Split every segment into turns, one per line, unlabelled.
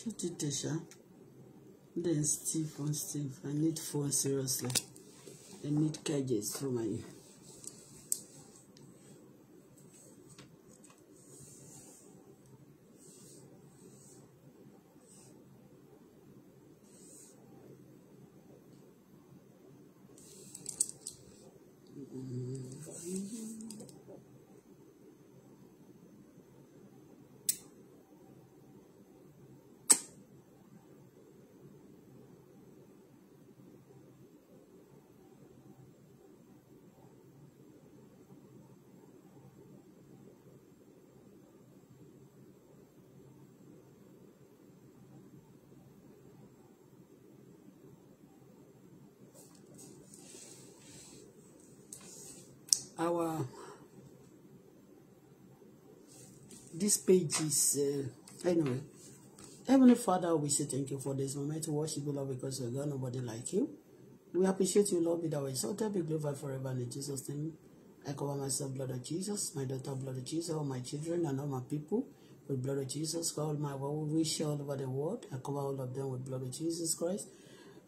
ṣé ó ti then steve phone steve i need phone seriously i need cages for my. this page is uh, anyway. Heavenly Father, we say thank you for this moment to worship you, Lord, because we got nobody like you. We appreciate you, Lord, be thou exalted, be glorified forever in Jesus' name. I cover myself, blood of Jesus, my daughter, blood of Jesus, all my children and all my people with blood of Jesus, God, my world. We wish all over the world. I cover all of them with blood of Jesus Christ.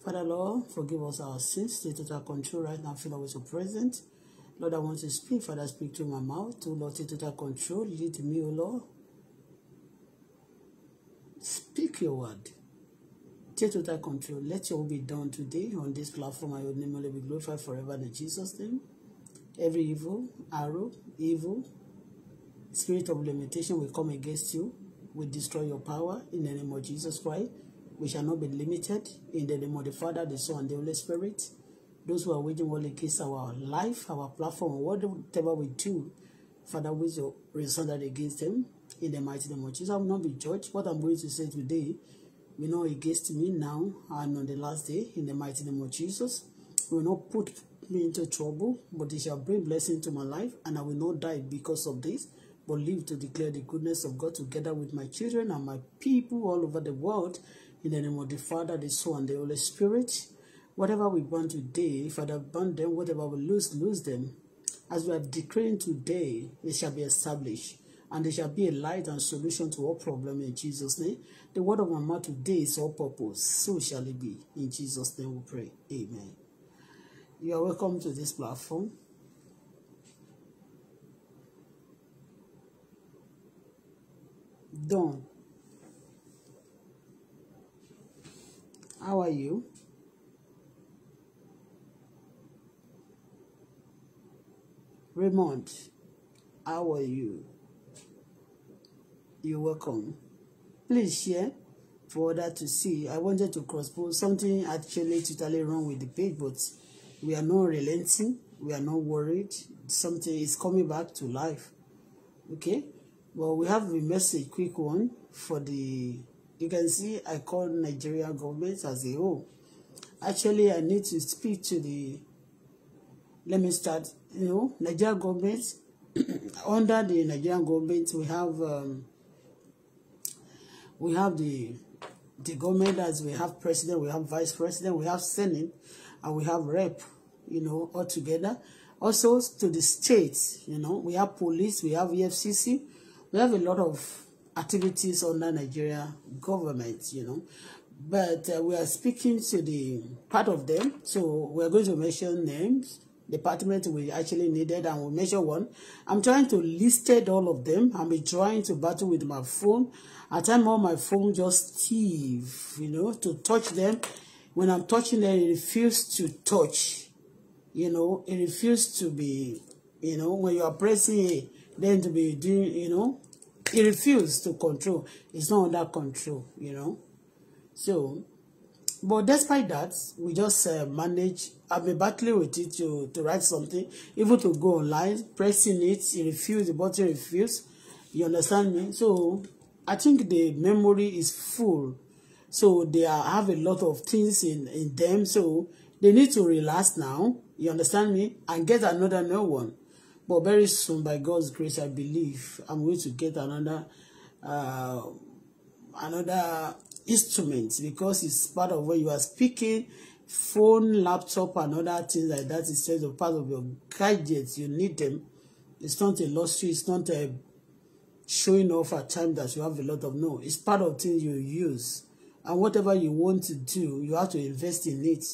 Father Lord, forgive us our sins, take total control right now, fill us with your presence. Lord, I want to speak. Father, speak through my mouth. Oh Lord, take total control. Lead me, O Lord. Speak your word. Take total control. Let your will be done today on this platform. I will name will be glorified forever in Jesus' name. Every evil, arrow, evil, spirit of limitation will come against you. We destroy your power in the name of Jesus Christ. We shall not be limited in the name of the Father, the Son, and the Holy Spirit. Those who are waging war against our life, our platform, whatever we do, Father, we will resound against them in the mighty name of Jesus. I will not be judged. What I'm going to say today we know against me now and on the last day in the mighty name of Jesus. will not put me into trouble, but it shall bring blessing to my life, and I will not die because of this, but live to declare the goodness of God together with my children and my people all over the world. In the name of the Father, the Son, and the Holy Spirit. Whatever we burn today, if I have them, whatever we lose, lose them. As we are declaring today, they shall be established, and they shall be a light and solution to all problems in Jesus' name. The word of my mouth today is all purpose. So shall it be. In Jesus' name we pray. Amen. You are welcome to this platform. Don, How are you? Raymond, how are you? You're welcome. Please share for others to see. I wanted to cross post something actually totally wrong with the page, but we are not relenting. We are not worried. Something is coming back to life. Okay? Well, we have a message, quick one, for the. You can see I call Nigeria government as a whole. Actually, I need to speak to the. Let me start you know, Nigerian government, under the Nigerian government, we have um, we have the the government as we have president, we have vice president, we have senate, and we have rep, you know, all together. Also to the states, you know, we have police, we have EFCC, we have a lot of activities under Nigeria government, you know. But uh, we are speaking to the part of them, so we are going to mention names department we actually needed and we'll measure one. I'm trying to listed all of them. I'm trying to battle with my phone. At time all my phone just thief, you know, to touch them. When I'm touching them, it refuses to touch. You know, it refuses to be, you know, when you are pressing it, then to be doing, you know, it refuses to control. It's not under control, you know. So, but despite that, we just uh, manage I've been battling with it to, to write something, even to go online, pressing it, it refused, the button refused. You understand me? So I think the memory is full. So they are, have a lot of things in, in them. So they need to relax now. You understand me? And get another new one. But very soon, by God's grace, I believe I'm going to get another uh, another instrument because it's part of what you are speaking phone, laptop, and other things like that instead of part of your gadgets. You need them. It's not a luxury. It's not a showing off at time that you have a lot of. No, it's part of things you use. And whatever you want to do, you have to invest in it.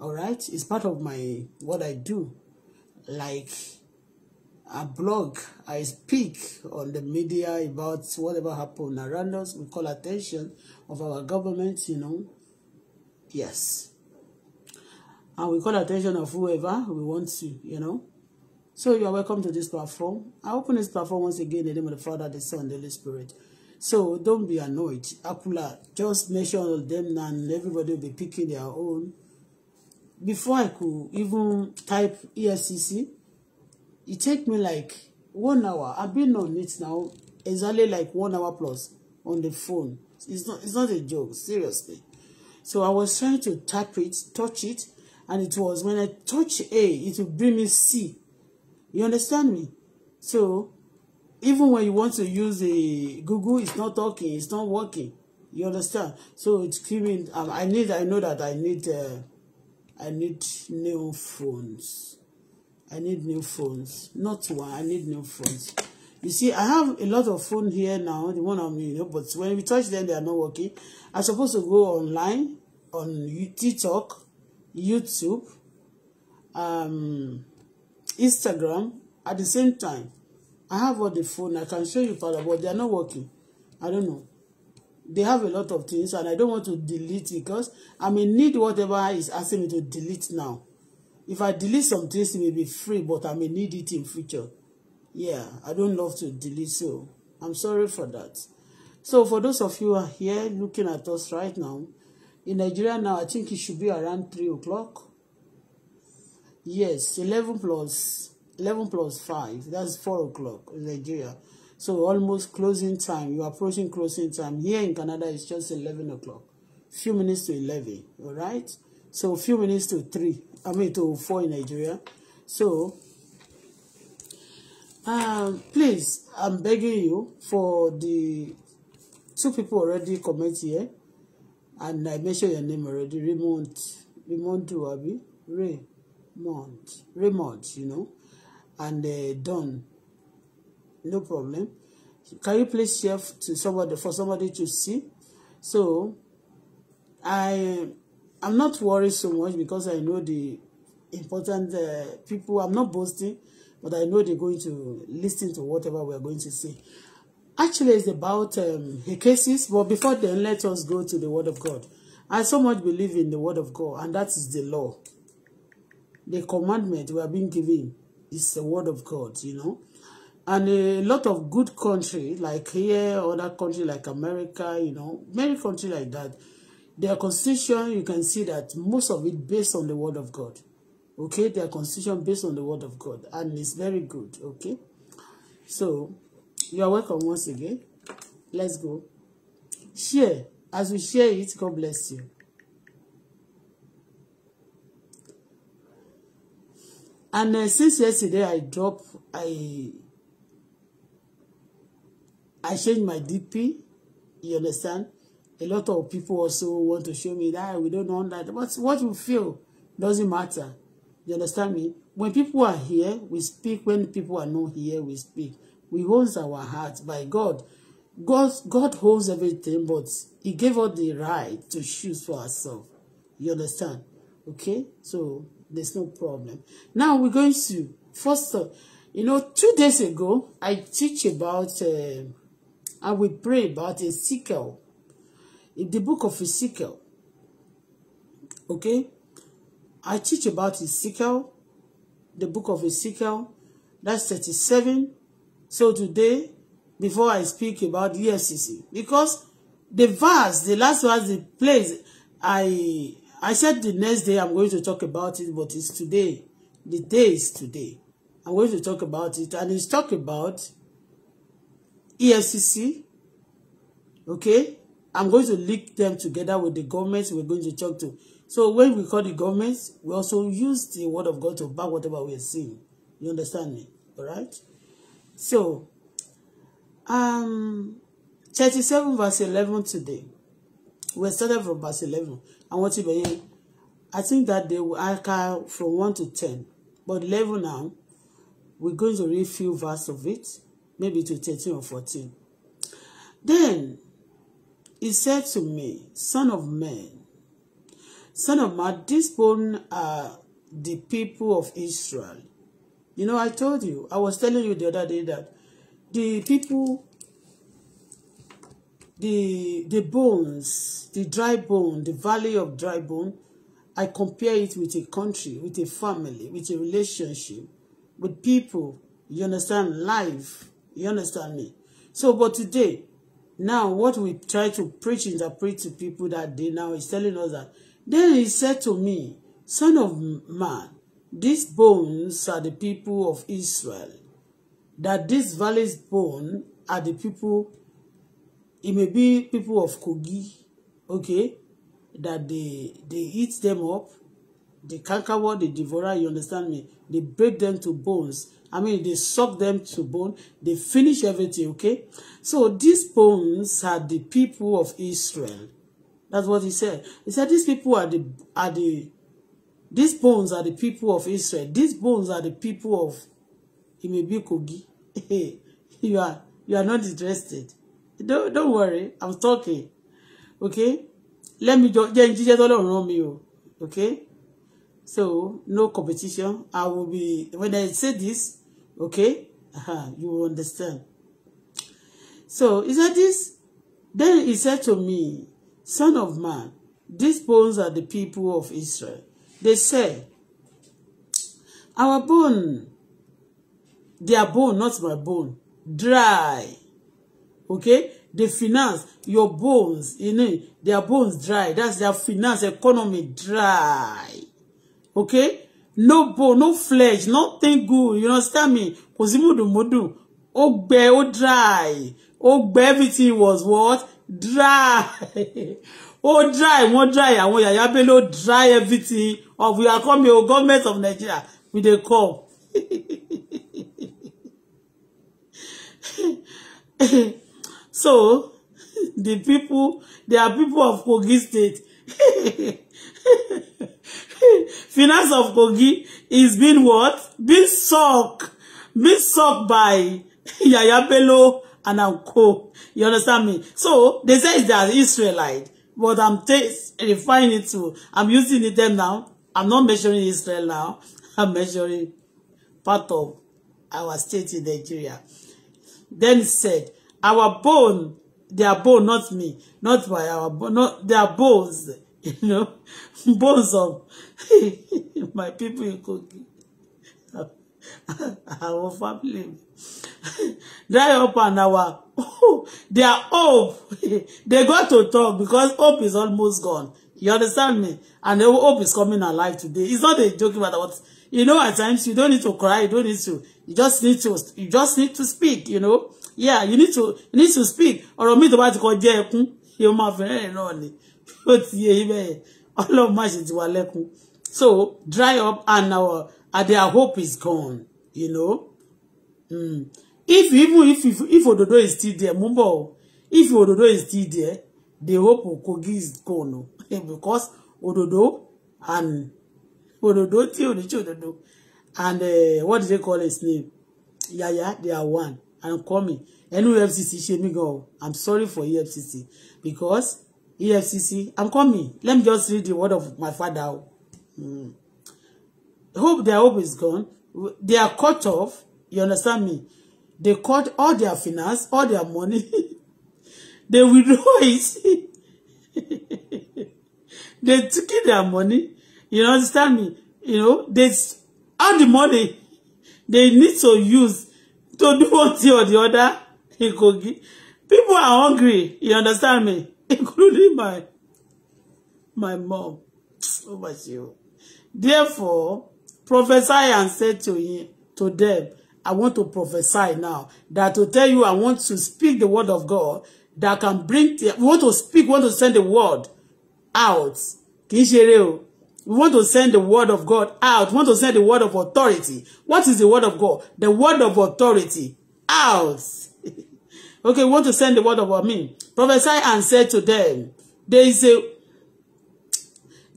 All right? It's part of my what I do. Like a blog, I speak on the media about whatever happened around us. We call attention of our government, you know. Yes and we call attention of whoever we want to, you know. So you are welcome to this platform. I open this platform once again in the name of the Father, the Son, the Holy Spirit. So don't be annoyed. Akula, just mention all them and everybody will be picking their own. Before I could even type ESCC, it e take me like one hour. I've been on it now exactly like one hour plus on the phone. It's not it's not a joke, seriously. So I was trying to tap it, touch it, and it was when I touch A, it will bring me C. You understand me? So even when you want to use a Google, it's not talking, it's not working. You understand? So it's giving. Um, I need. I know that I need. Uh, I need new phones. I need new phones. Not one. I need new phones. You see, I have a lot of phone here now. The one I'm, you know, but when we touch them, they are not working. I'm supposed to go online on TikTok YouTube, um, Instagram. At the same time, I have all the phone. I can show you part but they are not working. I don't know. They have a lot of things, and I don't want to delete because I may need whatever is asking me to delete now. If I delete some things, it may be free, but I may need it in future. Yeah, I don't love to delete, so I'm sorry for that. So for those of you who are here looking at us right now, In Nigeria now, I think it should be around three o'clock. Yes, eleven plus eleven plus five that's four o'clock in Nigeria. So almost closing time, you're approaching closing time. Here in Canada, it's just eleven o'clock, few minutes to eleven. all right? So few minutes to three. I mean to four in Nigeria. So um, please, I'm begging you for the two people already comment here and I mentioned your name already, Raymond, Raymond Duabi, Raymond, Raymond, you know, and uh, Don. No problem. Can you please share to somebody for somebody to see? So, I I'm not worried so much because I know the important uh, people. I'm not boasting, but I know they're going to listen to whatever we're going to say. Actually, it's about um, cases, but before then, let us go to the Word of God. I so much believe in the Word of God, and that is the law. The commandment we have been given is the Word of God, you know. And a lot of good country, like here, other country like America, you know, many country like that, their constitution, you can see that most of it based on the Word of God. Okay, their constitution based on the Word of God, and it's very good, okay? So, You are welcome once again. Let's go. Share. As we share it, God bless you. And uh, since yesterday, I dropped, I, I changed my DP. You understand? A lot of people also want to show me that ah, we don't know that. But what you feel doesn't matter. You understand me? When people are here, we speak. When people are not here, we speak we hold our heart by God. God God holds everything, but He gave us the right to choose for ourselves. You understand? Okay, so there's no problem. Now we're going to first, uh, you know, two days ago I teach about uh, and we pray about Ezekiel, in the book of Ezekiel. Okay, I teach about Ezekiel, the book of Ezekiel, that's thirty-seven So today, before I speak about the EFCC, because the verse, the last verse, the place, I I said the next day I'm going to talk about it, but it's today. The day is today. I'm going to talk about it, and it's talk about EFCC. Okay, I'm going to link them together with the governments we're going to talk to. So when we call the governments, we also use the word of God to back whatever we're seeing. You understand me? All right. So, um, 37 verse 11 today. We started from verse 11. And what you I think that they will anchor from 1 to 10. But 11 now, we're going to read few verses of it, maybe to 13 or 14. Then he said to me, Son of man, son of man, this bone are the people of Israel You know, I told you, I was telling you the other day that the people, the, the bones, the dry bone, the valley of dry bone, I compare it with a country, with a family, with a relationship, with people. You understand? Life. You understand me? So, but today, now what we try to preach, interpret to people that day now is telling us that. Then he said to me, Son of man, These bones are the people of Israel. That this valley's bone are the people, it may be people of Kogi, okay, that they they eat them up, they conquer what they devour, you understand me? They break them to bones. I mean, they suck them to bone. They finish everything, okay? So these bones are the people of Israel. That's what he said. He said these people are the are the These bones are the people of Israel. These bones are the people of Imebi Kogi. you are you are not interested. Don't don't worry. I'm talking. Okay? Let me just Jesus run me. Okay? So no competition. I will be when I say this, okay? Uh-huh, you will understand. So he said this. Then he said to me, Son of man, these bones are the people of Israel. They say, our bone, their bone, not my bone, dry. Okay? the finance your bones, you know, their bones dry. That's their finance economy dry. Okay? No bone, no flesh, nothing good. You understand me? Kò sí mùdùmùdù. Oh, gbẹ, ó dry. Oh, gbẹ, everything was what? Dry. Oh, dry, wọ́n dry. Àwọn yàyà bẹ́ẹ̀ ló dry everything of we are coming o oh, government of Nigeria we dey come so the people they are people of Kogi State finance of Kogi is being what being sucked being sucked by Yaya Bello and Anko you understand me so they say they are Israelite but I'm refining it to I'm using it them now I'm not measuring Israel now. I'm measuring part of our state in Nigeria. Then said, our bone, their bone, not me, not by our bone, not their bones, you know, bones of my people in Kogi,
our family.
Dry up and our, oh, their hope, they got to talk because hope is almost gone. You understand me? And the hope is coming alive today. It's not a joke about What you know, at times you don't need to cry. You don't need to. You just need to. You just need to speak. You know. Yeah, you need to. You need to speak. Ọ̀rọ̀ mi tó bá ti kọjá ẹkún, yóò máa fẹ́rẹ̀ rẹ̀ náà ni. Ó ti So dry up and our and their hope is gone. You know. Mm. If even if if, if Ododo is still there, mumbo. If Ododo is still there, the hope of Kogi is gone. No? thing because òdòdó and òdòdó tí ò ní tí òdòdó and uh, what do they call his name yaya they are one and Kwame ẹnu EFCC ṣe mí gan o i'm sorry for EFCC because EFCC i'm coming let me just read the word of my father mm. hope their hope is gone they are cut off you understand me they cut all their finance all their money they withdraw it they took their money. You understand me? You know, they all the money they need to use to do one thing or the other People are hungry, you understand me? Including my my mom. Oh my God. Therefore, prophesy and say to him, to them, I want to prophesy now. That to tell you, I want to speak the word of God that can bring, I want to speak, want to send the word out kì í ṣeré o we want to send the word of God out we want to send the word of authority what is the word of God the word of authority out okay we want to send the word of I prophesy and said to them there is a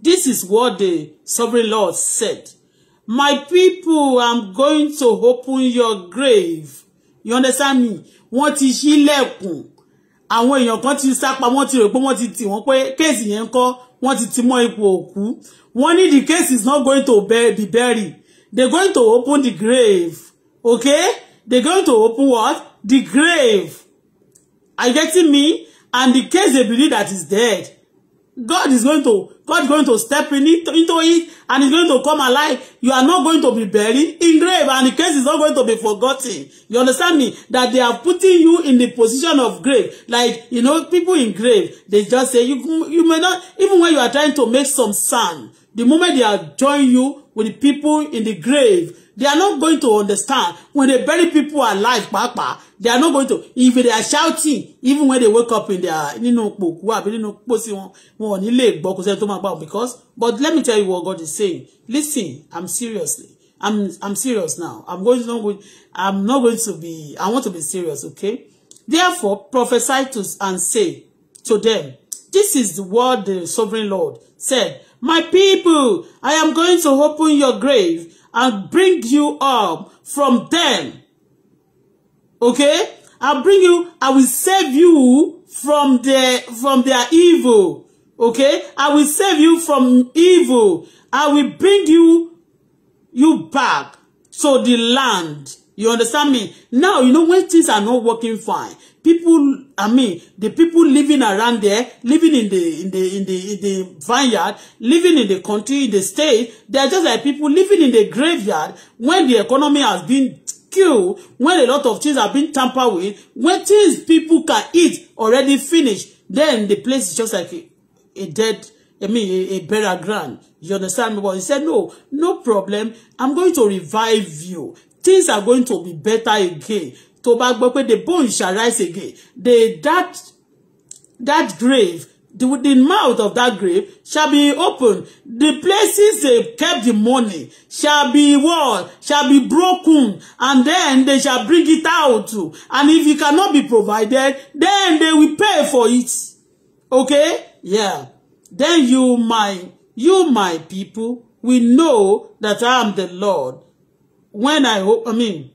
this is what the sovereign Lord said my people i'm going to open your grave you understand me wọ́n ti ṣílẹ̀kùn àwọn èèyàn kan ti sápa wọ́n ti rò pé wọ́n ti tì wọ́n pé kéèsì yẹn ń kọ́ wọ́n ti ti mọ́ ipò òkú wọ́n ní the case is not going to be buried they going to open the grave okay they going to open what the grave are you getting me and the case they believe that is dead God is going to God is going to step in it into it and it's going to come alive. You are not going to be buried in grave and the case is not going to be forgotten. You understand me? That they are putting you in the position of grave. Like, you know, people in grave, they just say, you, you may not, even when you are trying to make some sound, the moment they are join you with the people in the grave, They are not going to understand when they bury people alive, papa. They are not going to. If they are shouting, even when they wake up in their, you know, because, but let me tell you what God is saying. Listen, I'm seriously. I'm, I'm serious now. I'm going to, I'm not going to be, I want to be serious, okay? Therefore, prophesy to and say to them, this is the word the sovereign Lord said, my people, I am going to open your grave and bring you up from them. Okay? I'll bring you, I will save you from their from their evil. Okay? I will save you from evil. I will bring you you back to the land You understand me? Now, you know, when things are not working fine, people, I mean, the people living around there, living in the, in the, in the, in the vineyard, living in the country, in the state, they're just like people living in the graveyard when the economy has been killed, when a lot of things have been tampered with, when things people can eat already finished, then the place is just like a, a dead, I mean, a, a burial ground. You understand me? But he said, no, no problem. I'm going to revive you things are going to be better again To bá gbọ́ pé the bone shall rise again the that that grave the, the mouth of that grave shall be open. the places they kept the money shall be what shall be broken and then they shall bring it out and if it cannot be provided then they will pay for it okay yeah then you my you my people will know that I am the Lord when I open, I mean,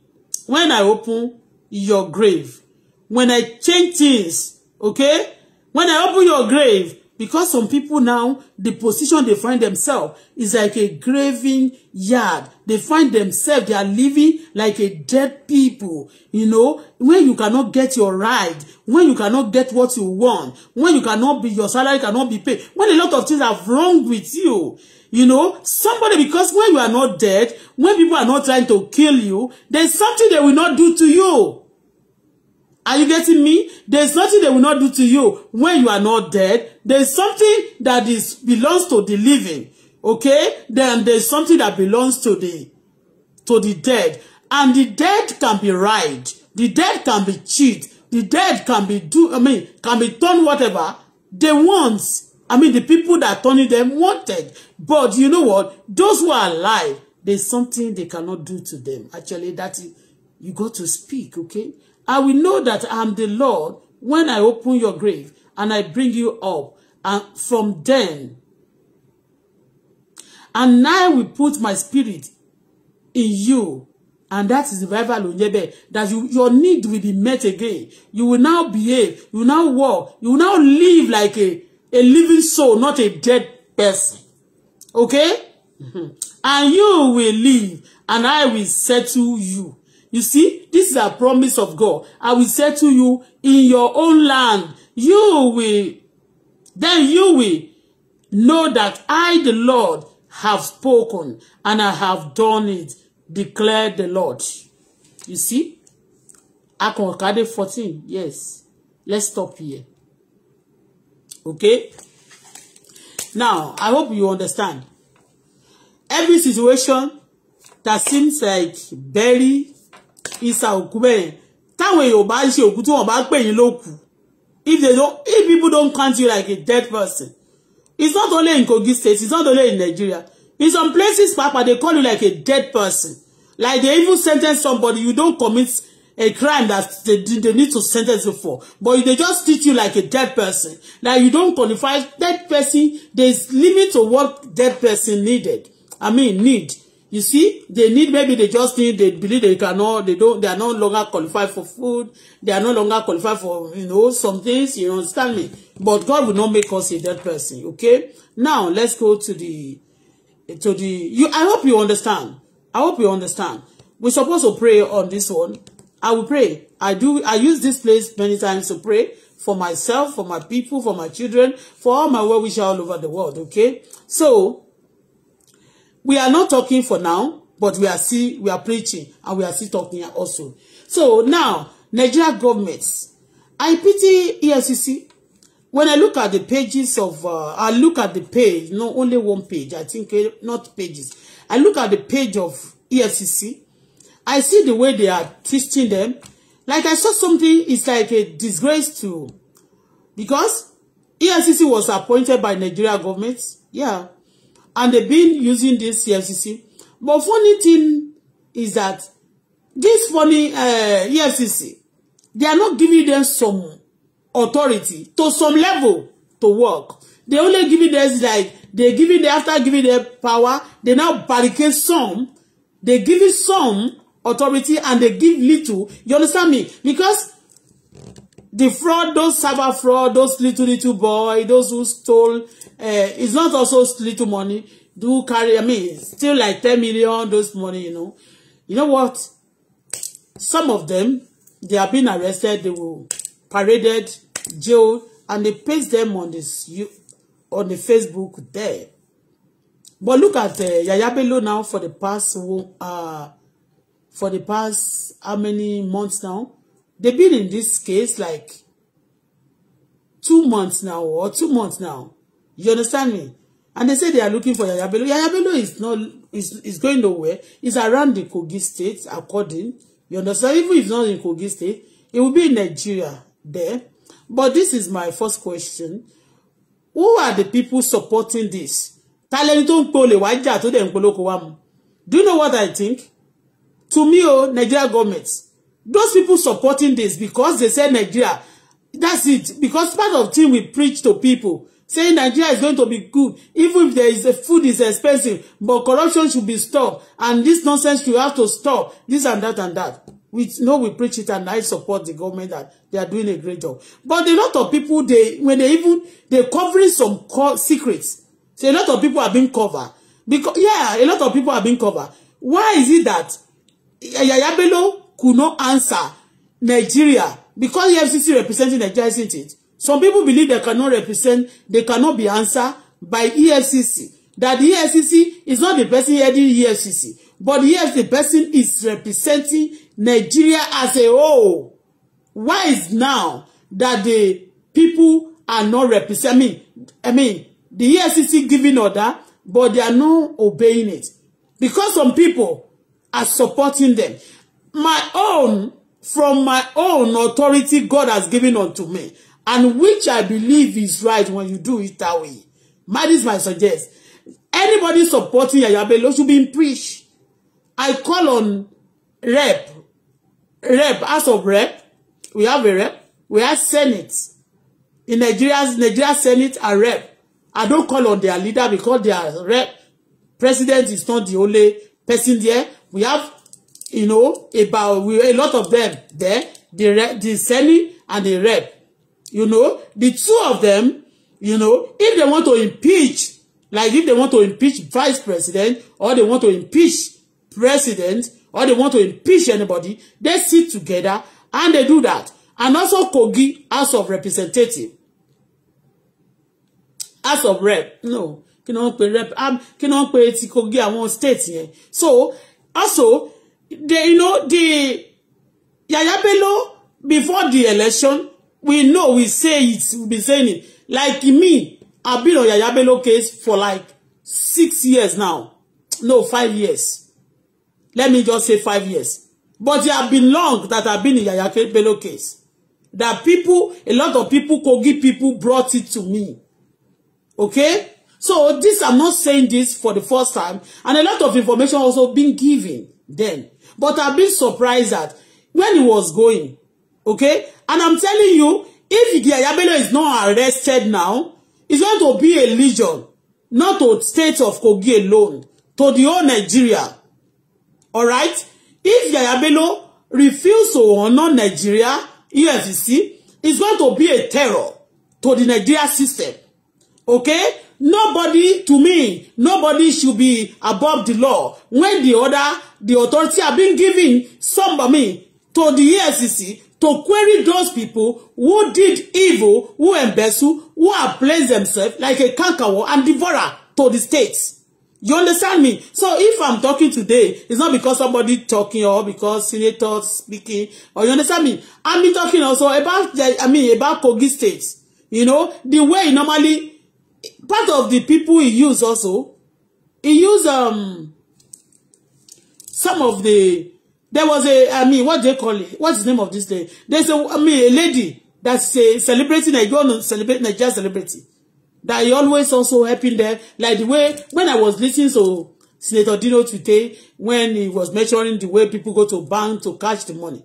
when I open your grave, when I change things, okay? When I open your grave, because some people now, the position they find themselves is like a graving yard. They find themselves, they are living like a dead people. You know, when you cannot get your ride, when you cannot get what you want, when you cannot be, your salary cannot be paid, when a lot of things are wrong with you. You know, somebody, because when you are not dead, when people are not trying to kill you, there's something they will not do to you. Are you getting me? There's nothing they will not do to you when you are not dead. There's something that is belongs to the living. Okay? Then there's something that belongs to the to the dead. And the dead can be right. The dead can be cheat. The dead can be do I mean can be done whatever they want. I mean, the people that Tony them wanted. But you know what? Those who are alive, there's something they cannot do to them. Actually, that you got to speak, okay? I will know that I'm the Lord when I open your grave and I bring you up. And from then, and now we put my spirit in you. And that is revival Onyebe. That you, your need will be met again. You will now behave. You will now walk. You will now live like a a living soul, not a dead person. Okay? And you will live, and I will settle you. You see, this is a promise of God. I will settle you in your own land. You will, then you will know that I, the Lord, have spoken and I have done it, declared the Lord. You see? Akon Kade 14, yes. Let's stop here okay now i hope you understand every situation that seems like very isa òkú bẹ́ẹ̀ táwọn èèyàn bá ń ṣe òkú tí wọ́n bá pè yín lókù if they don't if people don't count you like a dead person it's not only in Kogi State it's not only in Nigeria in some places papa they call you like a dead person like they even sentence somebody you don't commit a crime that they, they need to sentence you for. But they just treat you like a dead person. Like you don't qualify dead person. There's limit to what dead person needed. I mean, need. You see, they need, maybe they just need, they believe they cannot, they don't, they are no longer qualified for food. They are no longer qualified for, you know, some things, you understand me? But God will not make us a dead person, okay? Now, let's go to the, to the, you, I hope you understand. I hope you understand. We're supposed to pray on this one. I will pray. I do. I use this place many times to pray for myself, for my people, for my children, for all my well wishes all over the world. Okay, so we are not talking for now, but we are see. we are preaching and we are still talking also. So now, Nigeria governments, I pity EFCC. When I look at the pages of, uh, I look at the page, not only one page. I think eh, not pages. I look at the page of EFCC I see the way they are twisting them. Like I saw something, it's like a disgrace to, because EFCC was appointed by Nigeria government, yeah, and they've been using this EFCC. But funny thing is that this funny uh, EFCC, they are not giving them some authority to some level to work. They only giving them like they giving them after giving them power, they now barricade some, they giving some authority and they give little. You understand me? Because the fraud, those cyber fraud, those little, little boy, those who stole, uh, it's not also little money. Do carry, I mean, still like 10 million, those money, you know. You know what? Some of them, they have been arrested, they were paraded, jailed, and they paste them on this you on the Facebook there. But look at uh, Yaya Bello now for the past uh, for the past how many months now? They've been in this case like two months now or two months now. You understand me? And they say they are looking for Yaya Bello. is not is is going nowhere. It's around the Kogi state, according. You understand? Even if it's not in Kogi state, it will be in Nigeria there. But this is my first question. Who are the people supporting this? Ta lẹni tó ń pe olè wá jà Do you know what I think? to me, oh, Nigeria government, those people supporting this because they say Nigeria, that's it. Because part of thing we preach to people, saying Nigeria is going to be good, even if there is a food is expensive, but corruption should be stopped, and this nonsense you have to stop, this and that and that. We know we preach it, and I support the government that they are doing a great job. But a lot of people, they when they even they're covering some co secrets. So a lot of people are being covered because yeah, a lot of people are being covered. Why is it that Yaya Bello could not answer Nigeria because the FCC representing Nigeria, isn't it? Some people believe they cannot represent, they cannot be answered by EFCC. That the EFCC is not the person heading EFCC, but yes, e the person is representing Nigeria as a whole. Why is now that the people are not representing? I mean, I mean, the EFCC giving order, but they are not obeying it. Because some people, are supporting them. My own, from my own authority God has given unto me, and which I believe is right when you do it that way. That is my suggest. Anybody supporting Yahya Bello should be in preach. I call on rep, rep, as of rep, we have a rep, we have senate. In Nigeria's Nigeria senate a rep. I don't call on their leader because their rep president is not the only person there. We have, you know, about we, a lot of them there, the rep, the Senate and the rep. You know, the two of them, you know, if they want to impeach, like if they want to impeach vice president or they want to impeach president or they want to impeach anybody, they sit together and they do that. And also Kogi, House of Representative. House of Rep. No. Kí ni wọ́n pe rep. Um, kí ni wọ́n pe ti Kogi àwọn state yẹn. So, Also, the you know, the Yaya Bello, before the election, we know, we say it, we be saying it. Like me, I've been on Yaya Bello case for like six years now. No, five years. Let me just say five years. But it have been long that I've been in Yaya Bello case. That people, a lot of people, Kogi people brought it to me. Okay? So this, I'm not saying this for the first time. And a lot of information also been given then. But I've been surprised that when he was going. Okay? And I'm telling you, if Igi is not arrested now, it's going to be a legion, not to state of Kogi alone, to the whole Nigeria. All right? If Yaya refuses to honor Nigeria, EFC, it's going to be a terror to the Nigeria system. Okay? Nobody, to me, nobody should be above the law. When the order, the authority have been given, some by me, to the EFCC, e to query those people who did evil, who embezzle, who have placed themselves like a cankerworm and devourer to the state. You understand me? So if I'm talking today, it's not because somebody talking or because senator speaking. Or you understand me? I'm been talking also about the, I mean about Kogi State. You know the way normally part of the people he use also, he use um some of the there was a I mean what they call it what's the name of this day there's a I mean a lady that's a celebrating a celebrate Nigeria celebrity that he always also helping there like the way when I was listening to Senator Dino today when he was measuring the way people go to bank to catch the money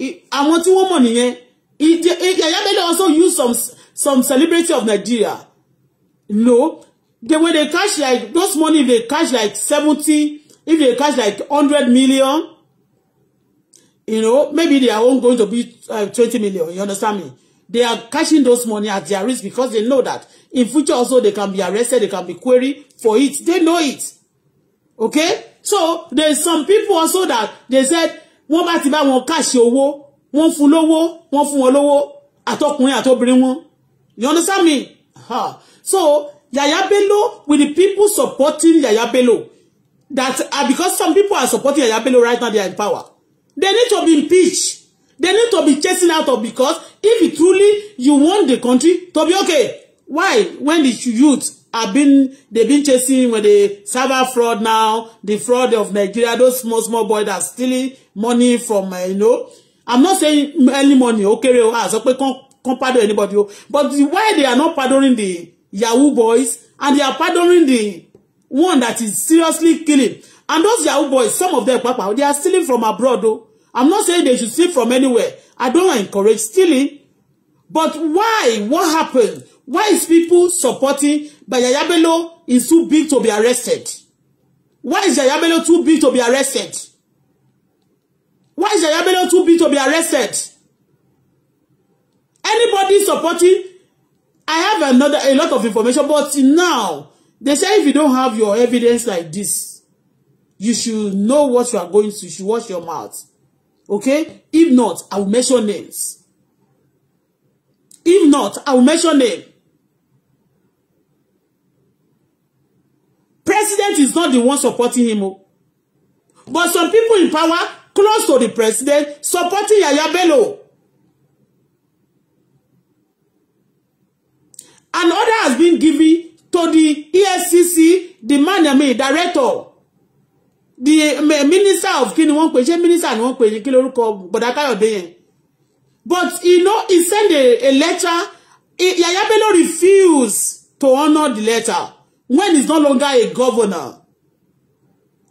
àwọn tí wọ́n He he, Yayabele also use some some celebrity of Nigeria low the way they cash like those money if they cash like 70 if they cash like 100 million you know maybe they are only going to be uh, 20 million you understand me they are cashing those money at their risk because they know that in future also they can be arrested they can be queried for it they know it okay so there's some people also that they said wọ́n cash your wo, wọn káàṣì owó wọ́n fún lówó I talk wọn I talk bring wọn you understand me ha So Yaya Bello with the people supporting Yaya Bello that uh, because some people are supporting Yaya Bello right now they are in power. They need to be impeached. They need to be chasing out of because if truly you want the country to be okay, why when the youth have been they've been chasing when the cyber fraud now, the fraud of Nigeria, those small small boys that stealing money from uh, you know. I'm not saying any money, okay, I so pay can't pardon anybody, oh, but why they are not pardoning the Yahoo boys and they are pardoning the one that is seriously killing. And those Yahoo boys, some of them, Papa, they are stealing from abroad though. I'm not saying they should steal from anywhere. I don't encourage stealing. But why? What happened? Why is people supporting but Yaya is too big to be arrested? Why is Yaya too big to be arrested? Why is Yaya too big to be arrested? Anybody supporting I have another a lot of information, but now they say if you don't have your evidence like this, you should know what you are going to. You should wash your mouth. Okay? If not, I will mention names. If not, I will mention name. President is not the one supporting him. Oh. But some people in power, close to the president, supporting Yaya Bello. An order has been given to the ESCC, the man, I mean, director, the um, eh, minister of kí ni wọ́n minister ni wọ́n pè kí lórúkọ Bọ̀dá Káyọ̀dé But, you know, he sent a, a letter. Yaya Bello refused to honor the letter when he's no longer a governor.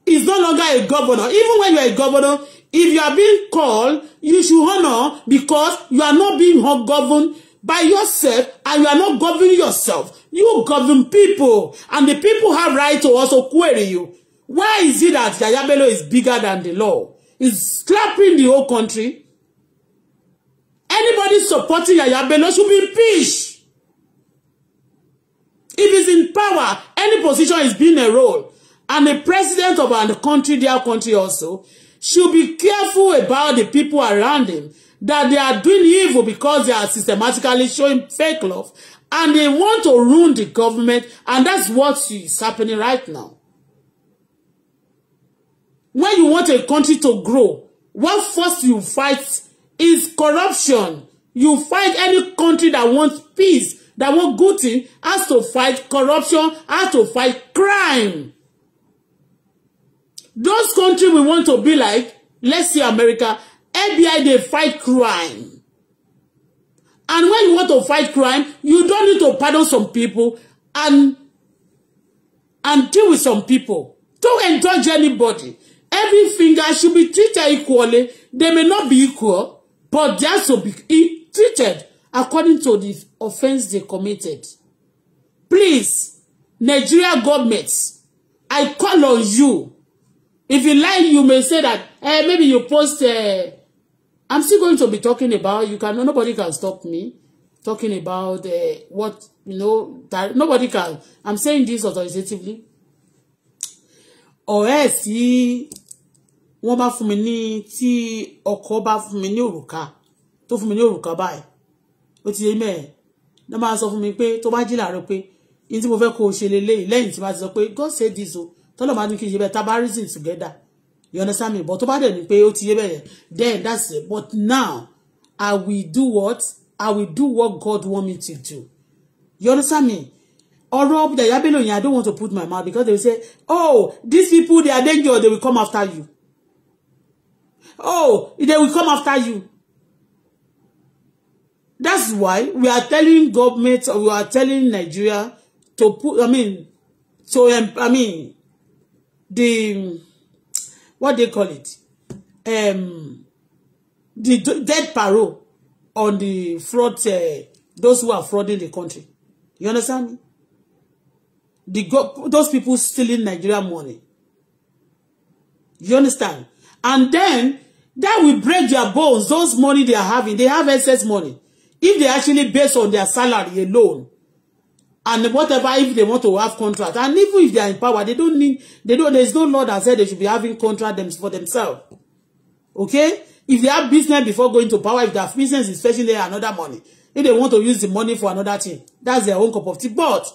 He's no longer a governor. Even when you're a governor, if you are being called, you should honor because you are not being governed by yourself and you are not governing yourself. You govern people and the people have right to also query you. Why is it that Yaya is bigger than the law? Is clapping the whole country. Anybody supporting Yaya should be impeached. If he's in power, any position is being a role. And the president of our country, their country also, should be careful about the people around him that they are doing evil because they are systematically showing fake love and they want to ruin the government and that's what is happening right now. When you want a country to grow, what force you fight is corruption. You fight any country that wants peace, that wants good thing, has to fight corruption, has to fight crime. Those countries we want to be like, let's see America, FBI dey fight crime and when you want to fight crime you don't need to pardon some people and and deal with some people don't indulge anybody every finger should be treated equally they may not be equal but they also be e, treated according to the offense they committed please Nigeria governments, I call on you if you like you may say that eh, maybe you post uh, I'm still going to be talking about you can nobody can stop me talking about uh, what you know that nobody can I'm saying this authoritatively or else wọ́n bá fún mi ní tí ọkọ bá fún mi ní òrùka tó fún mi ní òrùka báyìí ó ti yé mẹ́ẹ̀ náà máa sọ fún mi pé tó bá jí láàárọ̀ pé ní tí mo fẹ́ kó o ṣe lélẹ́yìn lẹ́yìn tí bá ti sọ pé God said this o tọ́lọ̀ máa ní kí n ṣe bẹ́ẹ̀ tabarism together you understand me but tó bá dẹ̀ ní pé ó ti yé bẹ́ẹ̀ then that's it but now I will do what I will do what God want me to do you understand me ọ̀rọ̀ Yahya Bello yẹn I don't want to put my mouth because they will say oh these people they are dangerous they will come after you oh they will come after you that's why we are telling government or we are telling Nigeria to put I mean to I mean the what they call it um the dead parole on the fraud uh, those who are frauding the country you understand me the go those people stealing Nigeria money you understand and then that will break their bones those money they are having they have excess money if they actually based on their salary alone and whatever if they want to have contract and even if they are in power they don't need they don't there's no law that said they should be having contract them for themselves okay if they have business before going to power if their business is fetching them another money if they want to use the money for another thing that's their own cup of tea but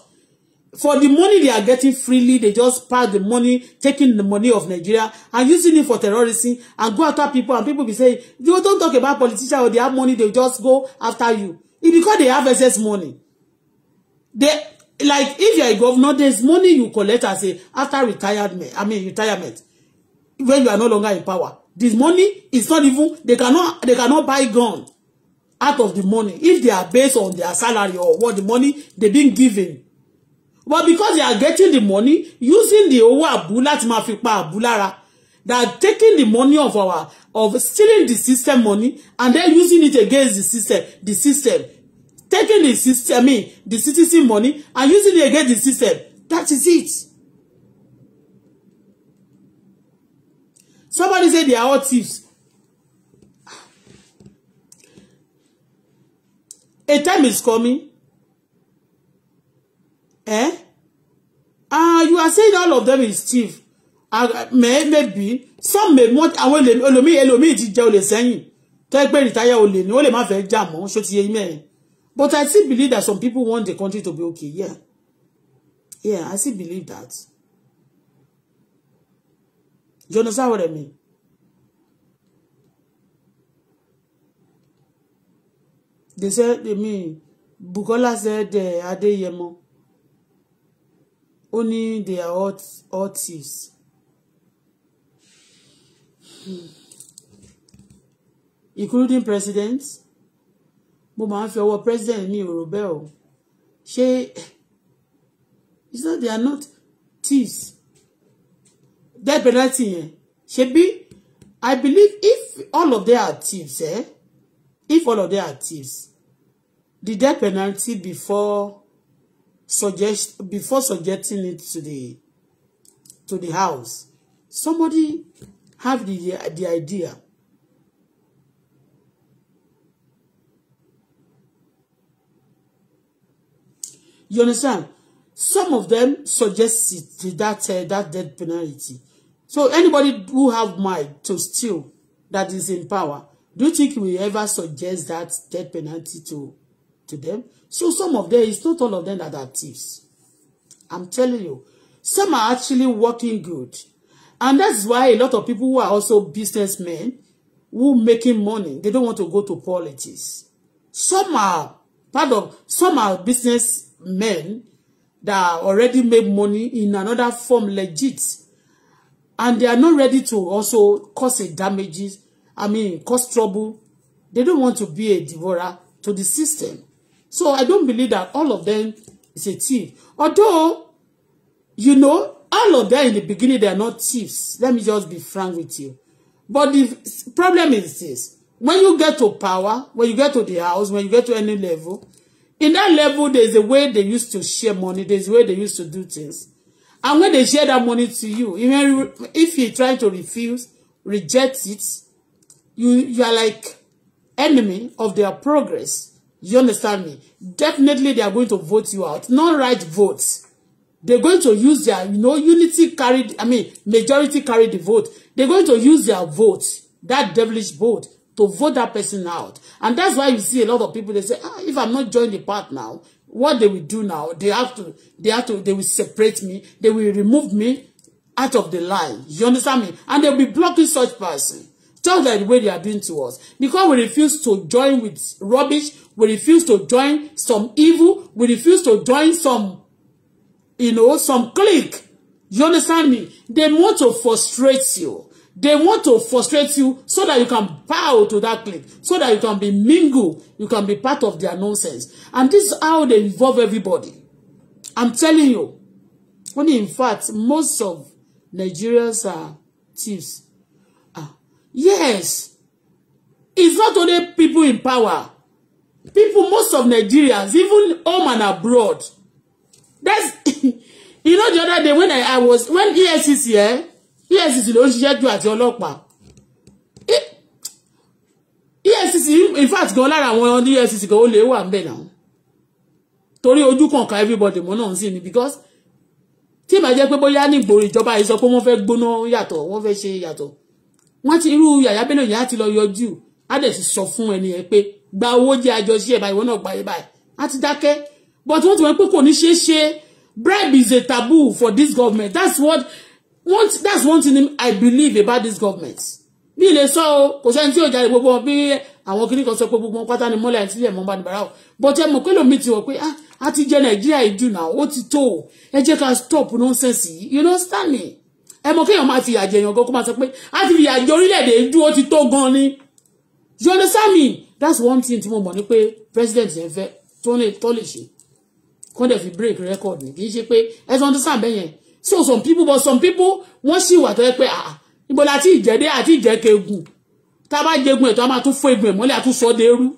for the money they are getting freely they just pass the money taking the money of Nigeria and using it for terrorism and go after people and people be saying you don't talk about politicians or oh, they have money they just go after you it's because they have excess money they like if you are a governor there's money you collect as a after retirement i mean retirement when you are no longer in power this money is not even they cannot they cannot buy gun out of the money if they are based on their salary or what the money they been given but because they are getting the money using the Owa àbú láti máa fi they are taking the money of our of stealing the system money and then using it against the system the system taking the system, I mean, the citizen money and using it against the system. That is it. Somebody said they are all thieves. A time is coming. Eh? Ah, uh, you are saying all of them is thief. Uh, ah, may, maybe some may want àwọn ẹlòmíì ẹlòmíì ti jẹ olè sẹ́yìn. Tẹ́ pé ìtayà olè ni ó lè má fẹ́ jà mọ́, ṣó ti yé yín But I still believe that some people want the country to be okay. Yeah. Yeah, I still believe that. You understand what I mean? They said, they mean, Bukola said, uh, Adeyemo, only they are all, hot thieves. Hmm. Including presidents, mo máa ń fi ọwọ́ president mi ọ̀rọ̀ bẹ́ẹ̀ o ṣé it's not they are not thieves death penalty yẹn ṣebí I believe if all of them are thieves eh? if all of them are thieves the death penalty before suggest before subjecting it to the to the house somebody have the the idea You understand? Some of them suggest that uh, that death penalty. So anybody who have mind to steal that is in power, do you think we ever suggest that death penalty to to them? So some of them, it's not all of them that are thieves. I'm telling you, some are actually working good. And that's why a lot of people who are also businessmen who making money, they don't want to go to politics. Some are part of some are business men that already made money in another form legit and they are not ready to also cause a damages i mean cause trouble they don't want to be a devourer to the system so i don't believe that all of them is a thief although you know all of them in the beginning they are not thieves let me just be frank with you but the problem is this when you get to power when you get to the house when you get to any level In that level, there's a way they used to share money. There's a way they used to do things. And when they share that money to you, even if you try to refuse, reject it, you, you are like enemy of their progress. You understand me? Definitely, they are going to vote you out. Not right votes. They're going to use their, you know, unity carried, I mean, majority carry the vote. They're going to use their vote, that devilish vote, to vote that person out. And that's why you see a lot of people, they say, ah, if I'm not joining the part now, what they will do now, they have to, they have to, they will separate me, they will remove me out of the line. You understand me? And they'll be blocking such person. Just like the way they are doing to us. Because we refuse to join with rubbish, we refuse to join some evil, we refuse to join some, you know, some clique. You understand me? They want to frustrate you. They want to frustrate you so that you can bow to that clique, so that you can be mingle, you can be part of their nonsense. And this is how they involve everybody. I'm telling you. Only in fact, most of Nigerians uh, are thieves. Ah, yes. It's not only people in power. People, most of Nigerians, even home and abroad. That's, you know, the other day when I, I was, when EFCC, eh? EFCC ló ń ṣiṣẹ́ jù àti ọlọ́pàá EFCC e in fact gan lára àwọn EFCC gan ó lè wà ńbẹ̀ náà torí ojú kan ka everybody mọ́ náà ń sìn ni because tí ìbá jẹ́ pé bóyá ní ìgboro ìjọba yìí sọ pé wọ́n fẹ́ gbóná yàtọ̀ wọ́n fẹ́ ṣe yàtọ̀ wọ́n ti irú yàyà bẹ́ẹ̀ yàá ti lọ yọjú á dẹ̀ sì sọ fún ẹni yẹn pé gba owó jẹ́ àjọṣe ẹ̀ báyìí wọ́n náà gba ẹ̀ báyìí á ti dákẹ́ but wọ́n ti wọ́n pé kò ní ṣeé ṣe bribe is a taboo for this government that's what one that's one thing I believe about this government bí ilé sọ o kò sẹ́ni tí yóò jáde gbogbo wọn bí àwọn kìnnì kan sọ pé gbogbo wọn pátá ni mọ́lẹ̀ àti ilé ẹ̀mọ́ bá ní bàrà o but ẹ mọ̀ pé lómi ti wọ̀ pé ah a ti jẹ Nàìjíríà ìdù náà ó ti tó o ẹ jẹ́ ká stop nonsense yìí you know stand me ẹ mọ̀ kéèyàn máa fi ìyàjẹ èèyàn gan kó máa sọ pé a ti fi ìyàjẹ orílẹ̀-èdè ìdù ó ti tó gan ni you understand me that's one thing tí mo mọ̀ ní pé president yẹn fẹ́ tó lè ṣe kó dẹ̀ fi break record ni kì í ṣe pé ẹ ti understand bẹ́yẹn so some people but some people wọ́n sì wà tó yẹ pé ah ibo la ti ìjẹ́dé àti ìjẹ́kẹ́gùn tá a bá jẹgun ẹ̀ tó a máa tún fún egun ẹ̀ mọ́lẹ̀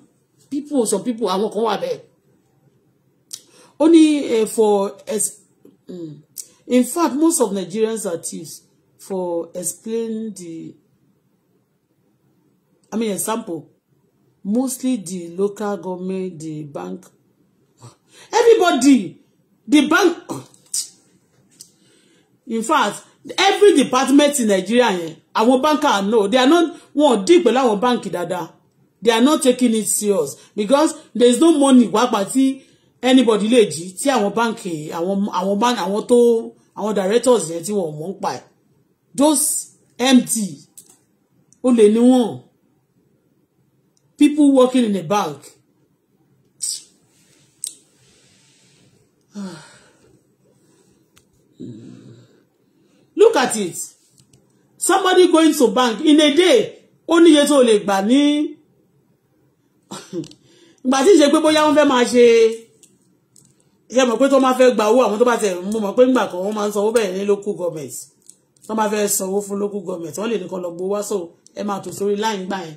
people some people àwọn kan wà bẹ́ẹ̀ Only ní eh, for ex mm, in fact most of Nigerians are thieves for explain the I mean example mostly the local government the bank everybody the bank in fact every department in Nigeria yẹn àwọn banker no they are not wọn dì pẹ̀lú àwọn báǹkì dada. they are not taking it serious because there is no money wàpà tí anybody lè jí tí àwọn báǹkì àwọn àwọn bank àwọn tó àwọn directors yẹn tí wọn mọ̀ ń pa ẹ̀ those MD, ó lè ní wọn people working in a bank. Ah. look at it somebody going to bank in a day ó níye tó lè gbà ní ìgbà tí ìṣe pé bóyá wọ́n fẹ́ máa ṣe ṣe mọ̀ pé tó máa fẹ́ gba owó àwọn tó bá tẹ̀ mú mọ̀ pé ńgbà kan wọ́n máa ń sanwó bẹ́ẹ̀ ní local government tó máa fẹ́ sanwó fún local government wọ́n lè nìkan lọ gbowó so ẹ máa tò sórí láì gbà yẹn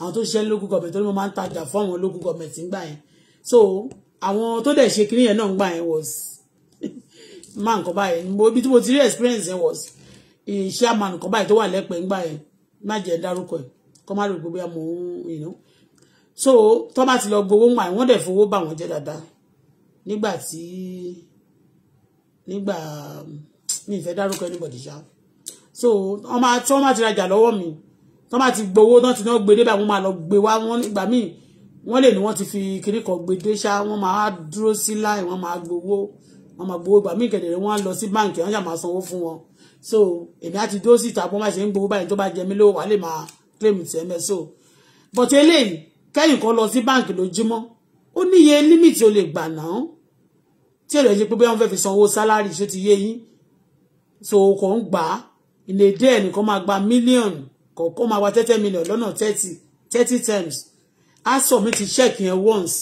àwọn tó ṣiṣẹ́ local government tó ní mo máa ń tajà fún àwọn local government ń gbà yẹn so àwọn tó dẹ̀ ṣe kiri yẹn náà ń gbà yẹn was man kan báyìí mo ibi tí mo ti rí experience yẹn was eh, iṣẹ́ man kan báyìí tó wà lẹ́pẹ̀ẹ́ ńgbà yẹn má jẹ́ dárúkọ ẹ̀ kọ́ má rò gbogbo àmọ́ you know so tó bá ti lọ gbowó mà wọ́n dẹ̀ fowó bà wọ́n jẹ́ dáadáa nígbà tí nígbà mi ìfẹ́ dárúkọ anybody ṣá so ọmọ tí wọ́n má ti rajà lọ́wọ́ mi tó má ti gbowó náà ti náà gbé débà wọ́n má lọ gbé wá wọ́n nígbà míì wọ́n lè ní wọ́n ti fi kíní kan gbé dé ṣá wọ́n máa dúró sí láì wọ́n máa gbowó wọn máa gbowó ìgbà míì kẹ̀dẹ̀rẹ̀ wọn á lọ sí báǹkì wọn yà máa sanwó fún wọn so èmi àti dúró síta bó má ṣe ń gbowó báyìí tó bá jẹ mí lówó wà lè máa claim ti ẹmẹ so but eléyìí kẹ́yìn kan lọ sí báǹkì lójúmọ́ ó níye límìtì o lè gbà náà tí èrò ẹ̀ ṣe pé bí wọ́n fẹ́ fi sanwó sálárì ṣó ti yé yín so kò ń gbà á ìlédè ẹnìkan máa gba mílíọ̀nù kọ̀ọ̀kan máa gba tẹ́tẹ́ mílíọ̀nù lọ́nà thirty thirty times á sọ mi ti check yẹn once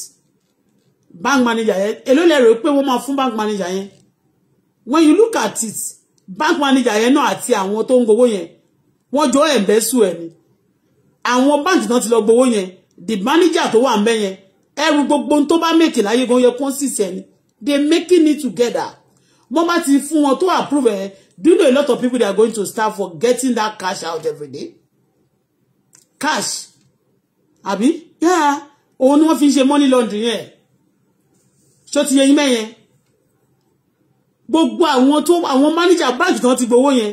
bank manager yẹn èló lẹ rò pé wọ́n máa fún bank manager yẹn when you look at it bank manager yẹn náà àti àwọn tó ń gbowó yẹn wọ́n jọ ẹ̀bẹ́sù ẹ̀ ni àwọn báǹkì náà ti lọ gbowó yẹn the manager tó wà ń bẹ̀ yẹn ẹrù gbogbo tó bá mèkì láyé gan yẹ kó sì sẹ́ni they making it together wọ́n bá ti fún wọn tó approve ẹ̀ do you know a lot of people they are going to start for getting that cash out every day cash àbí yeah òun ni wọ́n fi ń ṣe money laundering yẹn tó ti yẹ yín mẹ́yẹn gbogbo àwọn tó àwọn mánéjà báńkì tán ti gbowó yẹn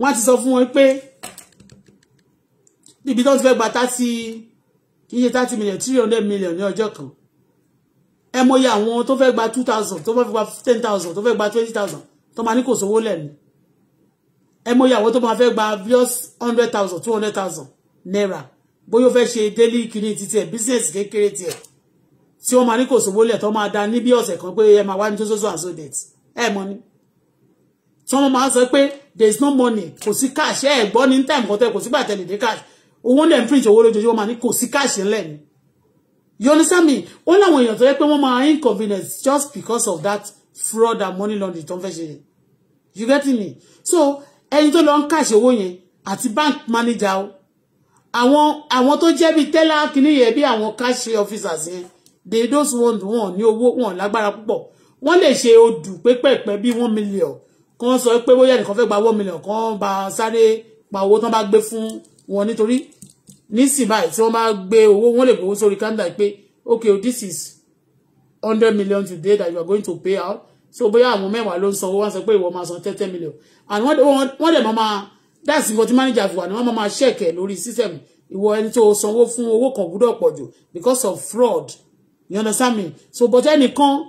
wọ́n ti sọ fún wọn pé níbi tó ti fẹ́ gba tátí kì í ṣe thirty million three hundred million ní ọjọ́ kan ẹ mọye àwọn tó fẹ́ gba two thousand tó fẹ́ gba ten thousand tó fẹ́ gba twenty thousand tó máa ní kò sówó lẹ́nu ẹ mọye àwọn tó máa fẹ́ gba various hundred thousand two hundred thousand naira bóyá ó fẹ́ ṣe daily kìíní títí ẹ̀ business kékeré tiẹ̀ tí wọ́n máa ní kò sówó lẹ̀ tó máa da ní ọ̀sẹ̀ kan pé ẹ máa wá ní tó sóso and that ẹ mọ ni tí wọ́n máa sọ pé there is no money kò sí cash ẹ gbọ́ ní time kọ́tẹ́ kò sí gbàtẹ́lẹ̀ dé cash owó lẹ̀ ń print owó lójoojúmọ́ máa ní kò sí cash ńlẹ̀ ni you understand me ó láwọn èèyàn tó yẹ pé wọ́n máa inconvenience just because of that fraud and money laundering tó ń fẹ́ ṣe you get me so ẹni tó lọ ń cash owó yẹn àti bank manager o àwọn àwọn tó jẹ́ bíi teller kìíní yẹn bíi àwọn cash officers yẹn they those ones wọn ní owó wọn lágbára púpọ̀ wọ́n lè ṣe odù pépẹ̀pẹ́ bíi one million kan sọ pé bóyá nìkan fẹ́ gba one million kan bá sáré pa owó tán bá gbé fún wọn nítorí nísìn báyìí tí wọ́n bá gbé owó wọ́n lè gbowó sórí kanda pé okay this is hundred million today that you are going to pay out so bóyá àwọn mẹ́wàá ló ń sanwó wọ́n sọ pé ìwọ máa san thirty million and wọ́n dẹ̀ máa mama, that's nǹkan tí manager fi wà ní wọ́n máa máa ṣẹ̀kẹ̀ lórí system ìwọ ẹni tó sanwó fún owó kan gbúdọ̀ pọ̀ jù because of fraud you understand me so but ẹnìkan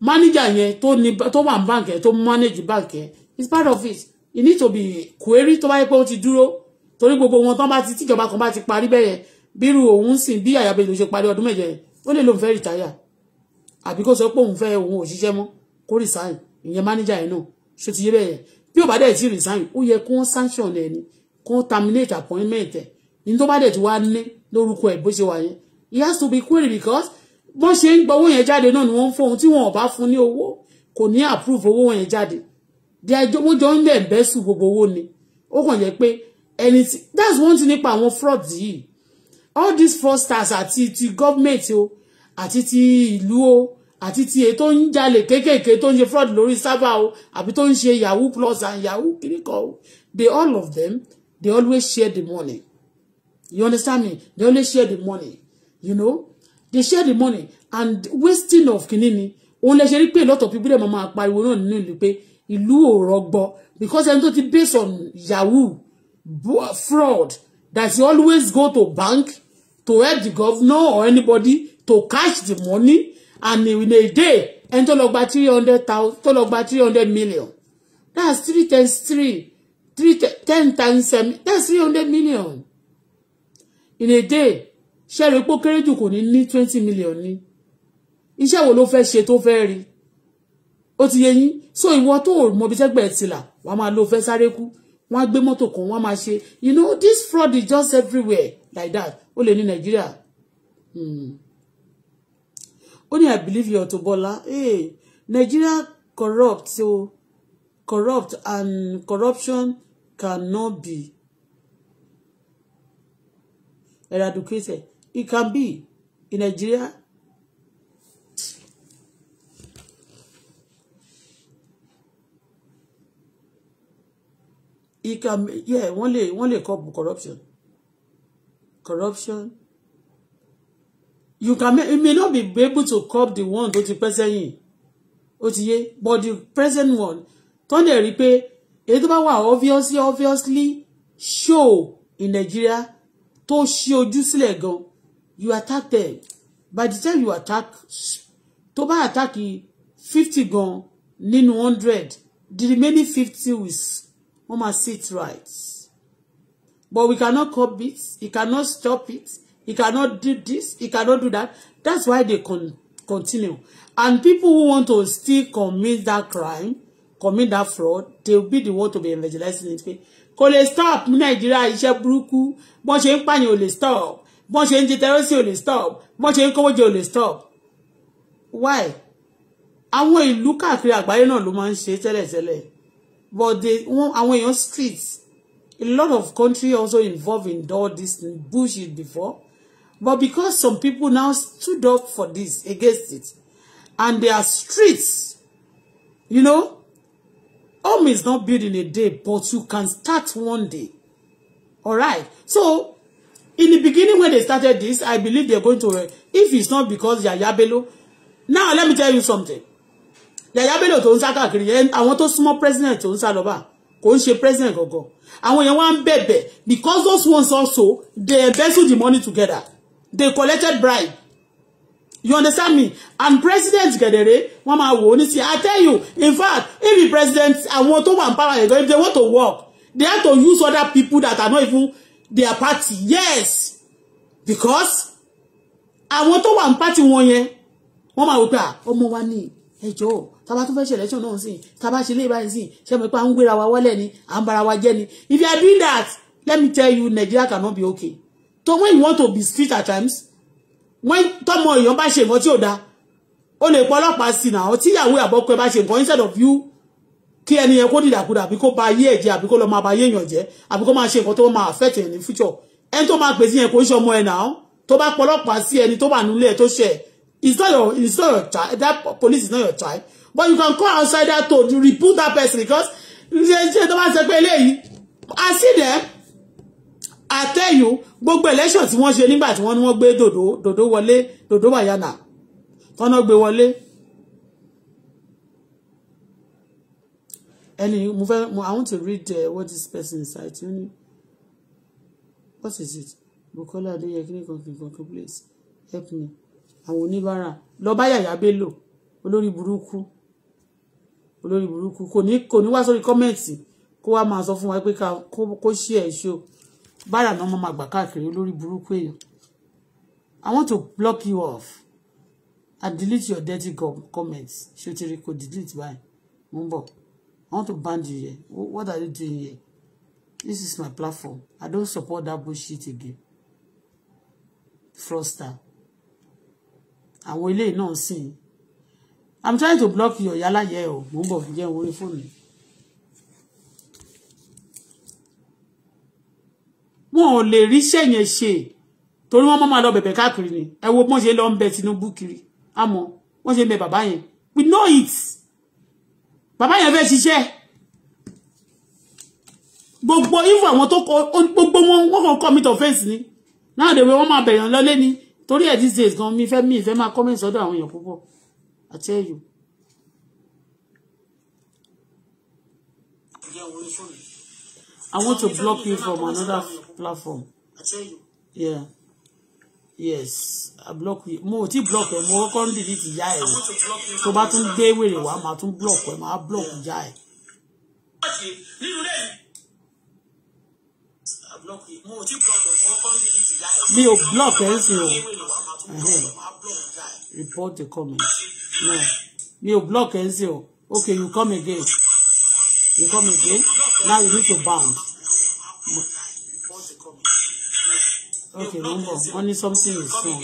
manager yẹn tó ní tó wà ní bank yẹn tó manage bank yẹn it's part of it you need to be query tó bá yẹ pé ó ti dúró torí gbogbo wọn tán bá ti tíjọba kan bá ti parí bẹ́yẹn bírú òun sìn bí àyàbẹ̀ ló ṣe parí ọdún mẹ́jọ yẹn ó lè lóun fẹ́ retire àbí kó sọ pé òun fẹ́ òun ò ṣiṣẹ́ mọ́ kó resign ìyẹn manager yẹn náà ṣó ti yé bẹ́yẹn bí ò bá dẹ̀ ti resign ó yẹ kó sanction ẹ̀ ni kó terminate appointment ẹ̀ ní tó bá dẹ̀ ti wá ní lórúkọ ẹ̀ bó ṣe wà yẹn he has to be query because wọ́n ṣe ń gbowó yẹn jáde náà ni wọ́n ń fóun tí wọ́n ò bá fún ní owó kò ní approve owó yẹn jáde wọ́n jọ ń bẹ̀ bẹ́sù gbogbo owó ni ó kàn jẹ́ pé ẹni tí that's one thing nípa àwọn fraud yìí all these fraudsters àti ti government o àti ti ìlú o àti ti èyí tó ń jalè kéékèèké tó ń ṣe fraud lórí sábà o àbí tó ń ṣe yahoo plus and yahoo kíríkọ o they all of them they always share the money you understand me they always share the money you know they share the money and wasting of kinini òun lè ṣe rí pé a lot of people dem máa pariwo náà nínú ìlú pé ìlú ò rọgbọ because ẹni tó ti based on yahoo fraud that he always go to bank to help the governor or anybody to cash the money and in a day ẹni tó lọ gba three hundred thousand tó lọ gba three hundred million that's three times three three ten times seven that's three hundred million in a day ṣẹ́rí pé ó kéré jù kò ní ní twenty million ní iṣẹ́ wo ló fẹ́ ṣe tó fẹ́ rí ó ti yẹ yín so ìwọ tó o mọ ibi sẹ́gbẹ̀ẹ́ ti là wàá máa lo fẹ́ sáré kú wọ́n á gbé mọ́tò kan wọ́n á máa ṣe you know this fraud is just everywhere like that ó lè ní nàìjíríà hmm. ó ní i believe your tobola hey, nigeria corrupt so corrupt and corruption cannot be eradicated It can be in Nigeria. It can be, yeah, wọ́n lè wọ́n lè cop corruption. Corruption. You can it may not be able to cop the one tó ti pẹ́ in, Ó but the present one tó ń dẹ̀ rí pé èyí tó bá obviously obviously show in Nigeria to ṣí ojú sílẹ̀ gan-an you attack them by the time you attack tó bá attack fifty gan nínú hundred the remaining fifty is wọ́n máa sit right but we cannot cope it he cannot stop it he cannot do this he cannot do that that's why they con continue and people who want to still commit that crime commit that fraud they will be the one to be evangelizing it kò lè stop ní nàìjíríà iṣẹ́ burúkú stop bọ́n ṣe ń jẹ tẹ́rẹ́sì ò lè stop bọ́n ṣe ń kówó jẹ ò lè stop why àwọn ìlú káàkiri àgbáyé náà ló máa ń ṣe tẹ́lẹ̀tẹ́lẹ̀ but they wọ́n àwọn èèyàn streets a lot of country also involved in all this bullshit before but because some people now stood up for this against it and their streets you know home is not built in a day but you can start one day all right so in the beginning when they started this i believe they're going to if it's not because Yaya Bello now let me tell you something Yaya Bello to ń sá káàkiri I want tó small president to ń sá lọ́ba kò ń ṣe president gangan àwọn yẹn wá ń bẹ̀bẹ̀ because those ones also they embezzle the money together they collected bribe you understand me and president gẹ̀dẹ̀rẹ̀ wọ́n máa wò ó ní i tell you in fact if the president àwọn tó wà ń power if they want to work they have to use other people that are not even their party yes because àwọn tó wà ní party wọn yẹn wọ́n máa wò pé ọmọ wa ní ẹjọ́ tàbá tó fẹ́ ṣe election náà sí tàbá ṣe lè báyìí sí ṣe mọ̀ pé à ń gbéra wa wọlé ni à ń bara wa jẹ́ ni if you are doing that let me tell you Nigeria cannot be okay so when you want to be street at times when tọmọ èèyàn bá ṣe nǹkan tí ò dáa o lè pọ ọlọ́pàá sí náà ọtíyàwó àbọ̀kọ ẹ bá ṣe nǹkan instead of you kí ẹni yẹn kó dìdàkudà àbí kó ba ayé ẹ̀ jẹ́ àbí kó lọ máa ba ayé èèyàn jẹ́ àbí kó máa ṣe nǹkan tó máa affect ẹ̀ ní future ẹni tó máa pèsè yẹn kò ń ṣe ọmọ ẹ̀ náà tó bá pọlọ́pàá sí ẹni tó wà nílé ẹ̀ tó ṣe it's not your it's not your child that police is not your child but you can call outsider you report that person because ṣe ṣe tó bá ṣe pé eléyìí I see them I tell you gbogbo election tí wọ́n ṣe nígbà tí wọ́n ní wọ́n gbé dòdò dòdò wọlé dòdò wàyánà tọ́nà gbé wọlé ẹni mo fẹ́ mo I want to read uh, what this person is writing what is it Bukola Adéyẹkí ní kankan kankan please help me àwọn oníbàárà lọ bá Yàyà Bello olórí burúkú olórí burúkú kò ní kò ní wá sórí kọ́mẹ̀ntì kó wá máa sọ fún wa pé kó ṣí ẹ̀ ṣó bára náà máa gbà káàkiri olórí burúkú èèyàn I want to block you off and delete your dirty comments ṣé o ti rí kò delete báyìí mo ń bọ̀. I want to ban you here. What are you doing here? This is my platform. I don't support that bullshit again. Froster. Àwọn eléyìí náà sìn. I'm trying to block your yálà yẹ o. Mo ń bọ̀ fún jẹun orí fóònù. Wọn ò lè rí iṣẹ́ yẹn ṣe. Torí wọ́n máa lọ ni. Ẹ wo bí wọ́n ṣe lọ ń bẹ Tinubu kiri. Àmọ́ wọ́n ṣe ń We know it bàbá yẹn fẹ́ ṣiṣẹ́ gbogbo ifo àwọn tó kọ gbogbo wọn wọn kàn commit offence ni náà dèwé wọn máa bẹ̀yàn lọlé ni torí ẹ̀ these days gan mi fẹ́ mi ìfẹ́ máa comment sọ́dọ̀ àwọn èèyàn púpọ̀ I tell you.
I want to block you from another
platform. Yeah yes i block you mo ti block ẹ mo kọ́kọ́ ń delete ìyá ẹ o tó bá tún gbé wèrè wá máa tún block ẹ máa block ìyá ẹ. mi ò block ẹ sí o report the comment no mi ò block ẹ sí o okay you come again you come again now you need to bounce. Okay, mò ń bọ̀. Wọ́n something is wrong.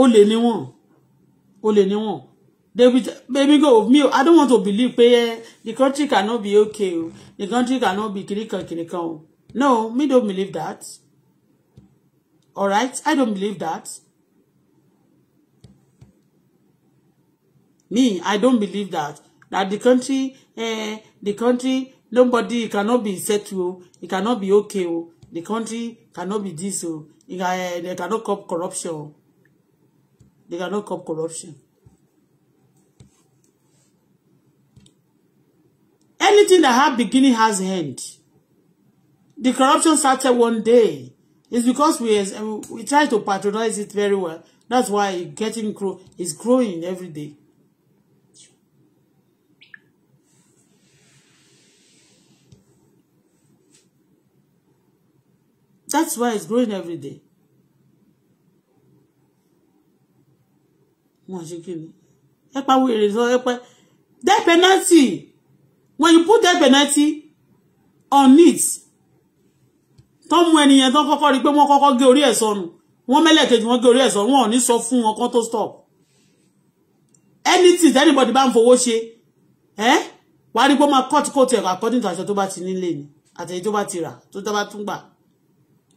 olè ni wọ́n olè ni wọ́n david baby go me i don't want to believe pé eh, the country cannot be okay o the country cannot be kirikan kirikan no me don't believe that. All right? I don't believe that. Me, I don't believe that. That the country, eh, the country, nobody cannot be set. settled. It cannot be okay. Oh. The country cannot be this. Oh. they cannot cop corruption. They cannot cop corruption. Anything that have beginning has end. The corruption started one day. It's because we um, we try to patronize it very well. That's why getting grow is growing every day. That's why it's growing every day. Wọ́n ṣe kí ni? Ẹ pa wèrè sọ ẹ penalty. When you put that penalty on it, tó mú ẹnìyẹn tó kọ́kọ́ rí pé wọ́n kọ́kọ́ gé orí ẹ̀ sọnù wọ́n mẹ́lẹ̀kejì wọ́n gé orí ẹ̀ sọnù wọn ò ní sọ fún wọn kán tó stop anything that anybody bá ń fowó ṣe ẹ́ wàá rí pé ó máa cut coat ẹ̀ according to aṣọ tó bá ti nílé ni àtẹ̀yìn tó bá ti rà tó tó bá tún gbà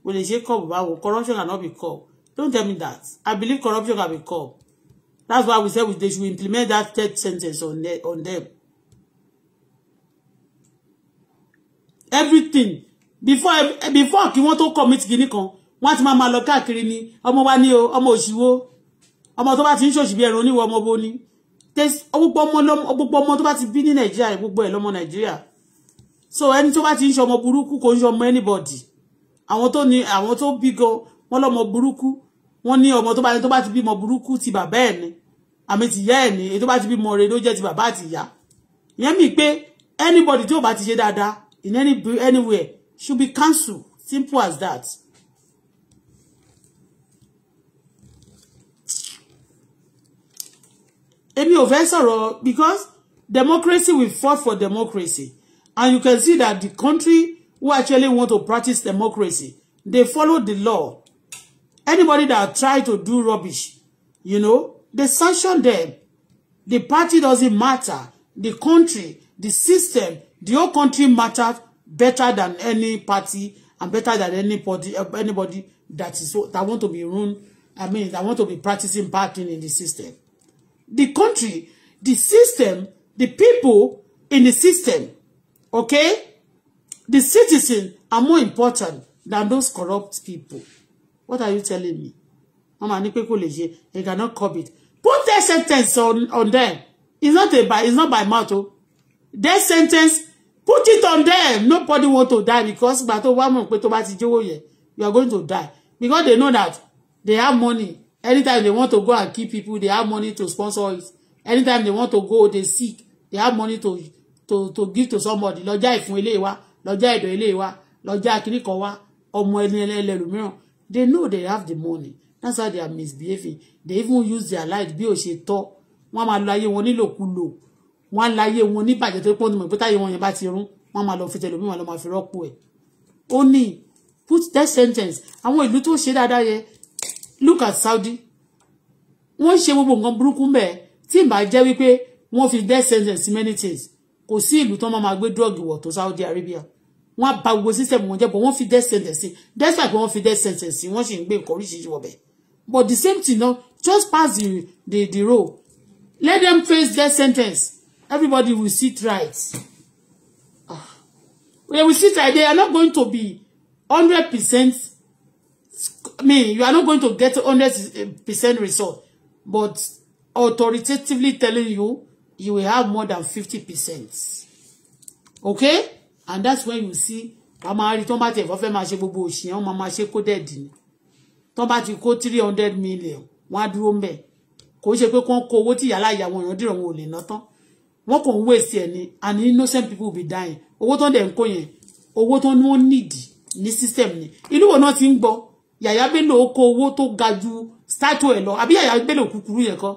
o lè ṣe cup báwo corruption cannot be cup don't tell me that I believe corruption can be cup that's why we say we should implement that third sentence on them everything before before kí wọ́n to commit kinní kan wọ́n ti máa máa lọ káàkiri ni ọmọ wa ní o ọmọ òṣìwó ọmọ tó bá ti ń ṣòṣì bí ẹ̀rọ oníwọ̀ ọmọ bo ni gbogbo ọmọ tó bá ti bí ní nàìjíríà gbogbo ẹ̀ lọ́mọ nàìjíríà so ẹni tó bá ti ń ṣe ọmọ burúkú kò ń ṣe ọmọ anybody àwọn tó ní àwọn tó bí gan wọn lọmọ burúkú wọn ní ọmọ tó bá tó bá ti bímọ burúkú ti bàbá ẹ̀ ni àmì tìyá ẹ̀ ni èyí tó bá ti bímọ rẹ̀ ló jẹ́ ti bàbá àtìyá ìyẹn mi pé anybody tó bá ti ṣe dáadáa in any anywhere should be cancelled. Simple as that. Èmi ò fẹ́ because democracy will fought for democracy. And you can see that the country who actually want to practice democracy, they follow the law. Anybody that try to do rubbish, you know, they sanction them. The party doesn't matter. The country, the system, the whole country matters better than any party and better than anybody anybody that is that want to be run I mean that want to be practicing bad thing in the system the country the system the people in the system okay the citizens are more important than those corrupt people what are you telling me mama ní pé kò lè ṣe they cannot curb it put their sentence on on them it's not a by it's not by mouth o oh. death sentence put it on them nobody want to die because gbà tó wá mọ̀ pé tó bá ti jówó yẹ you are going to die because they know that they have money anytime they want to go and kill people they have money to sponsor it anytime they want to go they sick they have money to to to give to somebody lọ́jà ìfún ilé wa lọ́jà ẹ̀dọ̀ ilé wa lọ́jà akíníkan wa ọmọ ẹni ẹlẹ́lẹ́lòmíràn they know they have the money that's why they are misbehaving they even use their life bí ó ṣe tọ́ wọ́n máa lo ayé wọn nílòkulò wọ́n á láyé wọn níbàjẹ́ tó pọ̀ nímọ̀ pé táyé wọn yẹn bá ti rún wọ́n máa lọ fi tẹ̀lé mímọ̀ lọ́ máa fi rọ́pò ẹ̀ ó ní put that sentence àwọn ìlú tó ṣe dáadáa yẹ look at Saudi wọ́n ṣe gbogbo nǹkan burúkú mbẹ̀ tí ìbá jẹ́ wípé wọ́n fi death sentence many things kò sí ìlú tó máa gbé drug wọ̀ tó Saudi Arabia wọ́n á ba gbogbo system wọn jẹ́ bọ̀ wọ́n fi death sentence despite wọ́n fi death sentence wọ́n sì ń gbé nǹkan oríṣiríṣi wọ̀ bẹ́ẹ̀ but the same thing now just pass the the the role let them face death sentence everybody will sit right. Ah. When we sit right, they are not going to be 100%. I mean, you are not going to get hundred percent result. But authoritatively telling you, you will have more than fifty percent. Okay? And that's when you see, wọ́n máa rí tó bá tiẹ̀ fọ́fẹ́ máa ṣe gbogbo òṣìyàn wọ́n máa ṣe kó dẹ̀dì ni tó bá ti three hundred million wọ́n á dúró mbẹ̀ kò ṣe pé kó ń kó owó tí ìyá láyà wọn èèyàn dìrọ̀ wọn wọ́n kàn waste ẹ̀ ni and innocent people will be dying owó tó ń dẹ̀ ń kó yẹn owó tó ń wọ́n need ní system ni ìlú wo náà ti ń gbọ́ yàyà bello ó kó owó tó ga ju statue ẹ̀ lọ àbí yàyà bello kúkúrú yẹn kọ́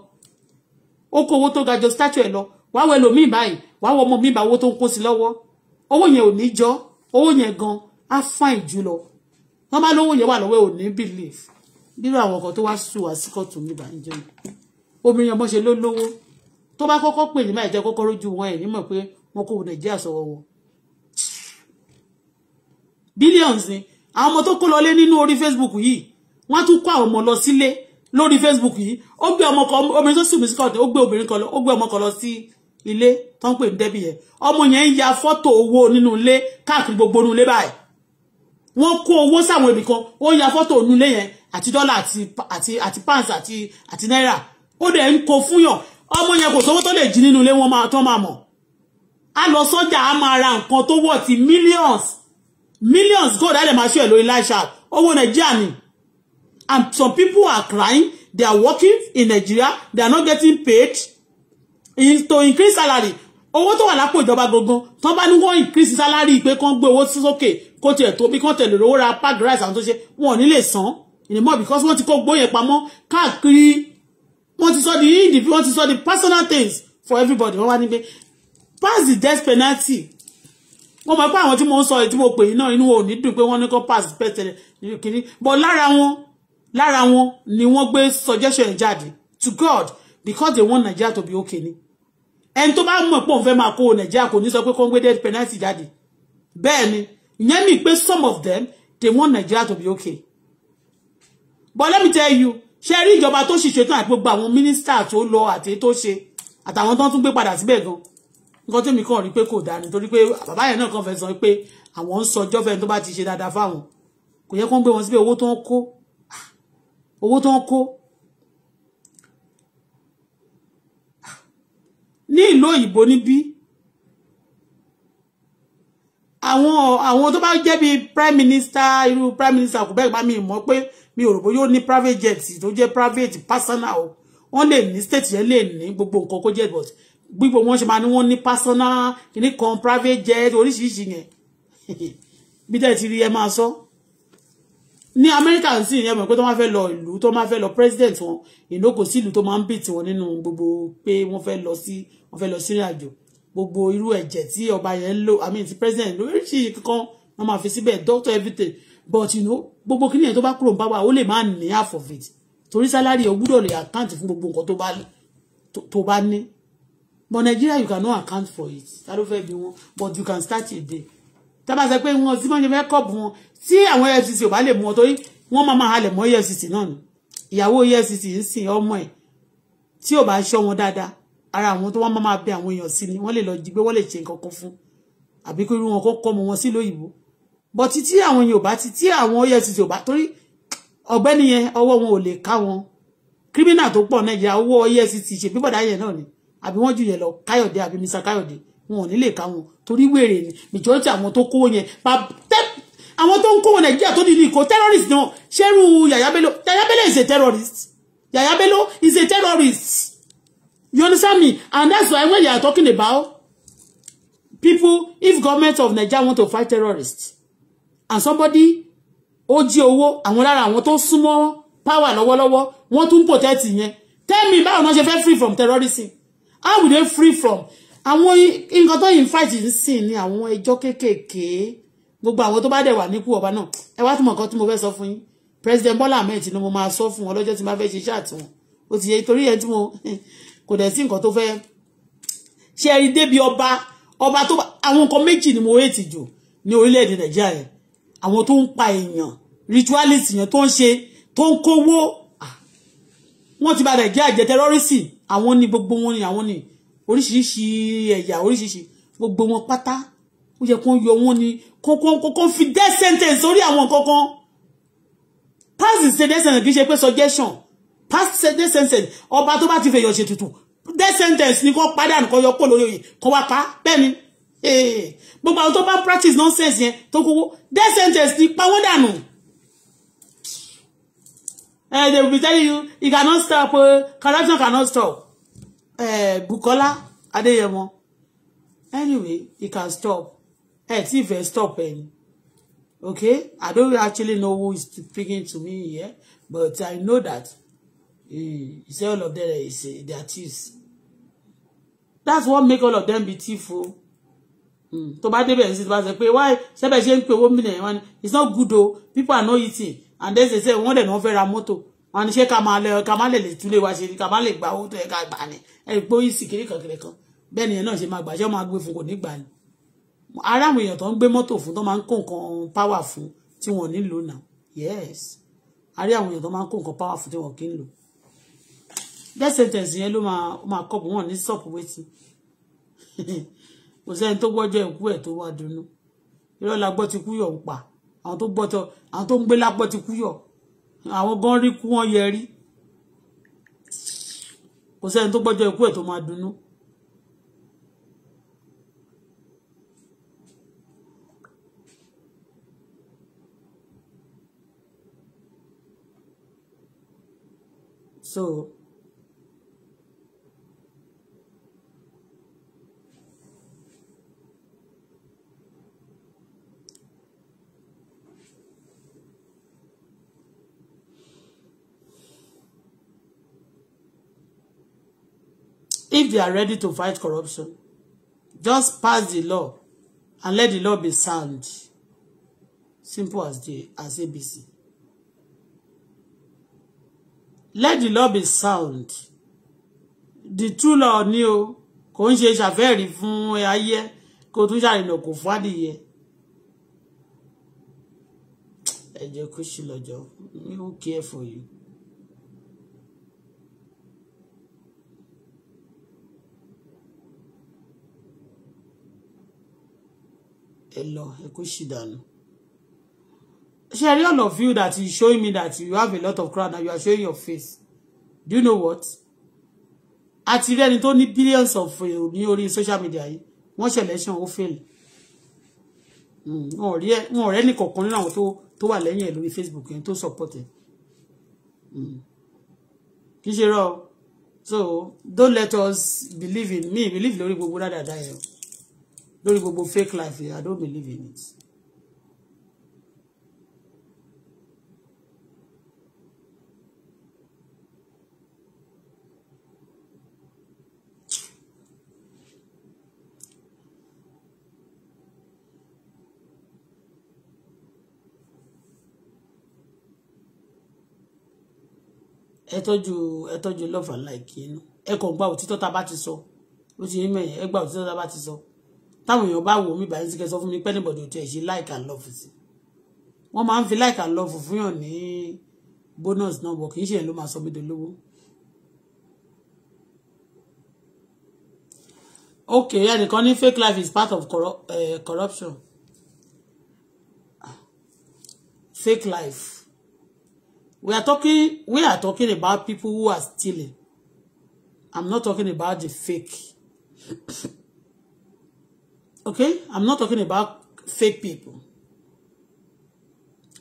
ó kó owó tó ga ju statue ẹ̀ lọ wàá wọ ẹlòmíì báyìí wàá wọ ọmọ mi bá owó tó ń kó sí lọ́wọ́ owó yẹn ò ní jọ owó yẹn gan á fine jù lọ wọ́n bá lówó yẹn wà lọ́wọ́ ò ní believe nínú àwọn kan tó wá sùn wá síkọ̀tù mi bá ń jẹun obìnrin ọmọ ṣe ló lówó tó bá kọ́kọ́ pè ní máa jẹ́ kọ́kọ́ lójú wọn ẹ̀ nímọ̀ pé wọn kò nàìjíríà sọ̀rọ̀ wọn. billions ni àwọn ọmọ tó kó lọlé nínú orí facebook yìí wọ́n tún kó àwọn ọmọ lọ sílé lórí facebook yìí ó gbé ọmọ kan obìnrin tó sùn mí sí kọ́ọ̀tù ó gbé obìnrin kan lọ ó gbé ọmọ kan lọ sí ilé tó ń pè ní débì ọmọ yẹn ń ya fọ́tò owó nínú ilé káàkiri gbogbo nínú ilé báyìí wọ́n kó owó sáwọn ibì kan ó ya fọ́tò nínú ilé yẹn àti dọ́là àti àti àti pounds àti àti náírà ó dẹ̀ ń kó fúnyàn ọmọ yẹn kò sówó tó lè jí nínú ilé wọn máa tán máa mọ̀ a lọ sọ́jà a máa ra nǹkan tó wọ̀ ti millions millions gold àdè máa ṣe ẹ̀ lórí láìsà owó nàìjíríà ni and some people are crying they are working in Nigeria they are not getting paid in to increase salary owó tó wà lápò ìjọba gangan tó bá ní wọ́n increase salary pé kán gbé owó sókè kó tiẹ̀ tó bí kán tẹ̀lé owó ra pack rice àwọn tó ṣe wọn ò ní lè san ìnìmọ̀ because wọ́n ti kó gbóyè pamọ́ káàkiri wọ́n ti sọ di indiv wọ́n ti sọ di personal things for everybody wọ́n wá ní pé pass the death penalty wọ́n mọ̀ pé àwọn tí mo ń sọ èyí tí mo pè yín náà inú wọn ò dùn pé wọ́n ní kó pass pẹ̀tẹ̀lẹ̀ kìíní but lára wọn lára wọn ni wọ́n gbé suggestion jáde to God because they want Nigeria to be okay ni ẹni tó bá mọ̀ pé òun fẹ́ máa kó Nigeria kò ní sọ pé kó ń gbé death penalty jáde bẹ́ẹ̀ ni ìyẹn mi pé some of them they want Nigeria to be okay but let me tell you ṣe rí ìjọba tó ṣì ṣetán àti gbogbo àwọn mínísítà tó lọ àti tó ṣe àtàwọn tó ń tún gbé padà síbẹ̀ gan nǹkan tèmi kàn rí pé kò dáa nítorí pé bàbá yẹn náà kàn fẹ́ sọ pé àwọn ń sọjọ́ fẹ́ni tó bá ti ṣe dáadáa fáwọn kò yẹ kó ń gbé wọn síbẹ̀ owó tó ń kó owó tó ń kó ní ìlú òyìnbó níbí àwọn àwọn tó bá jẹ́ bíi prime minister irú prime minister kò bẹ́ẹ̀ bá mi mọ̀ pé mi ò rò bóyá ó ní private jet tó jẹ́ private personal o wọ́n lè ní state yẹn lè ní gbogbo nǹkan kó jẹ́ but gbogbo wọn ṣe máa ní wọ́n ní personal kìíní kan private jet oríṣiríṣi yẹn bí dẹ́ ti rí ẹ máa sọ ní amẹ́ríkà sì yẹn mọ̀ pé tó máa fẹ́ lọ ìlú tó máa fẹ́ lọ president wọn ìlú kò sí ìlú tó máa ń bìtì wọn nínú gbogbo pé wọ́n fẹ́ lọ sí wọ́n fẹ́ lọ sí ìrìn àjò gbogbo irú ẹ̀jẹ̀ tí ọba yẹn ń lò i mean ti president lóríṣiríṣi kankan wọ́n máa fi síbẹ̀ doctor everything but you know gbogbo Kini nìyẹn tó bá kúrò ń bá wa ó lè má ní half of it torí salary o gbúdọ̀ lè account fún gbogbo nǹkan tó bá tó bá ní but Nigeria you cannot account for it ta ló fẹ́ bí wọn but you can start a day tábà sọ pé wọn tí wọn ṣe fẹ́ kọ́ọ̀bù wọn tí àwọn EFCC ò bá lè mú wọn torí wọn máa máa halẹ̀ mọ́ EFCC náà ni ìyàwó EFCC ń sìn ọmọ ẹ̀ tí ò bá ṣọ́ wọn dáadáa ara àwọn tó wọ́n máa máa bẹ àwọn èèyàn sí ni wọ́n lè lọ jí gbé wọ́n lè ṣe nǹkan kan fún àbí kí irú wọn kó kọ́ ọmọ wọn sílùú òyìnbó but tí àwọn Yorùbá ti tí àwọn efcc Yorùbá torí ọ̀gbẹ́ni yẹn ọwọ́ wọn ò lè ká wọn kírímínà tó pọ̀ nàìjíríà owó efcc ṣe bíbọ̀dá yẹn náà ni àbí wọ́n jù yẹn lọ káyọ̀dé àbí mr káyọ̀dé wọn ò ní lè ká wọn torí wèrè ni majority àwọn tó kówó yẹn àwọn tó ń kówó nàìjíríà tó di ní ìkó terrorist náà ṣerú yàyà bello yàyà bello is a terrorist yàyà bello is a terrorist you understand me and that's why when you are talking about people if government of Nigeria want to fight terrorists and somebody ó jí owó àwọn lára àwọn to sumo power lọ́wọ́lọ́wọ́ wọ́n tún protect yẹn tell me báwo wọ́n ṣe fẹ́ free from terrorism how we they free from àwọn nǹkan tó in fight in sin. ní àwọn ẹjọ́ kéékèèké gbogbo àwọn tó bá dẹ̀ wà nípò ọba náà ẹ wá túmọ̀ nǹkan tí mo fẹ́ sọ fún yín president Bola Ahmed Tinubu máa sọ fún wọn lọ́jọ́ tí n bá fẹ́ ṣe iṣẹ́ àtiwọn ó ti yẹ torí ẹ tí mo kò dẹ̀ sí nǹkan tó fẹ́ ṣe ẹ rí débi ọba ọba to àwọn nǹkan méjì ni mo hate jù ní orílẹ̀-èdè Nàìjíríà àwọn tó ń pa èèyàn ritualist yẹn tó ń ṣe tó ń kówó ah. wọ́n ti ba nàìjíríà jẹ́ tẹrọrìsì àwọn ni gbogbo wọn ni àwọn ni oríṣiríṣi ẹ̀yà oríṣiríṣi gbogbo wọn pátá ó yẹ kó yọ wọn ni kókó fi death sentence sórí àwọn kankan past death sentence kì í ṣe pé suggestion past death sentence ọba tó bá ti fẹ̀yọ̀ ṣètùtù death sentence ni kò padà nìkan yọ kó lórí oyè kó wá pa bẹ́ẹ̀ ni Eh, gbogbo àwọn tó bá practice nonsense yẹn tó kówó death sentence ti pawó dànù. Uh, they will be telling you you cannot stop uh, corruption cannot stop uh, Bukola Adeyemo anyway he can stop ẹ tí ìfẹ́ stop ẹni okay I don't actually know who is speaking to me here but I know that he say all of them is uh, their thieves that's what make all of them be thief o oh. To bá débẹ̀ ní sí tó bá why sẹ́bẹ̀ ṣe ń pe owó mílíọ̀nù wọn ni it's not good o people are not eating and then they say wọ́n dẹ̀ ní wọ́n fẹ́ ra mọ́tò wọn ni ṣé ká máa lẹ ká má lè lè túlé wa ṣe ni ká má lè gba owó tó yẹ ká gbà ni ẹ gbó ìsì kiri kankiri kan bẹ́ẹ̀ ni ẹ náà ṣe máa gbà ṣé wọ́n máa gbé fún kò ní gbà ni ara àwọn èèyàn tó ń gbé mọ́tò fún tó máa ń kó nǹkan power fún tí wọ́n nílò náà yes ara àwọn èèyàn tó máa ń kó nǹkan power fún tí wọ́n kì í lò that sentence yẹn ló máa máa kọ́ bù wọ́n ní stop wetin kò tó gbọ́jọ́ ìkú ẹ̀ tó wá dunnú irọ́ la gbọ́ ti kúyọ̀ ń pa àwọn tó gbọ́tọ̀ àwọn tó ń gbé lápọ̀ ti kúyọ̀ àwọn gan rí kú wọn yẹ rí kò tó gbọ́jọ́ ikú ẹ̀ tó máa dunnú. so If they are ready to fight corruption, just pass the law and let the law be sound. Simple as the as ABC. Let the law be sound. The true law ni o kò ń ṣe ṣàfẹ́ẹ̀rí fún ayé kò tún ṣàrìnà kò fún adìyẹ. care for you. Hello, lọ ẹ kó ṣì dànù. all of you that is showing me that you have a lot of crowd and you are showing your face do you know what? àti rí ẹni tó ní billions of ní orí social media yìí wọ́n ṣẹlẹ̀ ṣan ó fail hmm, wọn ò rẹ́ nìkọ̀ọ̀kan nínú àwọn to wà lẹ́yìn ẹ̀ lórí Facebook yẹn to support ẹ̀ hmm. kì í ṣe rọ so don't let us believe in me believe lórí gbogbo dáadáa yẹn o lórí gbogbo fake life I don't believe in it. ẹ tọ́jú ẹ tọ́jú lọ́fà láìkí inú ẹ kàn gba òtítọ́ tá a bá ti sọ ó ti rí mẹ́yìn ẹ gba òtítọ́ tá a bá ti sọ. So táwọn èèyàn bá wò mí báyìí sí kẹ́ sọ fún mi pé anybody ò tiẹ̀ ṣe like and love sí wọ́n máa ń fi like and love fún yàn ní bonus náà bọ̀ kì í ṣe ló máa sọ mí dolówó. ok ẹnìkan ní fake life is part of corruption fake life we are talking we are talking about people who are stealing i'm not talking about the fake. okay i'm not talking about fake people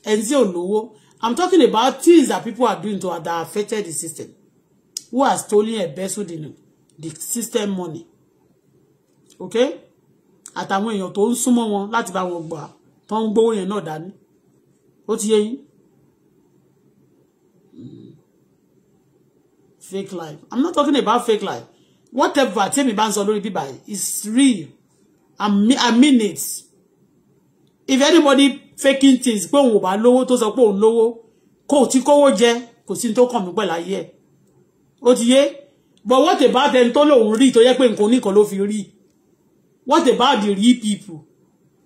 ẹni tí i'm talking about things that people are doing to that affected the system who has stolen a embezzled the, the system money okay àtàwọn èèyàn tó ń súnmọ́ wọn láti bá wọn gbà tó ń gbówó yẹn náà dání ó ti yé yín hmm. fake life i'm not talking about fake life whatever tèmi bá ń sọ lórí bíbá is real I mean, I mean it. If anybody faking things go òun ò bá lówó tó sọ pé òun lówó kò tí kówó jẹ kò sí tó kàn mí pẹ̀lú but what about ẹni tó lòun rí tó yẹ pé nǹkan oníkan ló fi rí what about the real people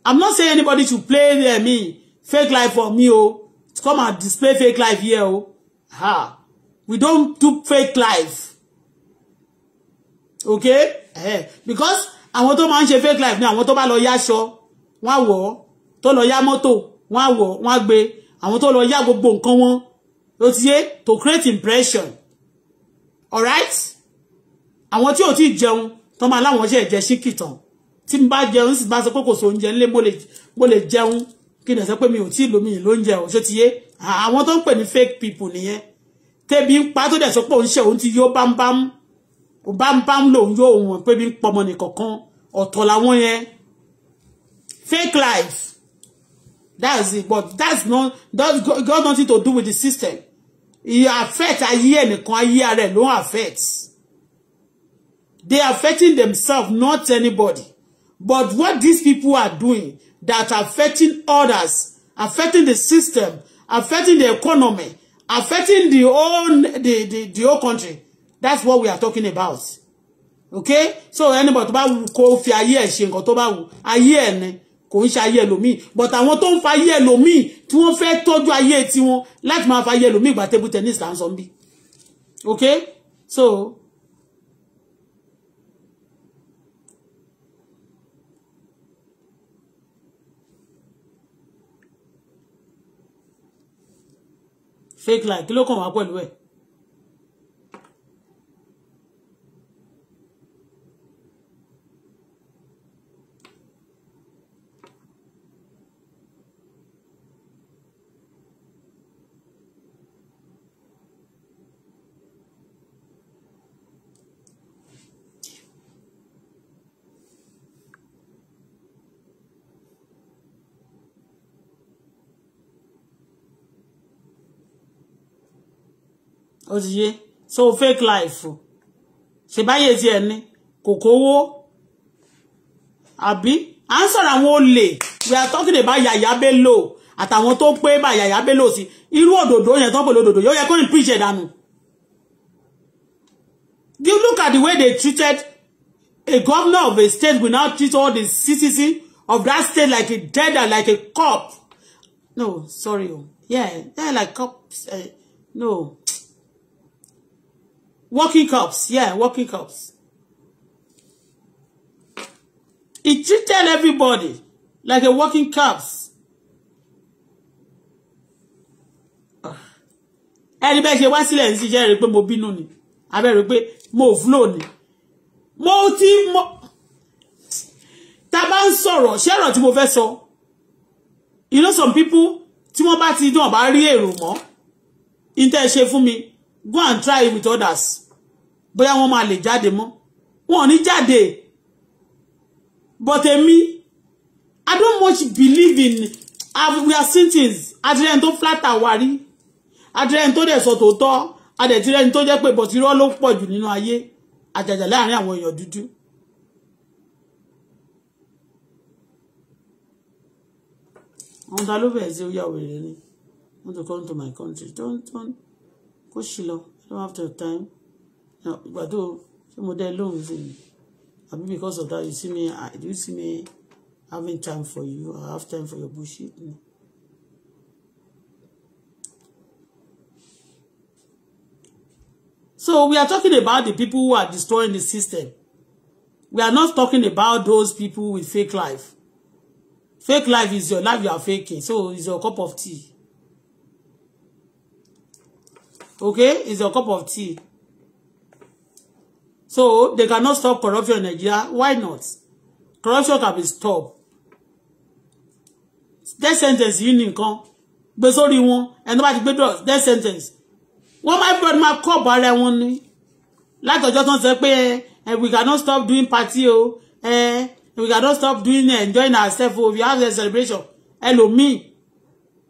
I'm not saying anybody should play their eh, me fake life for me Oh, to come and display fake life here Oh, ha we don't do fake life okay eh because àwọn tó máa ń ṣe fake life ni àwọn tó bá lọ yáṣọ wọ́n á wọ̀ ọ́ tó lọ yá mọ́tò wọ́n á wọ̀ wọ́n á gbé àwọn tó lọ yá gbogbo nǹkan wọn ló ti yé to create impression alright àwọn tí ò tí ì jẹun tó máa láwọn ṣe jẹ ṣíkìtàn tí n bá jẹun sì bá sọ pé kò so oúnjẹ nílé mo lè jẹun kí ni ẹ pé mi ò tí ì lómi ìlóúnjẹ ò ṣó ti yé àwọn tó ń pè ní fake people nìyẹn tẹ́bi ń pa tó dẹ̀ sọ pé òun ṣe òun ti yó bámbámú bámbám lòun yóò wọ̀n pé bí ń pọmọ nìkọ̀kan ọ̀tọ̀ làwọn yẹn fake life that's it but that's not that's got, nothing to do with the system e affect ayé ẹnìkan ayé ara ẹ̀ ló ń affect they are affecting themselves not anybody but what these people are doing that affecting others affecting the system affecting the economy affecting the whole the the, the whole country that's what we are talking about okay so anybody tó bá wù kó fi ayé ẹ̀ ṣe nǹkan tó bá wù ayé ẹ̀ ni kò ń ṣe ayé ẹlòmíì but àwọn tó ń fa ayé ẹlòmíì tí wọ́n fẹ́ tọ́jú ayé tiwọn láti máa fa ayé ẹlòmíì gba table tennis là ń sọ okay so fake like kí ló kàn wá pẹ̀lú ó ti so fake life Se tiẹ̀ ni kò kówó àbí à ń sọ̀rọ̀ àwọn we are talking about Yaya Bello àtàwọn tó pé bá Yaya Bello sí irú òdòdó yẹn tó ń pè Yo yóò yẹ kó ní preach ẹ̀ you look at the way they treated a governor of a state will now treat all the citizens of that state like a dead and like a cop. No, sorry. Yeah, they're like cops. Uh, no. Walking cups. Yeah, walking cups. He treated everybody like a walking cups. Ẹni bẹ́ẹ̀ ṣe wá sílẹ̀ ní ṣiṣẹ́ rẹ̀ pé mo bínú ni. Abẹ́ rẹ̀ pé mo flow ni. Mo ti mọ. Ta bá ń sọ̀rọ̀ ṣé ọ̀rọ̀ tí mo fẹ́ sọ. You know some people tí wọ́n bá ti dùn ọ̀bá rí èrò mọ́. Ní tẹ́ ṣe fún mi go and try it with others bóyá wọ́n máa lè jáde Mo, wọn ò ní but èmi i don't much believe in have we are seeing things adrien tó flatter wa rí adrien tó dẹ̀ sọ tòótọ́ adẹ̀tirẹ́ni tó jẹ́ pé But irọ́ ló pọ̀ jù nínú ayé àjàjà láàrin àwọn èèyàn dúdú. wọ́n ta ló bẹ̀rẹ̀ sí ó yà ni want to come to my country don't don't kó ṣì lọ I don't have the time ìgbà tó ṣé mo dẹ́ lóhùn sí i àbí because of that you see me do you see me having time for you I have time for your bullshit. So we are talking about the people who are destroying the system. We are not talking about those people with fake life. Fake life is your life you are faking. So it's your cup of tea. Okay? It's your cup of tea. So they cannot stop corruption in Nigeria. Why not? Corruption can be stopped. Death sentence yìí nìkan gbé sórí wọn ẹni bá ti gbé death sentence wọ́n máa fi máa kọ́ ọ̀bọ̀ ara wọn ni látọjọ́ tó ń sọ pé ẹ eh, we cannot stop doing party o ẹ eh, we cannot stop doing eh, enjoying ourselves o we have a celebration ẹlòmíì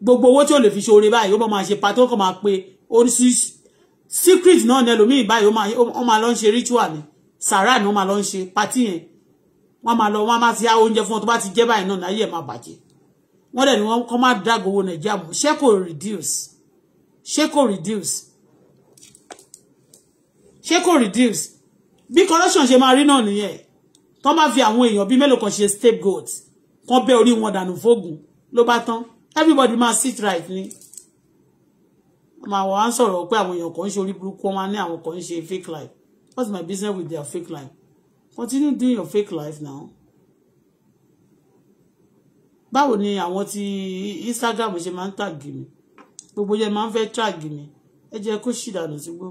gbogbo owó tí ò lè fi ṣoore báyìí ó bọ́ máa ṣe party ó kàn máa pe oríṣiríṣi secret náà ní ẹlòmíì báyìí ó máa lọ ń ṣe ritual ni sàrà ni ó máa lọ ń ṣe pàtí yẹn wọ́n máa lọ wọ́n máa fi há oúnjẹ fún ọ tó bá ti jẹ́ báyìí náà náà yẹ máa bàjẹ́ wọ́n dẹ̀ ni wọ́n kọ́ máa dàgbò owó nàìjíríà mọ́ ṣé reduce ṣé reduce ṣé reduce bí corruption ṣe máa rí náà nìyẹn tó bá fi àwọn èèyàn bíi mélòó kan ṣe scapegoat kan bẹ́ orí wọn dànù fóògùn ló bá tán everybody must sit right ni máa wọ́n á sọ̀rọ̀ pé àwọn èèyàn kan ń ṣe orí burúkú wọn máa ní àwọn kan ń ṣe fake life what's my business with their fake life continue doing your fake life now báwo ni àwọn ti Instagram ṣe máa ń tàgì mi gbogbo yẹn máa ń fẹ́ tàgì mi ẹ jẹ́ kó ṣì dànù sígbó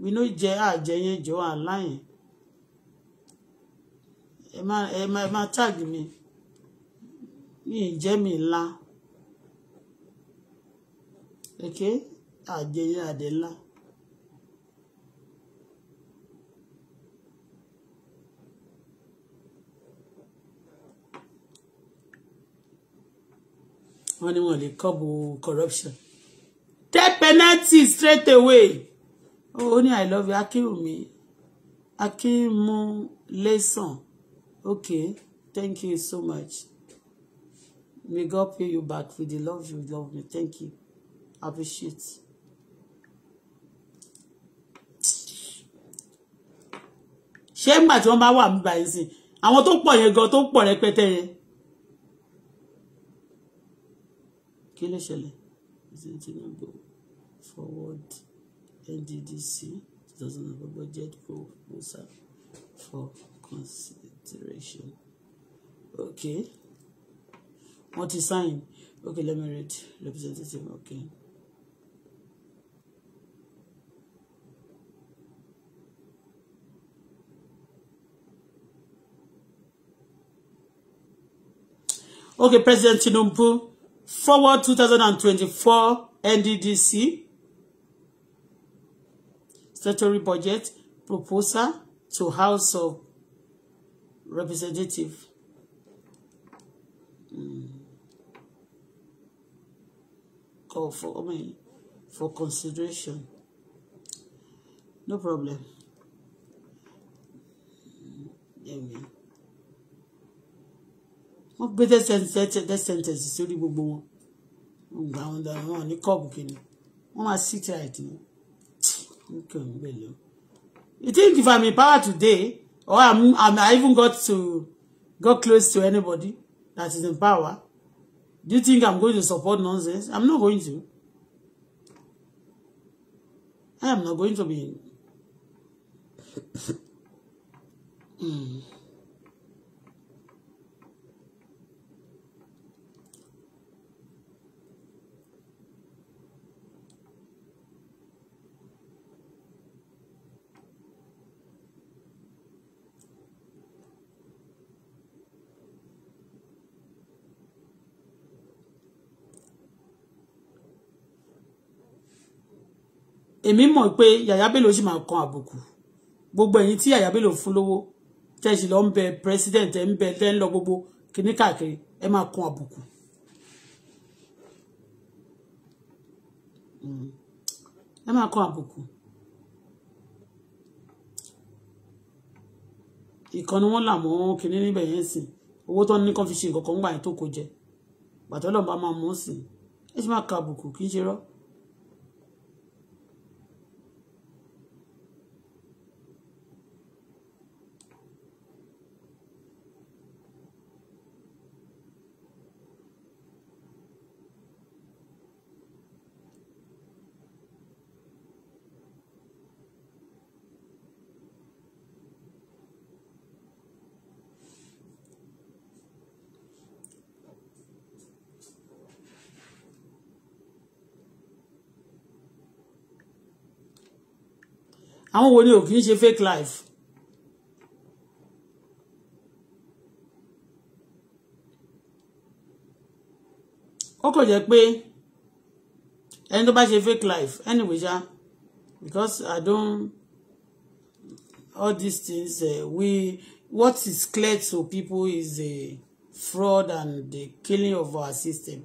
we no jẹ́ àjẹyẹn jọ àláyẹn ẹ má ẹ má ẹ má tàgì mi mi ì jẹ́ mi ńlá okay àjẹyẹ àdẹ ńlá. wọ́n ní wọ́n lè kọ́bù corruption Ten penalty straight away ó ní i love you akínwùmí akínmúlẹ́sàn okay thank you so much may God pay you back for the love you love me thank you appreciate. ṣé ńgbà tí wọ́n bá wà mí báyìí sí àwọn tó pọ̀ yẹn gan tó pọ̀ rẹpẹtẹ yẹn kí ló ṣẹlẹ̀
tinubu forward nddc two thousand and four budget proposal for consideration okay
wọ́n ti sign okay let me read representative okay. Okay, President Tinubu, forward 2024 NDDC statutory budget proposal to House of Representative. Hmm. Call for, I mean, for consideration. No problem. Hmm, Amen wọ́n gbé death sentence sórí gbogbo wọn gbà wọn dáná wọn ní kọ́ọ̀bù kìíní wọ́n máa sit right ni nǹkan ìgbẹ́ lọ. you think if i'm in power today or i'm, I'm i even got to go close to anybody that is in power do you think i'm going to support nonsense i'm not going to i am not going to be. mm. èmi mọ̀ pé Yàyà Bello sì máa kan àbùkù gbogbo ẹ̀yin tí Yàyà Bello fún lówó tẹ̀sí lọ ń bẹ president ẹ̀ ń bẹ tẹ́ ń lọ gbogbo kìíní káàkiri ẹ máa kan àbùkù. ẹ máa kan àbùkù. ìkan ni wọ́n là mọ́ kìíní níbẹ̀ yẹn sìn owó tó ń ní kan fi ṣe nǹkan kan ń gbà yẹn tó kó jẹ gbàtọ́ lọ́nba máa mú sí ẹ sì máa ka àbùkù kì í ṣe rọ́ọ́. àwọn wo ni ò kì í ṣe fake life ó kò jẹ́ pé ẹni tó bá ṣe fake life anyway ṣá because I don't all these things uh, we what is clear to people is a fraud and the killing of our system.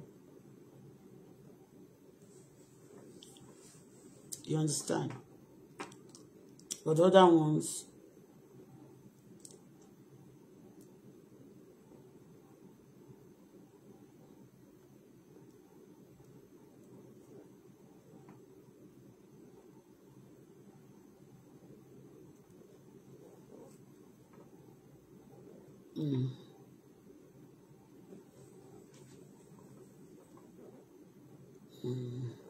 You understand? but other ones
Mm. Hmm.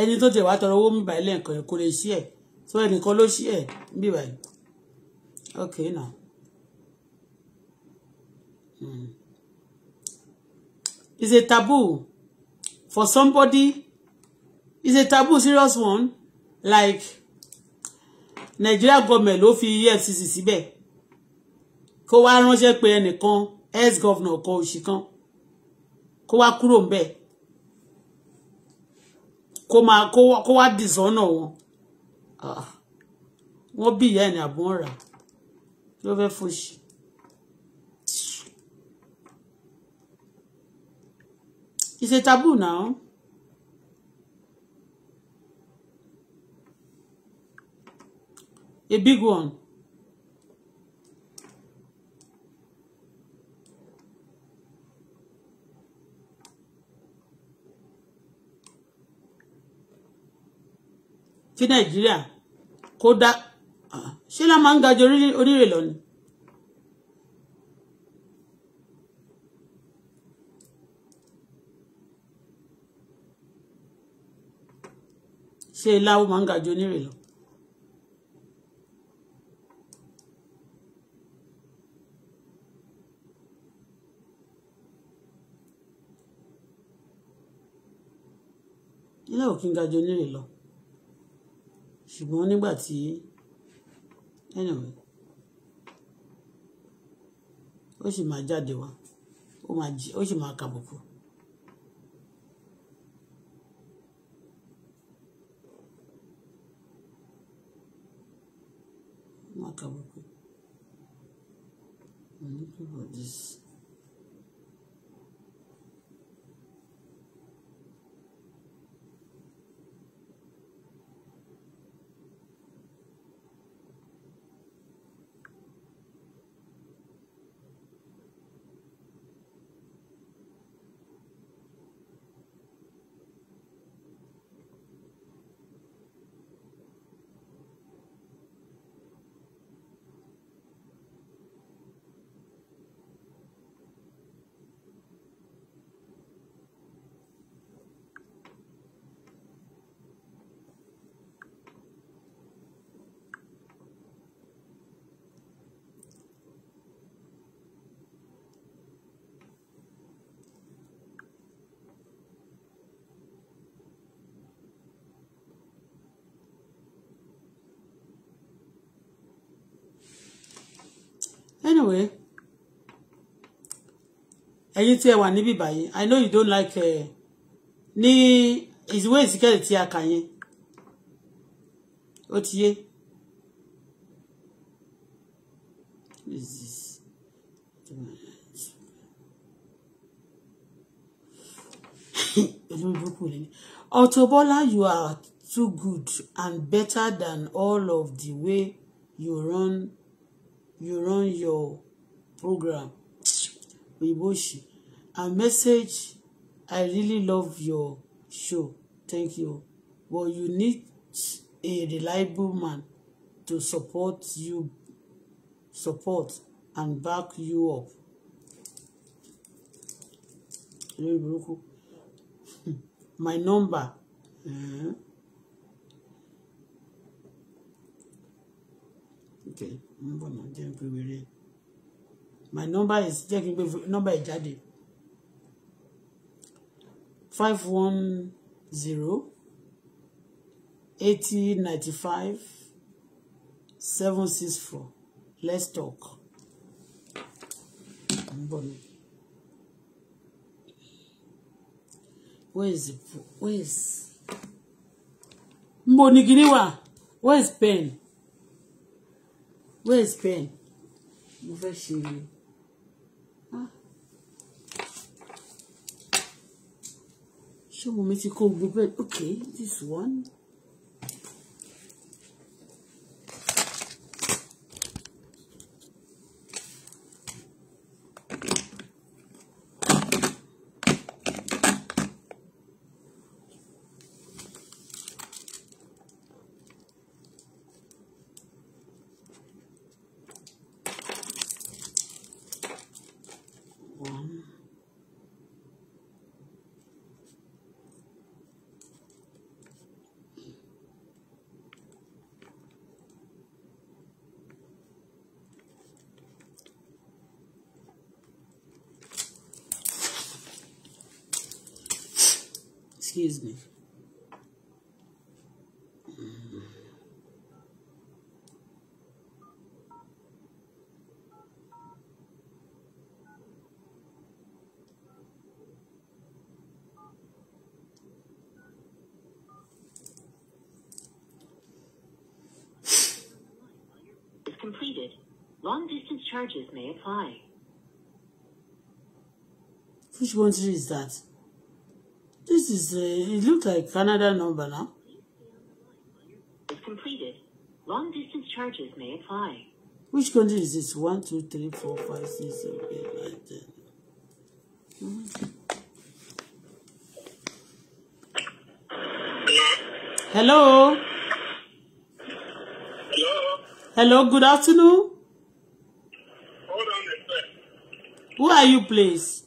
ẹni tó tẹ̀ wá tọrọ owó mi báyìí lẹ́ǹkan ẹ̀ kò lè ṣí ẹ̀ tó ẹnìkan ló ṣí ẹ̀ bí báyìí okay now mm. it's a taboo for somebody it's a taboo serious one like Nigeria government ló fi EFCC síbẹ̀ kó wá ránṣẹ́ pé ẹnìkan ex-governor kan òṣì kan kó wá kúrò ń bẹ́ẹ̀ kó máa kó wá dìsọ́nà wọn ah. wọ́n bí ìyá ẹ̀ ní àbọ̀ ọ̀rà ló fẹ́ fòṣì. It's a taboo A big one. tí nàìjíríà kó dá ṣé lá máa ń ga ju lọ ni. ṣé láwọ máa ń ga ju onírè lọ. ilé òkín ga ju onírè lọ ṣùgbọ́n nígbà tí anyway ó sì máa jáde wá ó sì máa kàbùkù.
máa kàbùkù. I need to do this. anyway
ẹ̀yin tí ẹ wà níbí báyìí i know you don't like uh, ní ìwé ìsìkẹ́lẹ̀ tí a kà yẹn ó ti yé Auto Bola you are too good and better than all of the way you run you run your program oyinbo shi and message i really love your show thank you but you need a reliable man to support you support and back you up. my number. Uh-huh. okay ń bọ̀ náà jẹ́ pé my number is jẹ́ kí n gbé number ẹ̀ jáde five one zero eighty ninety five seven six four let's talk where is the where is mbonigiri where is pen where is pen mo fẹ́ ṣe ah. ṣé mo mi ti kó gbogbo
pen okay this one. Excuse me. completed. Long distance charges may apply.
Which one is that? This is, uh, it looks like Canada number now.
It's completed. Long distance charges may apply.
Which country is this? 1, 2, 3, 4, 5, 6, 7, 8, 9, 10. Hello? Hello? Hello, good afternoon. Hold
on a second.
Who are you, please?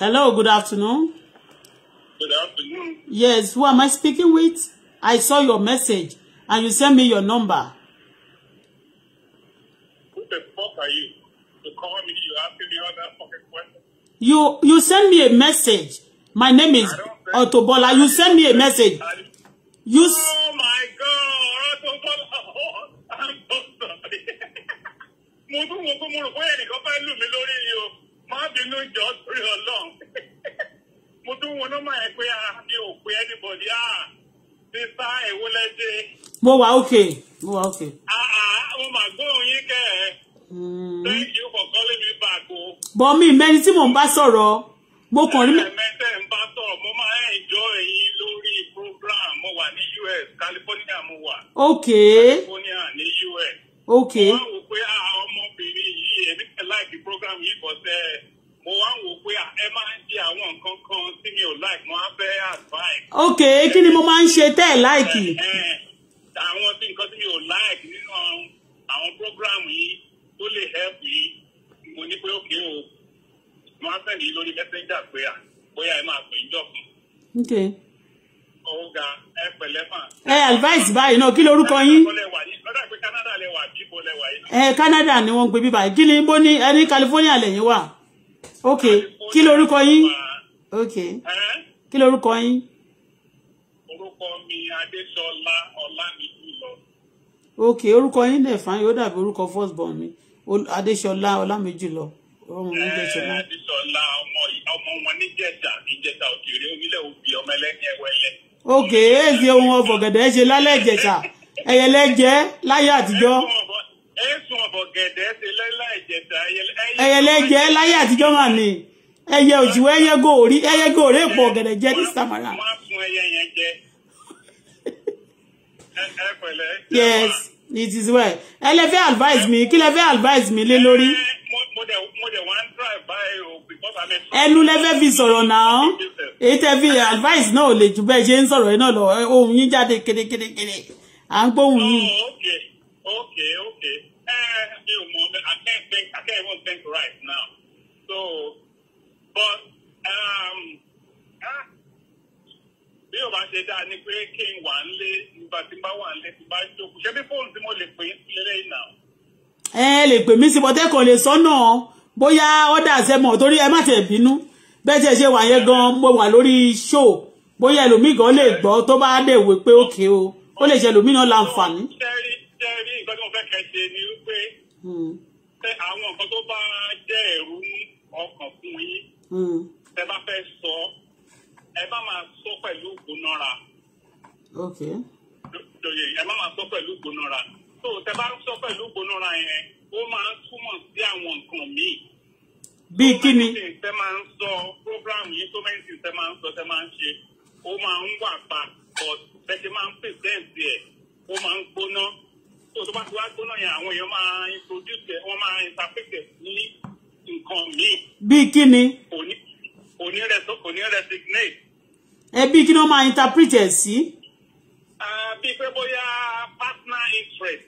Hello, good afternoon.
Good afternoon.
Yes, who am I speaking with? I saw your message and you sent me your number.
Who the fuck are you? To call me, you asking me all that fucking question?
You you sent me a message. My name is
Otobola. You sent me a message. You oh my God, Otobola. Oh, I'm so sorry. Mo tún mo tún mo rò pé ẹnìkan fẹ́ lù mí má bínú jọ torí Ọlọ́run mo tún wọn náà máa yẹ pé ah, mi ò pe anybody ah sísá èwo lẹ́dẹ̀.
mo wà okay mo wà okay. Ah, ah,
mo mà gbóhùn yín kẹ́ ẹ̀. Hmm. thank you for calling me
back o. bọ́ mi mẹ́ni tí mò ń bá sọ̀rọ̀ mo kàn rí. ẹ̀ẹ́dẹ̀mẹ́tẹ̀ eh, ń bá sọ̀rọ̀ mo máa ń jọ èyí lórí
program mo wà ní US California mo wà. ok.
California ní US. ok. mo wá wò pé ọmọbìnrin èmi kẹ láìkí program yìí kọ sẹ eh, mo wá ń wò pé ah, ẹ máa ń di
àwọn nǹkan kan tí mi ò láìkí mo á fẹ́ advice. ok kí ni mo máa ń ṣe tẹ́ ẹ̀ láìkí. Eh, eh,
àwọn tí nǹkan tí mi ò láìkí nínú àwọn program yìí tó lè help yìí mo ní pé òkè o mo á fẹ́ nìyí lórí messenger pé à ah, bóyá ẹ máa pè é jọ̀kan.
okay
ọ̀gá ẹ pẹ̀lẹ́ mà. ẹ advice báyìí náà kí lorúkọ yín. lọ́dà pé Canada lẹ wà bí mo lẹ wà yìí. ẹ Canada ni wọ́n ń gbé bíbá yìí kí ni bó ní ẹni California lẹ́yìn wà ok kí lorúkọ yín ok kí lorúkọ yín. orúkọ mi Adéṣọlá Ọlámidúlọ. ok orúkọ yín lè fà yóò dàbí orúkọ first born mi Adéṣọlá Ọlámidúlọ
ọmọ Adéṣọlá ọmọ wọn ní jẹta
ìjẹta òkèèrè onílẹ̀ òbí ọmọ ẹlẹ́ni ẹ̀wẹ̀lẹ̀ òkè èsì ohun ọ̀fọ̀gẹ̀dẹ̀ ṣe lálẹ́ ìjẹ̀ṣà ẹyẹlẹ jẹ láyé àtijọ́. ẹyẹlẹ jẹ láyé àtijọ́ mà ní ẹyẹ òṣìwọ ẹyẹ gòórí ẹyẹ gòórí èpò ọ̀gẹ̀dẹ̀ jẹ ní samara. yes it is well ẹ lè fẹ́ advice mi kí lè fẹ́ advice mi lé lórí.
ẹnu lè fẹ́ fi sọ̀rọ̀ náà
èyí tẹ́ fi advice náà ò lè jù bẹ́ẹ̀ ṣe ń sọ̀rọ̀ yìí náà lọ ohun yín jáde kédekédekéde à ń gbóhùn yín. Oh, okay okay okay ẹ mi ò
mọ i can't think i can't even think right now so but. Um, bí o bá ṣe dáa ni pé kí n wà ń lé nígbà
tí n bá wà ń lé tí n bá jókòó ṣé bí fóònù tí mo lè pè é sí lélẹ́yìn náà. ẹ lè pè mí sí bọ́tẹ́ kan lè sọ́nà bóyá ọ́dà sẹ́mọ̀ torí ẹ má tẹ̀ bínú bẹ́ẹ̀ tí ẹ ṣe wà yẹn gan mo wà lórí ṣó bóyá ẹlòmíì gan lè gbọ́ tó bá dé wò pé òkè o ó lè ṣe ẹlòmíì náà láǹfààní. tẹ́rí tẹ́rí nǹkan tí mo fẹ́ kẹ́ ni wípé
tẹ hmm. àwọn nǹkan tó bá jẹ́ ẹ̀rú ọkàn fún yín hmm. tẹ bá fẹ́ sọ ẹ má máa sọ pẹ̀lú ìgbónára. ok. lóye ẹ má máa sọ pẹ̀lú ìgbónára. tó tẹ bá ń sọ pẹ̀lú ìgbónára yẹn ó máa ń túmọ̀ sí àwọn nǹkan míì. bíi kí ni. tẹ máa ń sọ program yìí tó mẹ́sìn tẹ máa ń sọ tẹ máa ń ṣe ó máa ń wà pa but bẹ́ẹ̀ ṣe máa ń present ẹ̀ ó máa ń gbóná tó tó bá ti wá gbóná yẹn àwọn èèyàn máa introduce ẹ̀ wọ́n máa interpret ní nǹkan míì. bíi kí ni. kò ní resignate ẹbí
kí ló máa interpret ẹ̀ sí.
bí pé bóyá partner interest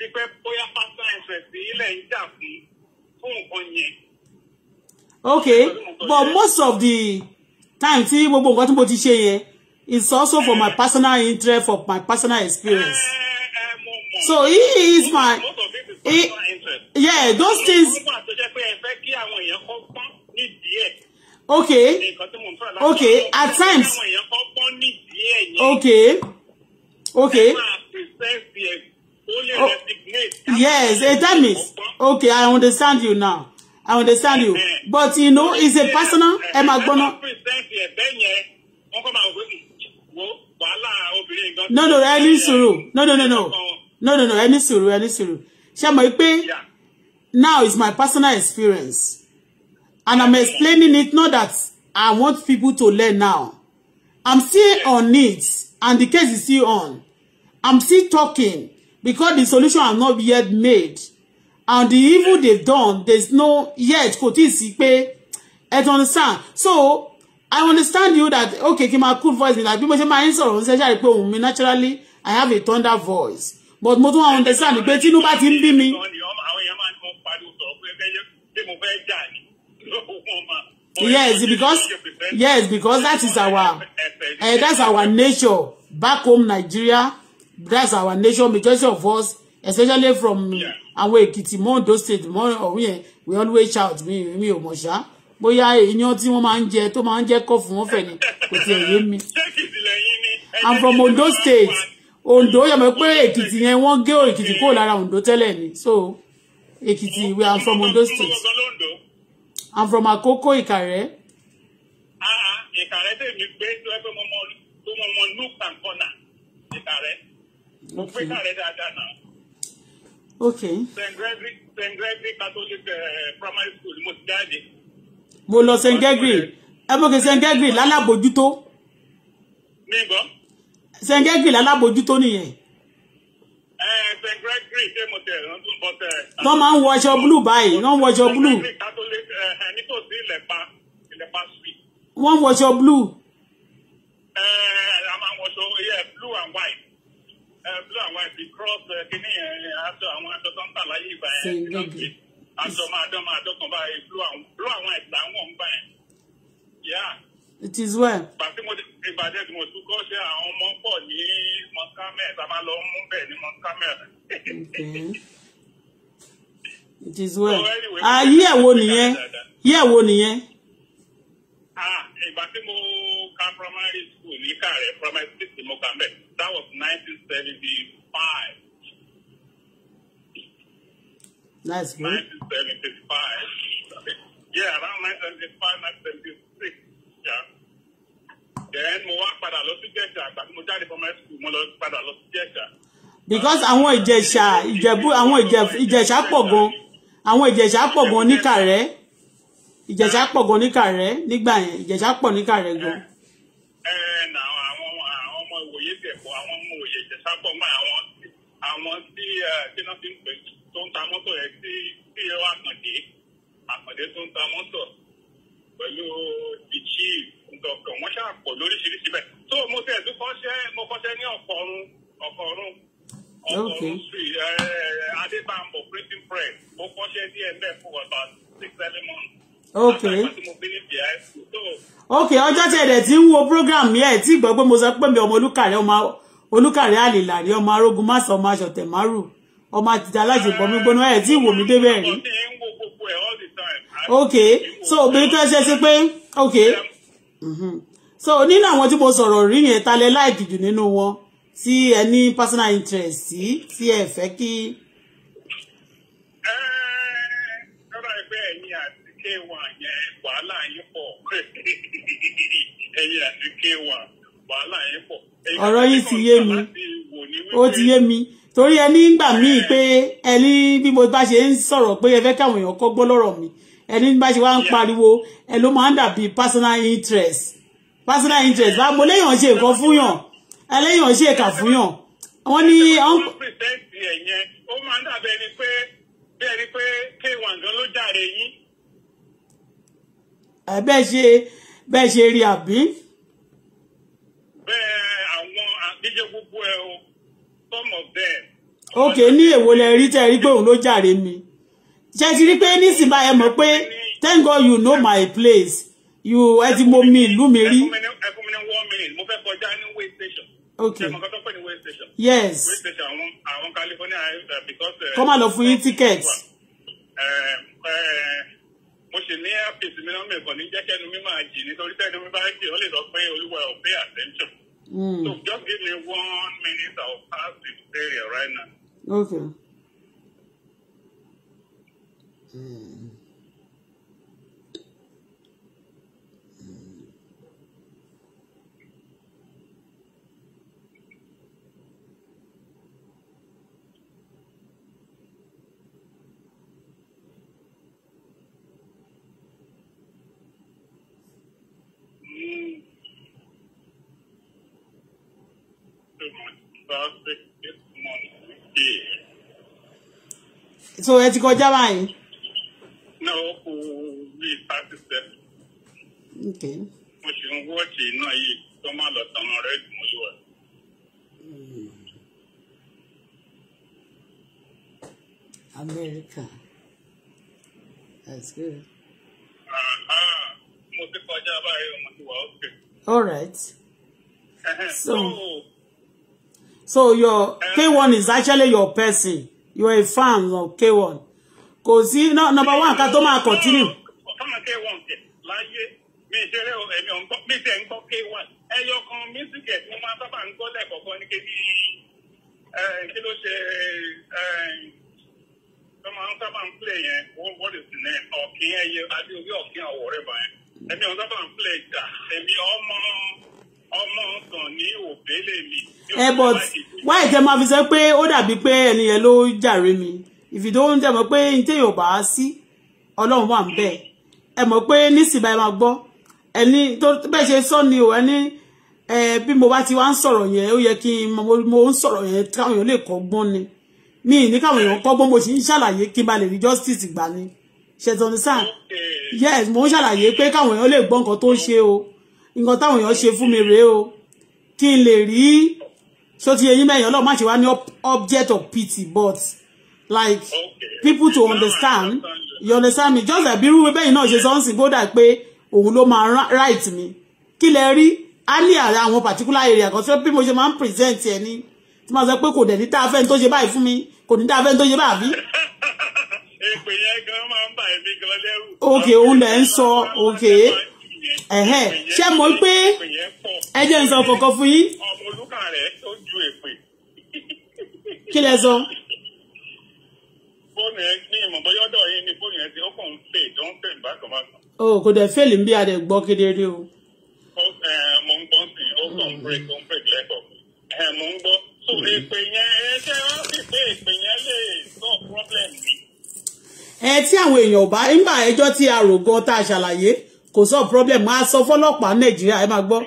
bí pé bóyá partner interest ilẹ̀ ń jà fún fún nǹkan yẹn.
okay but most of the time tí gbogbo nǹkan tí mo ti ṣe yẹn it's also for my personal interest for my personal experience. so he is my he, yeah those things
okay okay at times okay okay
oh, yes a time is okay I understand you now I understand you but you know it's a personal ẹ máa no no Any suru. no no no no no no no ẹ ní sùúrù ẹ ní sùúrù now is my personal experience. And I'm explaining it, not that I want people to learn now. I'm still on it, and the case is still on. I'm still talking because the solution has not yet made. And the evil they've done, there's no yet kò tíì sí understand. So I understand you that okay, kí n cool voice mi like bí mo ṣe máa ń sọ̀rọ̀ naturally I have a thunder voice but most tún understand pé tínú bá ti ń bí mi.
Oh,
yes because yes because that is our uh, that's our nature back home Nigeria that's our nature majority of us especially from àwọn Èkìtì mọ Ondo state mọ ọ̀hún oh, yẹn we always shout mi mi ò mọ̀ ṣá bóyá iyán tí wọ́n máa ń jẹ tó máa ń jẹ́ kọ́ fún wọn ni kò tiẹ̀ yé mi I'm from Ondo state Ondo yàmọ̀ pé Èkìtì yẹn wọ́n gé Èkìtì kúrò lára Ondo tẹ́lẹ̀ ni so Èkìtì we are from Ondo state. I'm from Akoko Ìkàrẹ́.
Ìkàrẹ́ tèmi gbé tó ẹgbẹ́ mo mọ tó mo mọ nook and corner Ìkàrẹ́. Mo pé Ìkàrẹ́ dáadáa náà. Okay. St Gregory St Gregory Catholic eh, Primary School mo ti jáde.
Mo lọ St Gregory ẹ mọ̀ kí St Gregory lálábòjútó. Mi gbọ́. St Gregory lálábòjútó nìyẹn. Ẹ
eh, ẹgbẹ́ gregory ṣé mo
tẹ̀ rántí bọ́tẹ̀. wọ́n máa ń wọṣọ blue báyìí wọ́n ń wọṣọ blue. Eh, nítòsí ìlẹ̀pa ìlẹ̀pa street. wọ́n ń wọṣọ blue. ẹ
eh, ẹ a máa ń wọṣọ yẹ blue and white eh, blue and white cross kínní aṣọ àwọn aṣọ tó ń tà láyé ìgbà yẹn aṣọ máa dán máa dán kan báyìí blue and white làwọn ń bá yẹn
it is well.
pàṣẹ mo ti ìbàdàn tí mo tún kọ́ ṣe àwọn ọmọ pọ̀ ní mọ̀kámẹ́ tá a lọ mú bẹ̀ ní mọ̀kámẹ́. it is well. ayé ah, ẹ̀wò nìyẹn yé ẹ̀wò nìyẹn. Ah, ìgbà tí mo ka primary school ní kàrẹ primary six ni mo kà mbẹ that was nineteen seventy five. That's good. 1975. Yeah, around 1975, 1976 then mo wá padà lọ sí Jẹ̀ṣà àgbà tí mo jáde from high school mo lọ padà lọ sí Jẹ̀ṣà.
because
àwọn Ìjẹ̀ṣà Ìjẹ̀bú àwọn Ìjẹ̀ṣà pọ̀ gan àwọn Ìjẹ̀ṣà pọ̀ gan níkàrẹ́ Ìjẹ̀ṣà pọ̀ gan níkàrẹ́ nígbà yẹn Ìjẹ̀ṣà pọ̀ níkàrẹ́ gan. ẹ ẹ nà àwọn àwọn ọmọ ìwòye
tẹ̀kọ̀ àwọn ọmọ ìwòye Ìjẹ̀ṣà pọ̀ mọ́ àwọn àwọn tí tí eh, wọ́n ti ń pè tó ń ta mọ́tò yẹn tí pẹ̀lú the dọ̀kọ̀ wọ́n ṣáà pọ̀ lóríṣiríṣi bẹ́ẹ̀ tó mo fẹ́ tún kọ́ṣẹ́ mo kọ́ṣẹ́ ní ọ̀kọ̀run ọ̀kọ̀run ọ̀kọ̀run street eh, adébàmbọ̀ printing press mo
kọ́ṣẹ́ ní ẹ̀mẹ́ fún about six seven months. ok ok ọjọ́ tí ẹ̀dẹ̀ tí ń wo program
yẹn tí gbọ́ pé mo sọ pé mi ọmọ olúkàrẹ́ ọmọ olúkàrẹ́ àlèlàrí ọmọ arógun máṣe ọmọ aṣọ̀tẹ̀ márù ọmọ àtijọ́ alájẹpọ̀ mi gbóná ẹ̀ tí wò mí débẹ̀ rí. ok so obìnrin tó ṣe sí pé ok. Mm-hmm. so nínú àwọn tí mo sọ̀rọ̀ rí yẹn ta lẹ láìkì jù nínú wọn tí ẹ ní personal interest sí
tí ẹ fẹ́ kí.
lọ́dọ̀ eh, ẹgbẹ́ ẹ̀yin àti kéwà yẹn wàhálà yín pọ̀ ẹ̀yin àti kéwà wàhálà
yín pọ̀. ọ̀rọ̀ yìí ti yé mi ó ti yé mi torí
ẹ ní gbà míì pé ẹ ní bí mo bá ṣe ń sọ̀rọ̀ pé ẹ fẹ́ káwọn èèyàn kọ́gbọ́n lọ́rọ̀ mi ẹni bá ṣe wá ń pariwo ẹ ló máa ń dàbí personal interest personal interest bá mo léèyàn ṣe nǹkan fún yàn ẹlẹ́yàn ṣe èkà fún yàn wọ́n ní. ọ̀hún pìtẹ́ǹtì ẹ̀ yẹn ó máa ń dàbí ẹni pé bí ẹni pé k1 gan ló jàre yín. ẹ bẹ́ẹ̀ ṣe bẹ́ẹ̀ ṣe rí àbí.
bẹ́ẹ̀ àwọn àdíje gbogbo ẹ̀ o some of them.
ok ní èwo lẹ rí tẹ́ rí pé òun ló jàre mi ṣe ti rí pé nísìnyí báyẹn mọ̀ pé thank God you know my place you ẹ ti mọ mi ìlú mi rí. one minute Okay.
Yes. Eh, eh, eh,
Kọ́ máa lọ fún yín ticket. Mo ṣì ní ẹ́pìsì
mi náà mẹ́kàn ní jẹ́kẹ́nu mi máa jì nítorí tẹ́nu mi bá jì ó lè sọ pé olúwa ò pay attention. Hmm. So just give me one minute I will pass right now.
Okay. Mm.
So ẹ ti kọjá báyìí
náà ó bíi thirty seven. mo sì ń wọ́ọ̀tì iná yìí tó má lọ tán rẹ̀
dùn yìí wà. America. That's good.
Ah, ah, mo ti kọjá báyìí, mo ti wà ókè. All right. so,
so your eh. k one is actually your person. You are a fan of k one. kòsí no nọmba wọn ká tó máa kọ̀tínú.
ọ̀sánà k1 tẹ̀ láyé
mi ìṣeré ẹ̀mí ọ̀gbọ́n mi tẹ̀ ń k ẹyọ kan mísíkì ẹ̀ tí mo máa sábà ń gbọ́ lẹ́kọ̀ọ́kọ́ ní kébí kí ló ṣe tó máa ń sábà
if you don't dẹ̀ mọ̀ pé ní téèyàn bá sí ọlọ́run wà ń bẹ̀ ẹ mọ̀ pé nísìnyí máa gbọ́ ẹni tó bẹ́ẹ̀ ṣe sọ ni o ẹni bí mo bá ti wá ń sọ̀rọ̀ yẹn ó yẹ kí mo ń sọ̀rọ̀ yẹn káwọn èèyàn lè kọ́gbọ́n ni mi ní káwọn èèyàn kọ́gbọ́n mo sì ń ṣàlàyé kí ba lè justice gbà ni ṣẹ̀tàn ní sáà yes mo ń ṣàlàyé pé káwọn èèyàn lè gbọ́ nǹkan tó o nǹkan táwọn èèyàn ṣe fún mi rèé o kí n lè rí ṣó ti eyín mẹ́yìn ọlọ́run má ṣe wá ní object of pity but like okay. people to understand you understand me just like biru bẹ́ẹ̀ náà ṣe sọ́nsìn bó dà pé òun ló máa right me. kí lẹ rí ali ara àwọn particular area kan tí people mo ṣe máa present ẹ ní tí máa sọ pé kò dẹ̀ ní tá a fẹ́ ní tó ṣe báyìí mi kò ní tá a fẹ́ ní tó ṣe báyìí bí. èpè yẹn gan máa ń bà èmi gan lẹ́rù. ok òun lẹ̀ ń sọ ok ẹ̀hẹ́ ṣé mo pé
ẹ jẹ́ n sọ kọ̀ọ̀kan fún yín. ọmọ olúkà rẹ̀ tó ju èpè. kí lẹ sọ. fóònù yẹn ní ìmọ̀ bóyá ọ̀dọ̀ yín ni fóònù yẹn ti ó kàn ń fè tó ń fè bákan bákan.
o kò dẹ̀ fèlì bí adẹ gbọ́ kedere o.
mo ń gbọ́ sí ó kàn ń break ó ń break lẹ́kọ̀ọ́ mo ń gbọ́ so mm-hmm. èpè yẹn ẹ ṣe pé èpè yẹn lè solve problem mi.
ẹ tí àwọn èèyàn ò bá nígbà ẹjọ́ tí a rò gan tá a ṣàlàyé kò sọ problem máa sọ fọlọ́pàá nàìjíríà ẹ máa gbọ́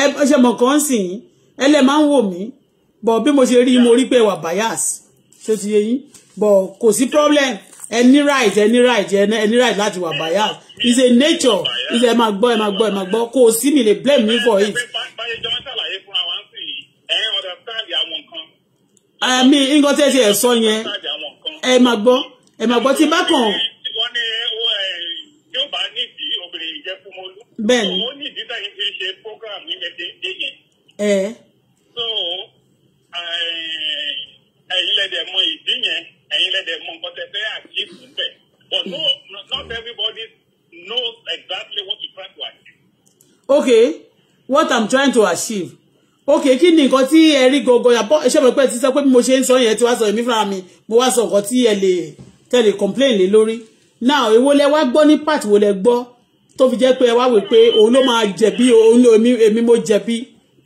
ẹ ṣe mọ̀ kàn ń sìn yín ẹ lẹ́ máa ń wò mí bọ̀ bí mo ṣe rí mo rí pé wà bias ṣé ti yé yín but kò sí problem ẹni right ẹni right ẹni right láti wà bias is a nature is ẹ máa gbọ́ ẹ máa gbọ́ ẹ máa gbọ́ kò sí mi lè blame me for it. àmì nǹkan tẹ́sí ẹ̀ sọ yẹn ẹ máa gbọ́ ẹ máa gbọ́ tí bá kàn.
bẹ́ẹ̀ni. ẹ. so ẹ̀yin lẹ́dẹ̀ mọ ìdí yẹn ẹ̀yin lẹ́dẹ̀ mọ nǹkan tẹ fẹ́ achieve bẹ́ẹ̀ but no not everybody knows exactly what you try to achieve.
okay what i'm trying to achieve okay kí ni nǹkan tí ẹ rí gangan yàtọ̀ ẹ ṣe mọ̀ ti sọ pé bí mo ṣe ń sọ yẹn tí wàá sọ èmi fúnra mi mo wá sọ nǹkan tí ẹ lè tẹ̀lé complain lé lórí now èwo lẹ wá gbọ́ ní part wo lẹ gbọ́ tó fi jẹ́ pé ẹ wá wò pé òun ló máa jẹ̀bi òun ló èmi mo jẹ̀bi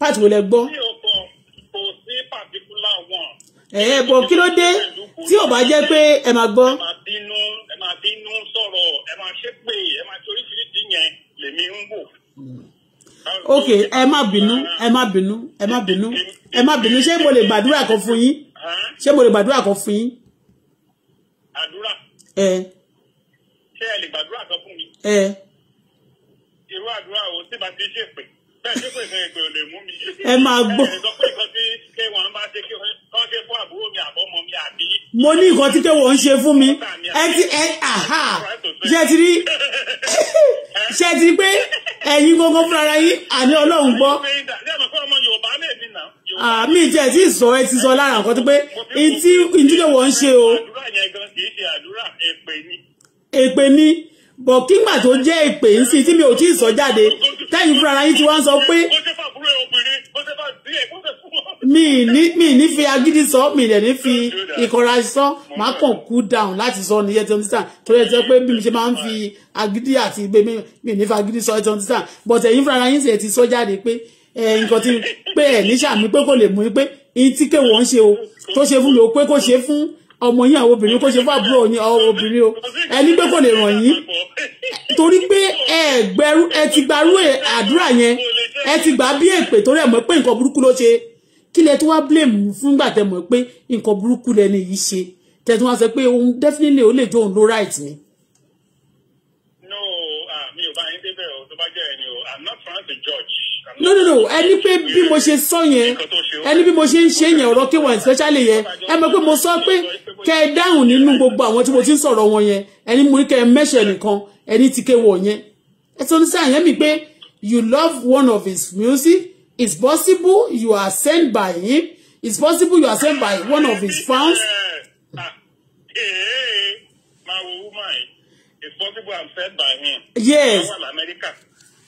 part wo lẹ gbọ́.
mi ò kọ kò sí
particular one. ẹ kí ló dé
tí ò bá jẹ́ pé ẹ máa gbọ́. ẹ máa bínú ẹ máa bínú sọ̀rọ̀ ẹ máa ṣépè ẹ máa torí fìdí yẹn lèmi ń wò.
ok ẹ má bínú ẹ má bínú ẹ má bínú ẹ má bínú ṣé mo lè gbàdúrà kan fún yín ṣé mo lè gbàdúrà kan fún yín. àdúrà. ṣé
ẹ lè gbàdúrà kan fún mi. irú àdúrà wo tí màá ti ṣèpè bẹ́ẹ̀ ṣépè fún ẹgbẹ́ ò lè mú mi. ẹ máa gbọ́. ẹ sọ pé nǹkan tí kéwọn bá ṣe kéwọn
wọ́n ṣe fún àbúrò mi àbọ́mọ mi àbí. mo ní nǹkan tí kéwòn ń ṣe fún mi ẹ ti ẹ àhà ṣe ti rí ṣe ti pé ẹ̀yin gbogbo fúnra ara yín àní ọlọ́run gbọ́. àmì ìjẹ́ ẹ̀ tí ì sọ ẹ ti sọ lára nǹkan tó pé ìdílé wọ́n ń ṣe o. èpè ni bọ̀ kígbà tó jẹ́ èpè ń sí tí mi ò tí ì sọ jáde tẹ́yìn fúnra yín tí wọ́n sọ pé mi ní fi agídí sọ mi dẹ̀ ní fi ìkọra sọ máa kàn cool down láti sọ ní ẹtì ọ̀nìtà torí ẹtì pé bí mi ṣe máa ń fi agídí àti ìgbé mi ní fi agídí sọ ẹtì ọ̀nìtà bọ̀ tẹ̀yìn fúnra yín sì ti sọ jáde pé nǹkan ti pé ẹ̀ ní sàmì pé kò lè mú pé ìtìkẹ̀wọ̀ ń ṣe o tó ṣe fún mi o pé kò ṣe fún ọmọ yín àwọn obìnrin kó ṣe fábúrò ní àwọn obìnrin o ẹni pé kò lè ràn yín torí pé ẹ ti gbarú àdúrà yẹn ẹ ti gbà bí èpè torí ẹ mọ̀ pé nǹkan burúkú ló ṣe kí lẹ tó wá blame fúngbà tẹ mọ̀ pé nǹkan burúkú lẹni yìí ṣe tẹ tó wá sọ pé òun definitely ó lè jẹ òun ló right ni. no ah, mi ò bá yín débẹ̀ o tó bá jẹ́ ẹni o I'm not trying to judge no no no ẹni pé bí mo ṣe sọ yẹn ẹni bí mo ṣe ń ṣe yẹn ọ̀rọ̀ kéwà especially yẹn ẹ mọ̀ pé mo sọ pé kẹ́ ẹ dáhùn nínú gbogbo àwọn tí mo ti ń sọ̀rọ̀ wọn yẹn ẹni mo ní kẹ́ ẹ mẹ́ṣẹ̀ nìkan ẹni ti kéwọ̀ yẹn ẹ sọ ní sáà yẹn mi pé you love one of his music it's possible you are sent by him it's possible you are sent by one of his fans.
It's Yes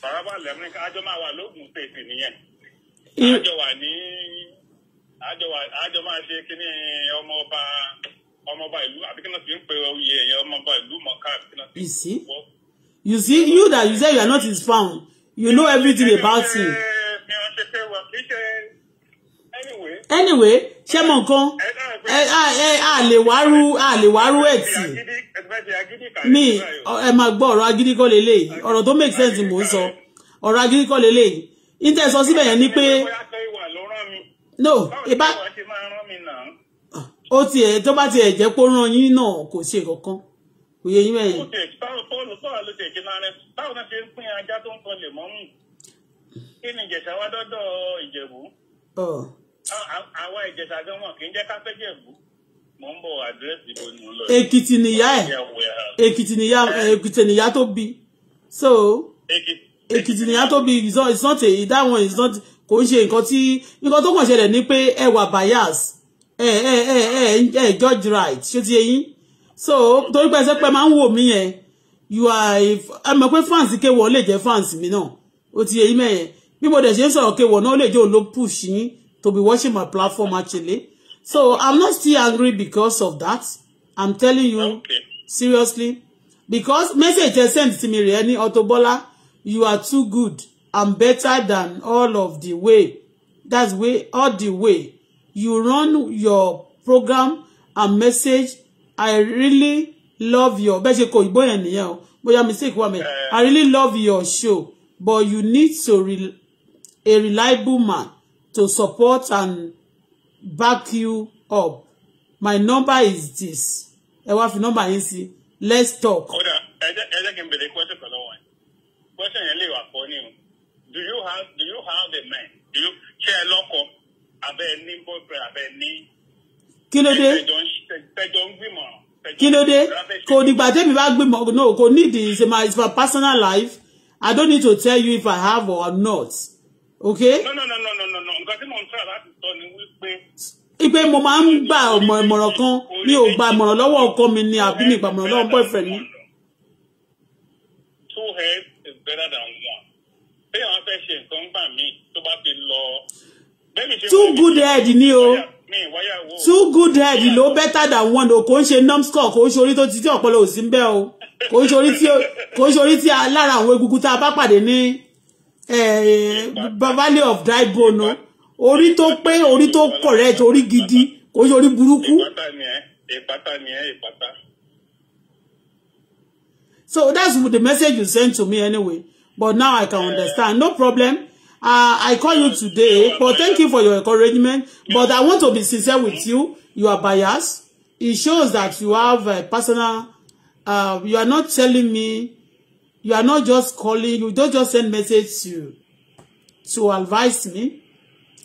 farabalẹ̀ mú ká máa wà lóògùn tètè nìyẹn àjọ wà ní àjọ wà àjọ máa ṣe kíní ọmọọba ọmọọba ìlú àbí fi ń pe oyè ẹ̀yẹ ọmọọba ìlú mọ̀ká àbí fi ń pọ̀.
you see you that you say you are not his fan you know everything about him. mi ò ṣe pé wà kí ṣe anyway ṣé mọ nǹkan a lè wárú a lè wárú ẹ̀ tì mí ẹ máa gbọ́ ọ̀rọ̀ agídí kọ́ lélẹ́yìí ọ̀rọ̀ tó make sense mò ń sọ ọ̀rọ̀ agídí kọ́ lélẹ́yìí níta sọ síbẹ̀ yẹn ni pé no ìbá ó tiẹ̀ tó bá tiẹ̀ jẹ́ pé ó ràn yín náà kò ṣe kankan kò yẹ yín bẹ́ẹ̀ yẹn.
kí ni ìjẹ̀sà wá dọ́dọ̀ ìjẹ̀bú àwa ìjẹsà gan wọn kì í jẹ́ ká fẹ́ jẹ̀bú ń bọ̀ àdírẹ́sì bó ni mo lọ.
èkìtì nìyá ẹ èkìtì nìyá èkìtì nìyá tó bí so èkìtì nìyá tó bí it's not a that one is not kò ń ṣe nǹkan tí nǹkan tó kàn ṣẹlẹ̀ ni pé ẹ wà bias ẹ ẹ ẹ ẹ ẹ judge right ṣé ti yé so torí pé ẹ sẹ pé máa ń wò mí yẹn you are ẹ mọ̀ pé fans kéwọ́ lè jẹ́ fans mi náà ó ti yé yín mẹ́yẹn bí mo dẹ̀ ṣe ń sọ̀rọ̀ kéwọ́ náà ó lè jẹ́ òun ló push yín to be watching my platform actually. So I'm not still angry because of that. I'm telling you okay. seriously. Because message they sent to me, any Auto you are too good and better than all of the way. That's way, all the way. You run your program and message. I really love your, bẹ́ẹ̀ ṣe kò eh. I really love your show, but you need to re, a reliable man to support and back you up my number is this ẹ wá fi number yín sí let's talk.
kódà ẹ jẹ́ ẹ jẹ́ kí n bèrè question kan lọ́wọ́ question yẹn lè wà fọ́ ni o do you have do you have a man do you ṣe ẹ lọ́kọ abẹ́ ní boyfriend abẹ́ ní. kí ló dé tẹjọ ń gbìmọ̀.
kí ló dé kò dìgbà tẹ́mi bá gbìmọ̀ no kò need is my personal life i don't need to tell you if i have or not okay. no no no
no no no nǹkan tí mò ń sọ láti sọ ni wípé.
ipe mo máa ń gba ọmọ ìmọ̀ràn kan mi ò gba ìmọ̀ràn lọ́wọ́ ọkọ mi ni àbí mi gba ìmọ̀ràn lọ́wọ́ boyfriend mi.
two heads is better than one. bí àwọn fẹ́ ṣe nǹkan
gbà mí tó bá fi lọ. two good head ni o two good head ló better than one o kò ń ṣe numbskull kò ń ṣe orí tó ti tí ọpọlọ ò sí ń bẹ o kò ń ṣe orí tí alára àwọn egungun tá a bá pàdé ní. Eh, value of dry bone orí tó pé orí tó correct orí gidi kò yọ orí burúkú. so that's the message you sent to me anyway but now I can eh. understand no problem uh, I call you today but thank you for your encouragement but I want to be sincere with you you are biased it shows that you have a personal uh, you are not telling me You are not just calling. You don't just send message to to advise me.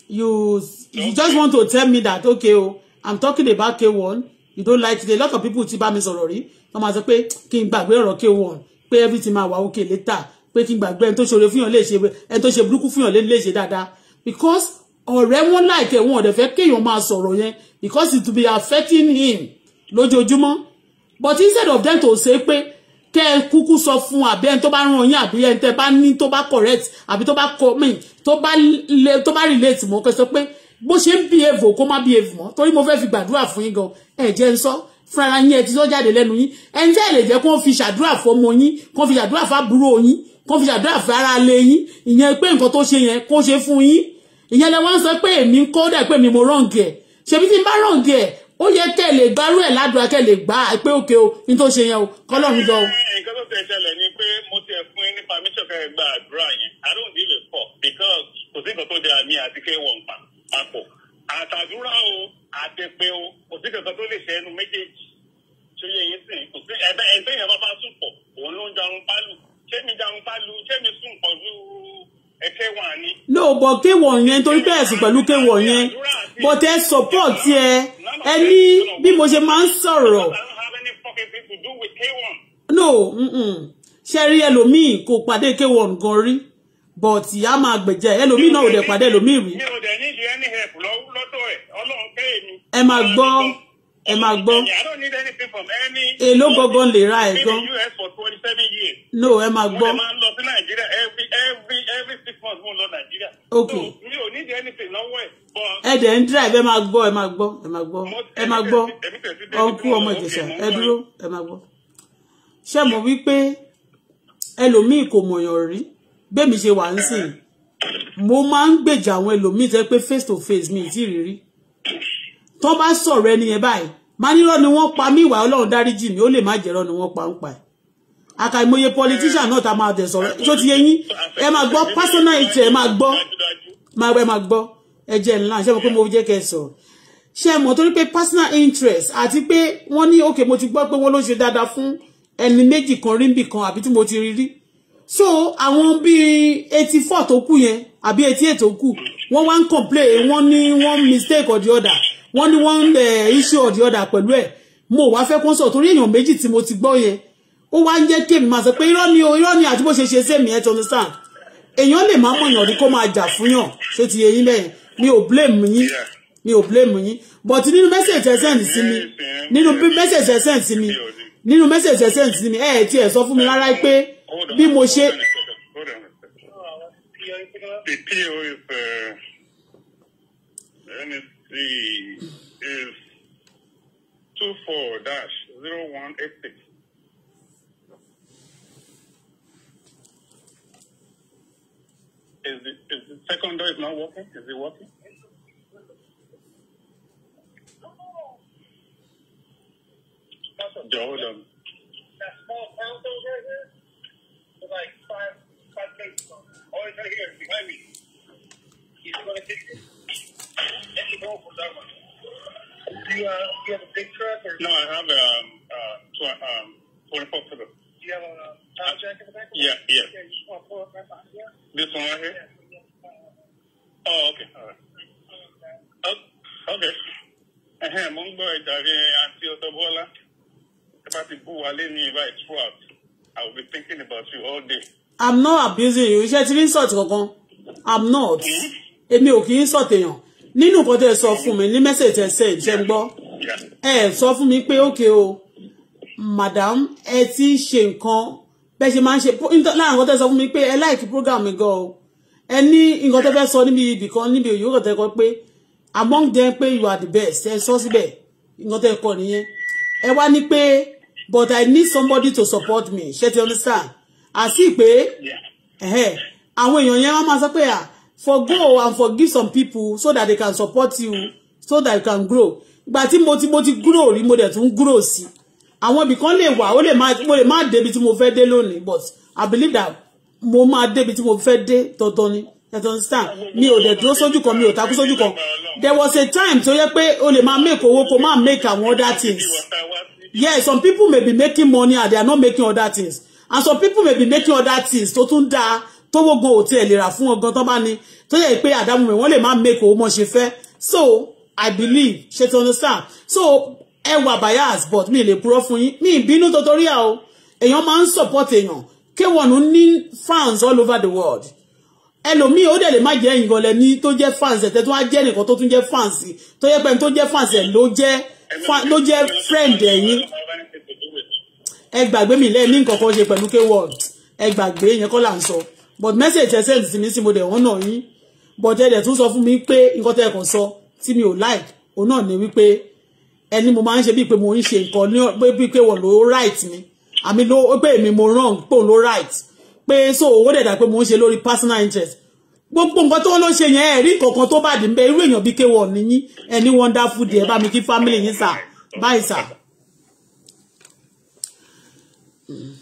You you just want to tell me that okay, oh, I'm talking about K1. You don't like it. A lot of people ti bá mi sọ̀rọ̀ rí. Wọ́n máa back. We are n gbàgbé ọ̀rọ̀ K1 pé everything máa wà okay later pé kí n gbàgbé ẹni tó ṣe oore fún yàn lè ṣe ẹni tó ṣe burúkú fún yàn lè ṣe dáadáa because ọ̀rẹ́ wọn láìkẹ́ wọn ọ̀dẹ̀ fẹ́ kéèyàn máa sọ̀rọ̀ yẹn because it will be affecting him lójoojúmọ́ but instead of them to say pé kẹ́ ẹ kúkú sọ fún àbí ẹni tó bá ràn yín àbí ẹni tẹ́ bá ní tó bá correct àbí tó bá kọ tó bá le tó bá relate mọ́ kẹ́ sọ pé bó ṣe ń behave kó má behave mọ́ torí mo fẹ́ fi gbàdúrà fún yín gan ẹ jẹ́ ń sọ fúnra ara yín ẹ ti sọ jáde lẹ́nu yín ẹni tẹ́ lè jẹ́ kó fi ṣàdúrà fún ọmọ yín kó fi ṣàdúrà fún àbúrò yín kó fi ṣàdúrà fún ara ilé yín ìyẹn pé nǹkan tó ṣe yẹn kó ṣe fún yín ìyẹn lẹ wọ́n sọ pé èmi ń dà pé mi mo rọ̀ǹgẹ̀ ṣèbí tí n bá rọ̀ǹgẹ̀ ó yẹ kẹ́ lè gbárù ẹ̀ ládùúgbà kẹ́ lè gbá pé òkè o ní tó ṣe yẹn o kọ́lọ́run lọ. nǹkan tó tẹ̀ ṣẹlẹ̀ ni pé mo ti ẹ̀ fún ní permission kẹ́ gba
àdúrà yẹn i don't deal with for because kò sí nǹkan tó jẹ́ àmì àti kéwọ̀n pa papọ̀ àtàdúrà o àtẹ̀pẹ́ o kò sí nǹkan tó lè ṣe ẹnu méjèèjì ṣe yẹ yín sìn kò sí ẹ̀bẹ̀ ẹ̀bẹ̀ yẹn bá bá sùn pọ̀ òun ló ń jarun pálù ṣé mi jarun pálù ṣé mi sùn
pọ̀ no but kéwọ̀n
yẹn torí pé ẹ̀sùn pẹ̀lú kéwọ̀n yẹn but ẹ support ẹ ẹ ní bí mo ṣe máa ń sọ̀rọ̀ no ṣe rí ẹlòmíì kò pàdé kéwọ̀n gan rí but ìyá máa gbẹ̀jẹ̀ ẹlòmíì náà ò dẹ̀ pàdé ẹlòmíì rí.
mi ò dẹ̀ nídìí
ẹ máa gbọ́ ẹ máa gbọ́
èló gbọ́gbọ́n lè ra ẹ̀ gan.
no ẹ máa gbọ́. mo máa
ń lọ sí nàìjíríà every every every
six months mo lọ nàìjíríà. ok mi ò anything lọ́wọ́ ẹ̀. ẹ dẹ̀ ń drive ẹ máa gbọ́ ẹ máa gbọ́ ẹ máa gbọ́ ẹ máa gbọ́ ọ̀nkú ọmọ ìjẹ̀ṣà ẹ dúró ẹ máa gbọ́. ṣé mo wí pé ẹlòmíì kò mọ̀yàn rí bẹ́ẹ̀mi ṣe wà ń sìn mo máa ń gbèjà àwọn ẹlòmíì tẹ́ pé face to face mi ì tí ì rírí tọ́ bá sọ̀rọ̀ ẹni yẹn báyìí máa nírọ́ ni wọ́n pa mí ìwà ọlọ́run dáríjì mi ó lè má jẹ́rọ́ ni wọ́n pa ń pa ẹ̀ àkàìmọye politician not ta máa So tó ti yẹ yín ẹ máa gbọ́ personal ètò ẹ máa gbọ́ máa ẹ máa gbọ́ ẹ jẹ́ ńlá ṣé mo pé mo jẹ́ kẹ́ ẹ sọ̀rọ̀ ṣé mọ̀ torí personal interest ati pe wọ́n ní òkè mo ti gbọ́ pé wọ́n ló ṣe dáadáa fún ẹni méjì kan rí bì kan àbí tí mo ti rí so àwọn bíi eighty four tó kù yẹn àbí eighty eight wọ́n wá ń complain wọ́n ní one mistake or the other wọ́n ní one eh, issue or the other pẹ̀lú ẹ̀ mo wá fẹ́ kọ́ńsọ̀ torí èèyàn méjì tí mo ti gbọ́ yẹn ó wá ń jẹ́ kémi máa sọ pé irọ́ ni o irọ́ ni àti bó ṣe ṣe sẹ́mi ẹ̀ tó ń sàn èèyàn lè máa mọ̀yàn rí kó máa jà fún yàn ṣé ti yé yín bẹ́ẹ̀ mi ò blame yín mi ò blame yín but nínú message ẹ send sí mi nínú message ẹ send sí mi nínú message ẹ send sí mi ẹ ẹ tiẹ̀ sọ fún mi rárá pé bí mo ṣe the deal with
uh, the NSC is 24 0186. Is the, is the second door is not working? Is it working? on. Do you, uh, do you have a big truck or? No, I have a um, uh, tw- um, twenty-four footer. Do you have a uh, power jack in the back? Of yeah, yeah. Yeah, you just want to pull up right behind you? This one right here. Yeah. Oh, okay. All right. Oh, okay. Ẹ̀hẹ́n mo ń gbọ́ ìjàre àǹtí Ọ̀tọ́bọ́lá. Ẹ bá ti bú wa lé ní ìbá ìtúwàt. I will be thinking about you all day.
I'm not abusing you. Iṣẹ́ ti ní sọ̀tì kankan. I'm not. Mm-hmm èmi ò kì í sọ̀tẹ̀yàn nínú nǹkan tẹ́ ẹ sọ fún mi ní mẹ́sẹ̀jì tẹ́ ṣe ṣe ń gbọ́ ẹ sọ fún mi pé ókè o madam ẹ ti ń ṣe nǹkan bẹ́ẹ̀ ṣe máa ń ṣe láàrin nǹkan tẹ́ sọ fún mi pé ẹ láìkí program mi gan o ẹ ní nǹkan tẹ́ fẹ́ sọ níbi ibì kan níbi òyìnbó kan tẹ́ kọ pé among them pay you are the best ẹ sọ síbẹ̀ nǹkan tẹ́ kọ nìyẹn ẹ wá ní pé but I need somebody to support me ṣé ti understand àti pé àwọn èèyàn yẹn wọ́n máa sọ pé à ah, forgo and forgive some people so that they can support you so that you can grow ìgbà tí mo ti mo ti grow rí mo dẹ̀ tún grow sí àwọn ibì kan lè wà ó lè má mo lè má débi tí mo fẹ́ dé lónìí but I believe that mo máa débi tí mo fẹ́ dé tọ̀tọ̀ ni you understand mi ò dẹ̀ dúró sójú kan mi ò takú sójú kan there was a time tó yẹ pé o lè máa make owó kó máa make àwọn other things yes some people may be making money and they are not making other things and some people may be making other things tó tún dáa tówó gan ò tiẹ̀ lè rà fún ọgán tó bá ní tó yẹ pé àdámù rẹ̀ wọ́n lè má make owó mọ́ ṣe fẹ́ so i believe ṣe ti understand so ẹ wà bias but mi lè purọ́ fún yín mi ìbínú torí à o èèyàn máa ń support èèyàn kéwọ̀nù ní fans all over the world ẹlòmíì ó dẹ̀ lè má jẹ́ ìyàn lẹ ní tó jẹ́ fans ẹ̀ tẹ́ tó wá jẹ́ nìkan tó tún jẹ́ fans tó yẹ pé tó jẹ́ fans ẹ̀ ló jẹ́ ló jẹ́ friend ẹ̀yìn ẹ gbàgbé mi lẹ́ẹ̀ ní nǹkan kan ṣe pẹ̀lú kéwọ̀n ẹ gbàgbé yẹn kọ́ là ń sọ but message ẹ send sí mi sí mo dẹ̀ wọ́n náà yín but ẹ dẹ̀ tún sọ fún mi pé nǹkan tẹ́ ẹ kàn sọ mi ò like òun náà ni wípé ẹni mo máa ń ṣe bíi pé mo ń ṣe nǹkan ní bíi pé wọ́n ló right mi àmì ló pé èmi mo wrong pé òun right pé so owó dẹ̀dà pé mo ń ṣe lórí personal interest gbogbo nǹkan tó ló ṣe yẹn ẹ̀rí kankan tó bá dì ń bẹ irú èèyàn bíi kéwọ̀ nìyí ẹni wonderful díẹ̀ bá mi kí family yín sà báyìí sà. Mm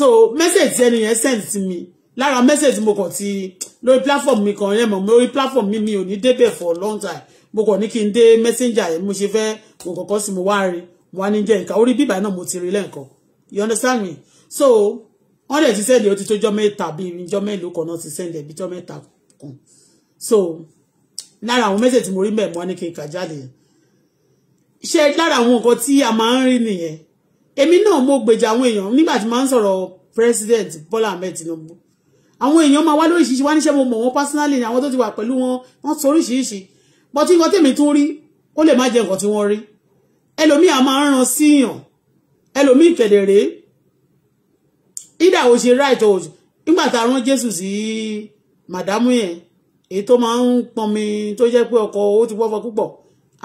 so message tí ẹni yẹn send sí mi lára message tí mo kàn ti lórí platform mi kan yẹn mọ̀ mi platform mi mi ò ní débẹ̀ for a long time mo kàn ní kí n dé messenger yẹn mo ṣe fẹ́ mo kọ̀ọ̀kan sí mo wá rí mo wá ní jẹ́ nǹkan orí bíbà náà mo ti rí lẹ́ǹkan you understand me so wọ́n dẹ̀ ti send ó ti tó jọ́ mẹ́ta bí jọ́ mélòó kan náà ti send ẹ̀ bí jọ́ mẹ́ta kan so lára àwọn message tí mo rí mẹ́ẹ̀ mo wá ní kí n kà jáde ṣe lára àwọn nǹkan tí a máa ń rí nìyẹn èmi náà mo gbèjà àwọn èèyàn nígbà tí máa ń sọ̀rọ̀ president Bola Ahmed Tinubu àwọn èèyàn máa wá lóríṣiríṣi wá níṣẹ́ mo mọ̀ wọn personally ni àwọn tó ti wà pẹ̀lú wọn wọ́n sọ oríṣiríṣi bọ́ tí nǹkan tèmi tún rí ó lè má jẹ nǹkan tí wọ́n rí ẹlòmíì máa ń ran síyàn ẹlòmíì kẹ̀dẹ̀ rèé ò ṣe right o nígbà tá a rán Jésù sí màdámù yẹn èyí tó máa ń pọnmi tó jẹ́ pé ọkọ̀ ó ti wọ́fọ́ púpọ̀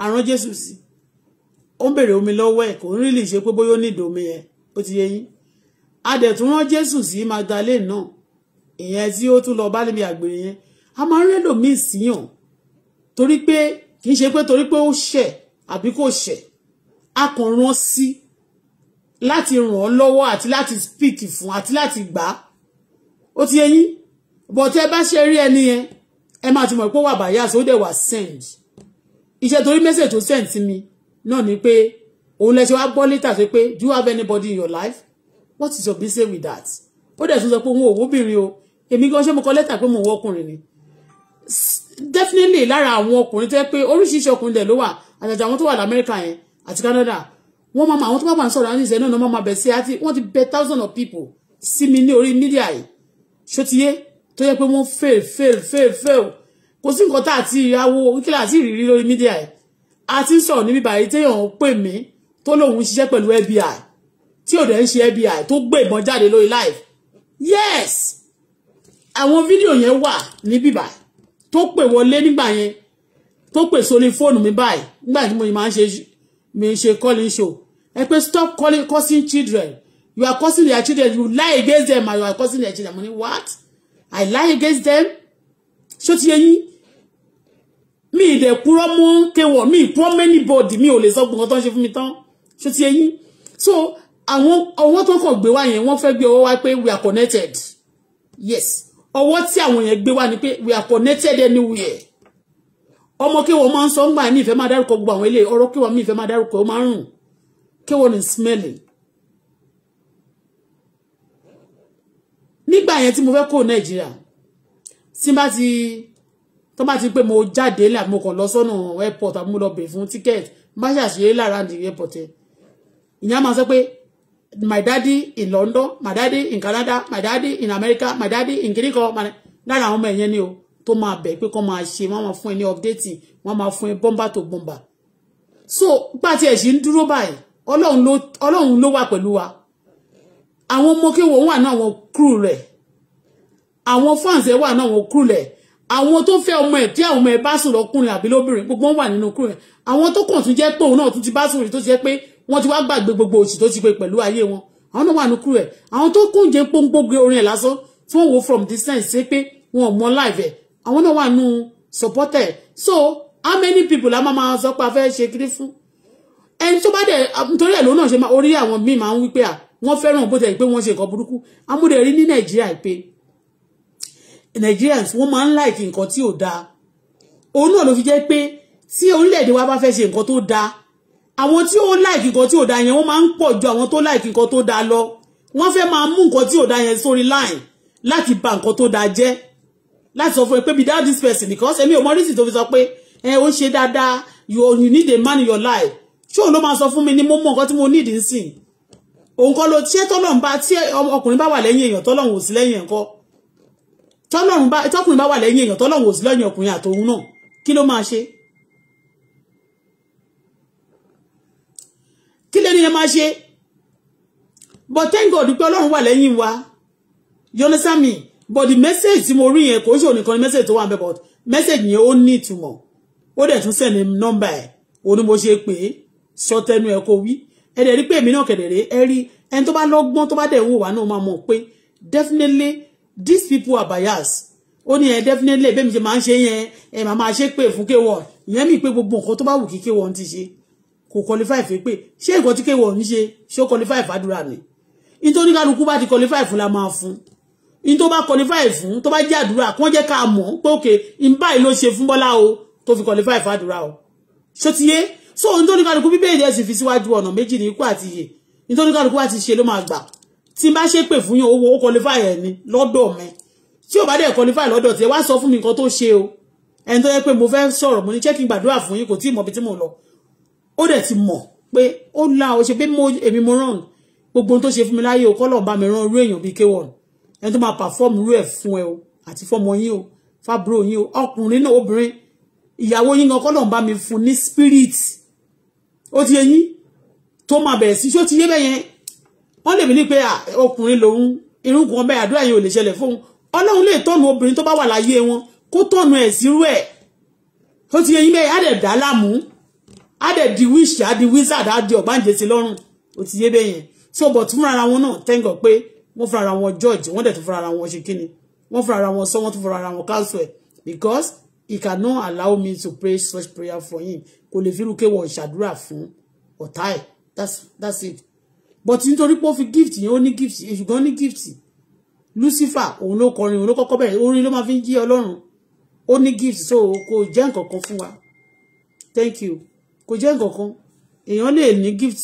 a Jésù sí i ó ń bèrè omi lọ́wọ́ ẹ̀ kò ń rí lè ṣe pé bóyá ó ní ìdòmi yẹn ó ti yé yín adẹ̀tún rán jésù sí magdalene náà ìyẹn tí ó tún lọ bá níbi àgbèrè yẹn a máa ń rẹ́lò míì síyàn torí pé kì í ṣe pé torí pé ó ṣẹ̀ àbí kò ṣẹ̀ a kàn rán sí láti ràn án lọ́wọ́ àti láti speak fún àti láti gbà á ó ti yé yín bọ̀tẹ́ bá ṣe rí ẹni yẹn ẹ máa ti mọ̀ pé wà bàyà sódẹ̀ wà send iṣẹ́ torí mẹ́sẹ̀ tó send sí mi náà ni pé òun lẹ ṣe wá gbọ́ létà ṣe pé do you have anybody in your life what is your business with that ó dẹ̀ tún sọ pé òun ò wóbìnrin o èmi gan ṣé mo kọ lẹ́tà pé mo wọ ọkùnrin ni definitely lára àwọn ọkùnrin tó yẹ pé oríṣiríṣi ọkùnrin dẹ̀ ló wà àjàjà àwọn tó wà lamẹ́ríkà yẹn àti Canada wọ́n máa àwọn tó bá máa ń sọ̀rọ̀ àwọn ìṣẹ̀lẹ̀ náà máa bẹ̀ sí àti wọ́n ti bẹ thousand of people sí mi ní orí mídíà yìí ṣótiyé tó yẹ pé wọ́n fail fail fail fail kò sí nǹkan tá àti ìyàwó kílà àti ìrírí lórí mídíà yìí a ti ń sọ̀rọ̀ níbi báyìí téèyàn ń pè mí tó lóun ṣiṣẹ́ pẹ̀lú FBI tí ò dẹ̀ ń ṣe FBI tó gbé ìbọn jáde lórí live yes àwọn fídíò yẹn wà níbí báyìí tó pè wọlé nígbà yẹn tó pè sórí fóònù mi báyìí nígbà tí mo máa ń ṣe mi ṣe calling show ẹ pé stop calling causing children you are causing their children you lie against them and you are causing their children Money what I lie against them ṣó ti yẹ yín mi ìdẹ̀ purọ́ mọ́ ń kéwọ̀ mi ìpurọ́ mẹ́nìbọ̀dì mi ò lè sọ gbogbo tó ń ṣe fún mi tán ṣó ti eyín so àwọn ọwọ́ tó kàn gbé wá yẹn wọ́n fẹ́ gbé ọwọ́ wá pé we are connected yes ọwọ́ tí àwọn yẹn gbé wá ni pé we are connected anywhere ọmọ kéwọ̀ máa ń sọ ńgbà mi ìfẹ́ máa dárúkọ gbogbo àwọn ilé ọ̀rọ̀ kéwọ̀ mi ìfẹ́ máa dárúkọ ó máa ń rùn kéwọ̀ ni smelling nígbà yẹn tí mo fẹ́ kó Nàìjíríà tí bá ti tó bá ti pé mo jáde láti mo kàn lọ airport àbí lọ bẹ̀ fún ticket má ṣàṣeyé lára ní airport ẹ̀ ìyá máa sọ pé my daddy in London my daddy in Canada my daddy in America my daddy in kiriko lára àwọn ọmọ ẹ̀yẹn ni o tó máa bẹ̀ pé kọ́ máa ṣe wọ́n máa fún ẹ ní update wọ́n máa fún ẹ bọ́mbà tó bọ́mbà so gbà tí ẹ̀ ṣì ń dúró báyìí ọlọ́run ló wà pẹ̀lú wa àwọn ọmọ kéwòn wà náà wọn kúrú rẹ̀ àwọn fans ẹ̀ wà náà wọn kúrú rẹ̀ àwọn tó fẹ́ ọmọ ẹ̀ tí àwọn ọmọ ẹ̀ bá sùn lọ́kùnrin àbí lóbìnrin gbogbo wọn wà nínú kúrò ẹ̀ àwọn tó kàn tún jẹ́ tóun náà tún ti bá sùn rí tó ti jẹ́ pé wọ́n ti wá gbàgbé gbogbo òsì tó ti gbé pẹ̀lú ayé wọn àwọn náà wà nínú kúrò ẹ̀ àwọn tó kún jẹ́ pọ́npọ́gbé orin ẹ̀ lásán tí wọ́n wo from distance ṣe pé wọn ò mọ live ẹ̀ àwọn náà wà nù supported so how many people la máa sọ pé a fẹ́ ṣe kiri fún ẹni tó bá dẹ̀ nítorí ẹ̀ lóun náà ṣe orí àwọn míì máa ń wí pé à wọ́n fẹ́ràn bó tẹ̀ pé wọ́n ṣe nǹkan burúkú amúdẹ̀rí ní nàìjíríà pé Nigerians wọ́n máa ń like nǹkan tí ò da òun náà ló fi jẹ́ pé tí orílẹ̀-èdè wa bá fẹ́ ṣe nǹkan tó dáa àwọn tí ó like nǹkan tí ò dáa yẹn wọ́n máa ń pọ̀ ju àwọn tó like nǹkan tó dáa lọ wọ́n fẹ́ máa mú nǹkan tí ò dáa yẹn sórí line láti bà nǹkan tó da jẹ́ láti sọ fún ẹ pé without this person because èmi ò mọ reason tó fi sọ pé ẹ ó ṣe dáadáa you you need a man in your life ṣé òun ló máa sọ fún mi ni mo mọ nǹkan tí mo need nsìn òun kọ́ ló tiẹ́ tọ́lọ́run bá tí ọkùnrin bá wà lẹ́yìn èèyàn tọ́lọ́run ò sí lẹ́yìn ẹ̀kọ́ tọ́lọ́run bá tọ́kùnrin bá wà lẹ́yìn èèyàn tọ́lọ́run ò sí lọ́yìn ọkùnrin àtòun náà kí ló máa ṣe kí lẹ́ni yẹn máa ṣe but thank God pé wà lẹ́yìn wa you understand me but message tí mo rí yẹn kò ṣe ònìkan ni message tó wà níbẹ̀ but message yẹn ó ní ìtumọ̀ ó dẹ̀ tún sẹ̀ ní nọ́mbà ẹ̀ ni mo ṣe pé sọ tẹnu ẹ̀ kò wí ẹ̀ dẹ̀ rí pé èmi náà kẹ̀dẹ̀ rí ẹ̀ rí ẹni tó bá lọ́gbọ́n tó bá dẹ̀ wò wá náà máa mọ̀ pé definitely these people are biased ó ní ẹ eh, definitely bẹ́ẹ̀ mi ṣe máa ń ṣe yẹn ẹ eh, máa máa ṣe pé fún kéwọ ìyẹn mi pé gbogbo nǹkan tó bá wù kí kéwọ ń ti ṣe kò qualify fún pé ṣé nǹkan tí kéwọ ń ṣe ṣé ó qualify fàdúrà ni nítorí kálukú bá ti qualify fún la máa fún ní tó bá qualify fún tó bá jẹ́ àdúrà kí wọ́n jẹ́ ká mọ̀ pé òkè ń báyìí ló ṣe fún Bọ́lá o tó fi qualify fàdúrà o ṣó ti yé so nítorí kálukú bíbélì ẹ̀sìn fi síwájú ọ̀nà méjì ní ikú àti iyè nítorí kálukú àti ṣe ló máa gbà tí n bá ṣe pè fún yín owó qualify ẹ̀ ni lọ́dọ̀ mi tí o ba de qualify lọ́dọ̀ tiẹ̀ wá sọ fún mi nǹkan tó ṣe o ẹni tó yẹ pé mo fẹ́ sọ̀rọ̀ mo ní check in gbàdúrà fún yín kò tí ì mọ̀ mo lo. ó dẹ̀ ti mọ̀ pé ó la ó ṣe pé èmi mo ràn gbogbo ohun tó ṣe fún mi láyé o kọ́lọ̀ bá mi ràn irú èèyàn bíi kéwọ̀n ẹni tó máa perform irú ẹ̀ fún ẹ o àti fọmọ yín o fábúrò yín o ọkùnrin náà obìnrin ìyàwó yín gan kọ́lọ̀ bá mi fún ní spirit ó ti yẹ to ma máa bẹ̀rẹ̀ sí ti yé bẹ́yẹn wọ́n lè mí ní pé ọkùnrin lòun irúgun ọbẹ̀ àdúrà yẹn ò lè ṣẹlẹ̀ fóun ọlọ́run lè tọ́nu obìnrin tó bá wà láyé wọn kó tọ́nu ẹ̀ sírú ẹ̀ ó ti yẹyin bẹ́ẹ̀ á dẹ̀ dá láàmú á dẹ̀ di wíṣì á di wizard á di ọ̀gbáǹjẹ sí lọ́rùn ó ti yé bẹ́ẹ̀ so but fúnra ara wọn náà thank God pé wọ́n fúnra ara wọn judge wọ́n dẹ̀ tún fúnra ara wọn ṣe kíni wọ́n fúnra ara wọn sọ wọ́n tún fúnra wọn counsel because he cannot allow me to pray such prayer for him kò lè fi irú kéwọ̀n ṣàdúrà fún ọ̀tá ẹ̀ that's that's it but nítorí pé ó fi gift yẹn ó ní gift ṣùgbọ́n ní gift Lucifer òun ló kọrin òun ló kọ́kọ́ bẹ̀rẹ̀ orin ló máa fi ń jí Ọlọ́run ó ní gift so kò jẹ́ nǹkan fún wa thank you kò jẹ́ nǹkan kan èèyàn lè ní gift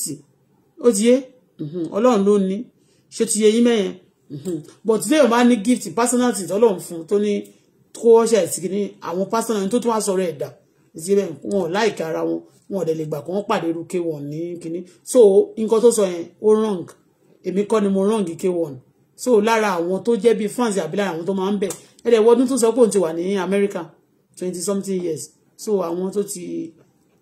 ó ti yé mhm. Ọlọ́run ló ní ṣé ti yé yín mẹ́yẹn mhm. but téèyàn bá ní gift personality tọ́lọ́run fún tó ní kó ọṣẹ ìsìnkì ní àwọn personality tó tún wá sọ̀rọ̀ ẹ̀dá ìsìnkì bẹ́ẹ̀ wọn láìka ara wọn wọn ò dẹ̀ lè gbà kó pàdé irú k1 ní kínní so nǹkan tó sọ yẹn ó wrong èmi kọ́ ni mo wrong k1 so lára àwọn tó jẹ́ bíi fans àbí lára àwọn tó máa ń bẹ̀ ẹ̀rẹ̀ wọdún tó sọ pé òun ti wà ní America twenty something years so àwọn tó ti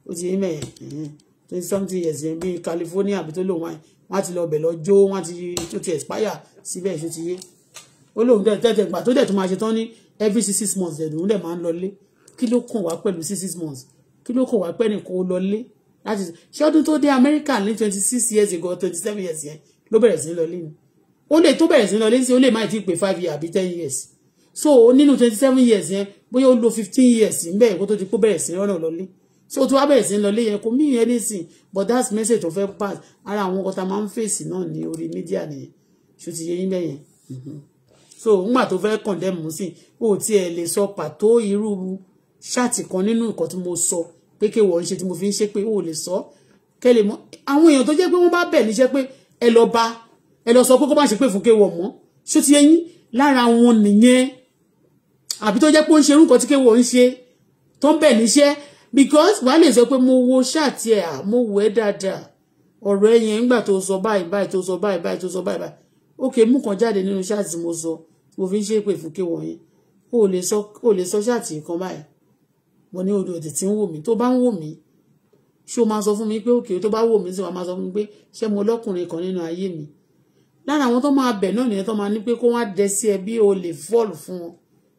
ó ti yín mẹ́yẹn twenty something years yẹn bíi California àbí tó lòun wáyé wọ́n á ti lọ bẹ̀ lọ jó wọ́n á ti tó ti expire síbẹ̀ ṣó ti yé ó lóun dẹ̀ tẹ̀tẹ̀ gbà tó dẹ̀ tó máa ṣe tán ní every six six months ẹ̀dùn dẹ̀ máa ń lọ lé kí ló kàn wá pẹ̀lú six six months kí ló kọ̀ wá pẹ́ nìkan ó lọlé láti ṣé ọdún tó dé Amẹ́ríkà ní twenty six years ago twenty seven years yẹn ló bẹ̀rẹ̀ sí lọlé ni ó lè tó bẹ̀rẹ̀ sí lọlé sí ó lè má ti pé five years àbí ten years so nínú twenty seven years yẹn bóyá ó lo fifteen years ń bẹ̀rẹ̀ kó tó ti kó bẹ̀rẹ̀ sí lọ́nà lọlé so tó wá bẹ̀rẹ̀ sí lọlé yẹn kò mean anything but that message tó fẹ́ pass ara àwọn ọkọ̀ tá a máa ń fèsì náà ní orí mídíà nìyẹn ṣó ti yẹ yín bẹ́yẹn mm-hmm. so ngbà tó fẹ́ condemn sí o tiẹ̀ lè sọ pàtó irú ṣáàtì kan nínú nǹkan tí mo sọ so, pé kí wọ́n ń ṣe tí mo fi ń ṣe pé ó lè sọ kẹ́lẹ̀ mọ́ àwọn èèyàn tó jẹ́ pé wọ́n bá bẹ̀ níṣẹ́ pé ẹ lọ bá ẹ lọ sọ pé kó má ṣe pé fún kéwọ̀ mọ́ ṣó ti yẹn lára wọn nìyẹn àbí tó jẹ́ pé ó ń ṣe irú tí kéwọ̀ ń ṣe tó ń bẹ̀ níṣẹ́ because wàá lè sọ pé mo wo ṣáàtì ẹ̀ à mo wò ẹ́ dáadáa ọ̀rọ̀ ẹ̀yẹn ńgbà tó sọ báyìí báyìí tó sọ báyìí báyìí tó sọ báyìí báyìí ok mú kan jáde nínú ṣáàtì mo sọ mo fi ń ṣe pé fún kéwọ̀ yẹn o lè sọ ṣáàtì kan báyìí mo ní odò òdì tí ń wò mí tó bá ń wò mí ṣé o máa sọ fún mi pé òkè tó bá wò mí sí wàá máa sọ fún mi pé ṣé mo lọ́kùnrin kan nínú ayé mi lára àwọn tó máa bẹ̀ náà nìyẹn tó máa ní pé kó wá dẹ sí ẹ bí o lè fọ́ọ̀lù fún wọn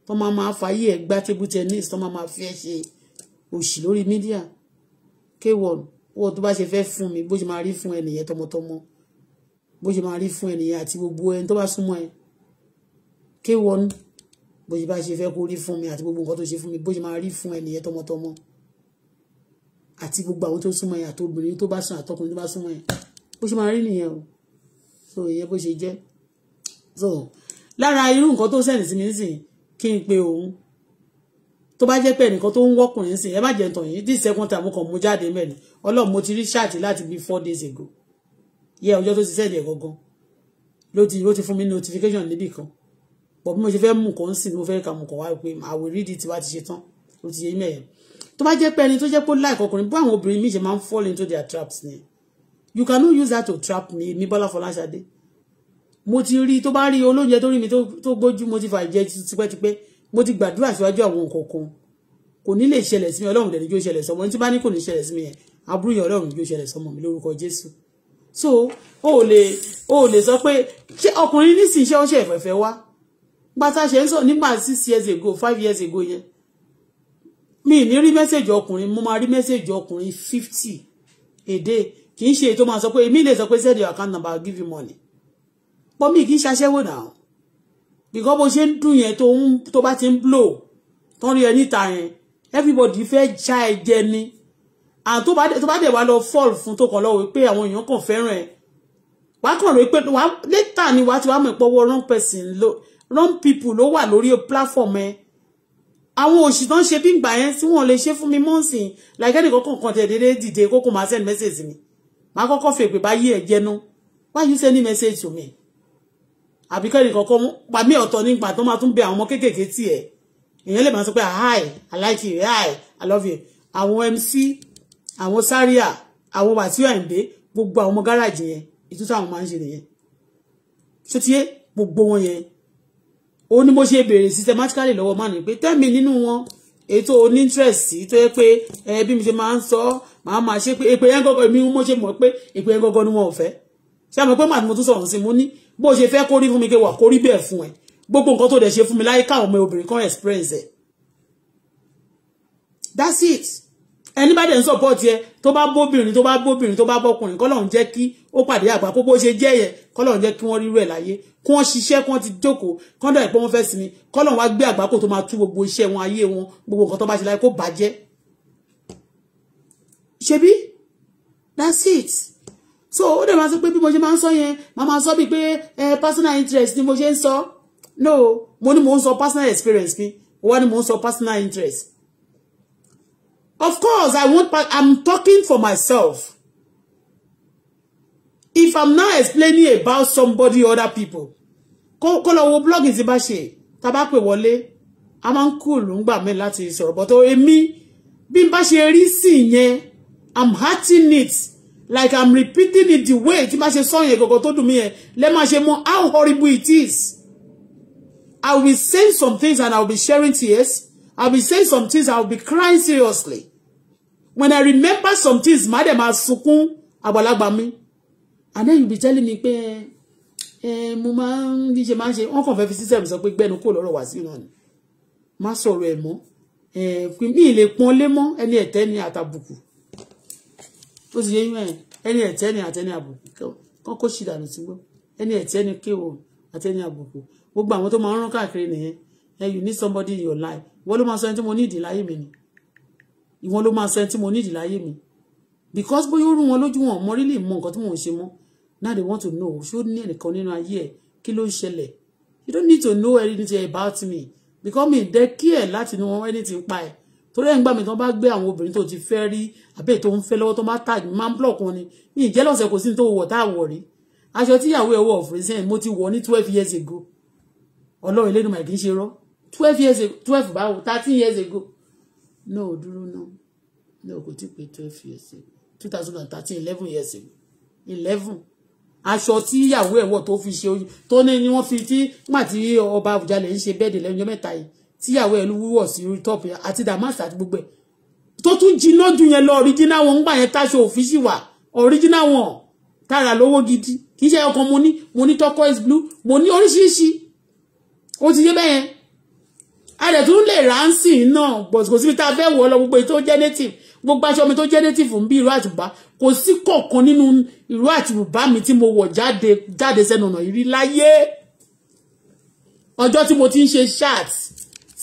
tó máa máa fa ayé ẹ gbá tébù tennis tó máa máa fi ẹ ṣe òṣì lórí mídíà kéwọ̀n owó tó bá ṣe fẹ́ fún mi bó ṣe máa rí fún ẹnìyẹn tọmọtọmọ bó ṣe máa rí fún ẹnìyẹn àti gbogbo ẹni tó bá súnmọ́ ẹ kéwọ̀n bó ṣe bá ṣe fẹ́ kó rí fún mi àti gbogbo nǹkan tó ṣe fún mi bó ṣe máa rí fún ẹnìyẹn tọmọtọmọ àti gbogbo àwọn tó súnmọ́ yẹn àti obìnrin tó bá sùn àtọkùnrin tó bá súnmọ́ yẹn bó ṣe máa rí nìyẹn o so ìyẹn bó ṣe jẹ́ so lára irú nǹkan tó sẹ́ni sí mi nísìnyí kí n pe òun tó bá jẹ́ pé ẹnìkan tó ń wọ́kùnrin sí ẹ má jẹ́ ntọ̀ yìí this second time mo kàn mú jáde mẹ́rin ọlọ́run mo ti rí ṣáàtì láti bíi four days ago yẹ ọjọ́ tó ti sẹ́ni ẹ̀ gangan ló ti fún mi notification níbì kan bọ̀ bí mo ṣe fẹ́ mú nǹkan sí ni mo fẹ́ ka mú nǹkan wá pé àwọ̀ ìrídìí ti wá ti ṣe tán ó ti yé mẹ́yẹn tó bá jẹ́ pé ẹni tó jẹ́ pé láìkọ ọkùnrin bó àwọn obìnrin míì ṣe máa ń fall into their traps ni you cannot use that to trap me mi Bọ́lá Fọláṣadé mo ti rí tó bá rí olóúnjẹ tó rí mi tó gbójú mo ti fà jẹ tipẹ́tipẹ́ mo ti gbàdúrà síwájú àwọn nǹkan kan kò ní lè ṣẹlẹ̀ sí mi ọlọ́run dẹ̀ni yóò ṣẹlẹ̀ sọmọ ní tí bá ní kò ní ṣẹlẹ̀ sí mi yẹn aburú yẹn so o ò lè o ò lè sọ pé ṣé ọkùnrin nísìnyí ṣé ó ṣe ìfẹ́fẹ́ wá gbàtà ṣe ń sọ nígbà six years ago five years ago yẹn mi ní rí mẹ́sẹ̀jì ọkùnrin mo máa rí mẹ́sẹ̀jì ọkùnrin fifty a day kì í ṣe èyí tó máa sọ pé èmi lè sọ pé send your account number I'll give you money pọ́ mi kì í ṣaṣẹ́wò náà bìkọ́ bó ṣe ń dùn yẹn tó bá ti ń blow tán rí ẹ níta yẹn everybody fẹ́ já ẹ jẹ ni and tó bá tó bá dẹ̀ wá lọ fall fún tó kàn lọ́wọ́ pé àwọn èèyàn kàn fẹ́ràn ẹ̀ wá kàn rí pé wá létà ni wá ti wá mọ̀ ìpọ́wọ́ wrong person ló wrong people ló wà lórí platform ẹ àwọn òṣì tó ń ṣe bí ìgbà yẹn tí wọn lè ṣe fún mi mọ́ǹsìn like ẹnìkan kọ̀ọ̀kan tẹ̀ déédéé dìde kókò máa send message mi máa kọ́kọ́ fèpè bá yí ẹ̀ jẹnu why you send message to me àbí kẹ́nìkan kọ́ pa mí ọ̀tọ̀ nígbà tó máa tún bẹ àwọn ọmọ kéékèèké tì ẹ̀ èèyàn lè máa sọ pé hi i like you hi i love you àwọn mc àwọn sáríà àwọn wàsíù àyìnbé gbogbo àwọn ọmọ gáràjì yẹn ìtútù àwọn máa ń ṣe So ṣé tiẹ́ gbogbo wọn yẹn ó ní mo ṣe béèrè systematically lọ́wọ́ máa ní pé tẹ́mi nínú wọn ètò oníntírẹ̀sì tó yẹ pé ẹbí mi ṣe máa ń sọ máa máa ṣe pé èpè yẹn gọ́gọ́ mi mo ṣe mọ̀ pé èpè yẹn gọ́gọ́ ni wọn ò fẹ́ ṣé àmọ́ pé màtí mo tún sọ̀rọ̀ sí mo ní bó ṣe fẹ́ kórí fún mi kí wà kórí bẹ́ẹ̀ fún ẹ gbogbo nǹkan tó dẹ̀ ṣe fún mi láyé káwọn ọmọ obìnrin kan experience ẹ̀ that's it ẹni bá dẹ̀ ń support To tó bá bóbìnrin tó bá bóbìnrin tó bá bọ́kùnrin kọ́lọ́run jẹ́ kí ó pàdé àgbà kó bó ṣe jẹ́ yẹ kọ́lọ́run jẹ́ kí wọ́n rírú ẹ̀ láyé kí wọ́n ṣiṣẹ́ kí wọ́n ti jókòó kọ́ńdọ̀ ìpọ́n wọn fẹ́ sinmi kọ́lọ́run wá gbé àgbákò tó máa tú gbogbo iṣẹ́ wọn ayé wọn gbogbo nǹkan tó bá ṣe láyé kó bàjẹ́. ṣebí that's it so ó dẹ̀ máa sọ pé bí mo ṣe máa ń sọ yẹn máa máa sọ bíi personal interest ni mo ṣe ń sọ no mo ní mo ń sọ personal experience mi wọ́n ní mo ń sọ personal interest Of course, I won't, I'm talking for myself. If I'm not explaining about somebody other people, kó lọ wo blọ́ọ̀gì tí bá ṣe tá bá pè wọlé a máa ń kúlù ń gbà mí láti sọ̀rọ̀ bọ́tọ̀ i'm hurting it like i'm repeating it the way tí bá ṣe sọ yẹn gọ̀gọ̀ tó dùn mí yẹn lẹ́ how horrible it is i will saying some things and I'll be sharing tears I'll be saying some things I'll be crying seriously when I remember some things má dẹ̀ máa sunkún àgbàlagbà mi and then you be telling me pé ẹ eh, eh, mo máa ń ní ṣe máa ń ṣe wọn kàn fẹ́ fi sísẹ̀mù sọ pé gbẹ́nu kò lọ́rọ̀ wá sí náà ni má sọ̀rọ̀ ẹ̀ mọ́ ẹ̀ eh, mi ì lè pọ́n lé mọ́ ẹni ẹ̀tẹ́ ni àtàbùkù ó ti yé yín ẹ̀ ẹni ẹ̀tẹ́ ni àtẹ́ni àbùkù kọ́ kó ṣì dànù sí gbọ́ ẹni ẹ̀tẹ́ ni kéwò àtẹ́ni àbùkù gbogbo àwọn tó máa ń rán káàkiri nìyẹn you need somebody in your life wọ́n ló máa sọ ẹni tí mo need ìdí life mi ni ìwọ ló máa sọ ẹni tí mo nídìí láyé mi because bóyá ó rún wọn lójú wọn mọ rílì mọ nǹkan tí mò ń ṣe mọ now they want to know ṣé ó ní ẹnìkan nínú ayé ẹ kí ló ń ṣẹlẹ̀ you don't need to know anything about me because mi dẹ́ kí ẹ̀ láti nu wọn anything pa ẹ̀ torí ẹ̀ ń gbà mí tán bá gbé àwọn obìnrin tó ti fẹ́ rí àbẹ́ tó ń fẹ́ lọ́wọ́ tó bá tag mi máa ń block wọn ni mi ìjẹ́ lọ́sẹ̀ kò sí ní tó wọ̀ tá a wọ̀ rí aṣọ tíyàwó ẹ̀ wọ̀ ọ̀fìrìsẹ́ mo ti wọ̀ ní twelve years ago ọlọ́run lẹ́nu màá kì í ṣe rọ́ twelve years ago twelve báwo thirteen years ago No, dúró náà. No, kò tí pé twelve years ago. two thousand and thirteen eleven years ago. eleven aṣọ tí ìyàwó ẹ̀wọ̀ tó fi ṣe oyin tó ní ni wọ́n fi tí nígbà tí ọba àbújá lè ń ṣe bẹ́ẹ̀dì lẹ́yìn mẹ́ta yìí tí ìyàwó ẹ̀ wúwọ̀ sí orí tọ́pù àti dàmásì àti gbogbo ẹ̀ tó tún jí lójú yẹn lọ ọ̀ríjínà wọn ńgbà yẹn táṣọ òfin sì wà ọ̀ríjínà wọn tára lówó gidi kì í ṣe ọkàn mo ní mo ní turquoise blue mo ní oríṣiríṣi ó ti yé bẹ́yẹn a dẹ̀ tún lè ránṣì náà but kò síbi tá a fẹ́ wọ̀ lọ gbogbo tó jẹ́ native gbogbo aṣọ mi tó jẹ́ native ń bí ìró àti bùbá kò sí kọ̀ọ̀kan nínú ìró àti bùbá mi tí mo wọ̀ jáde jáde sẹ́nu ọ̀nà ìrí láyé ọjọ́ tí mo ti ń ṣe chat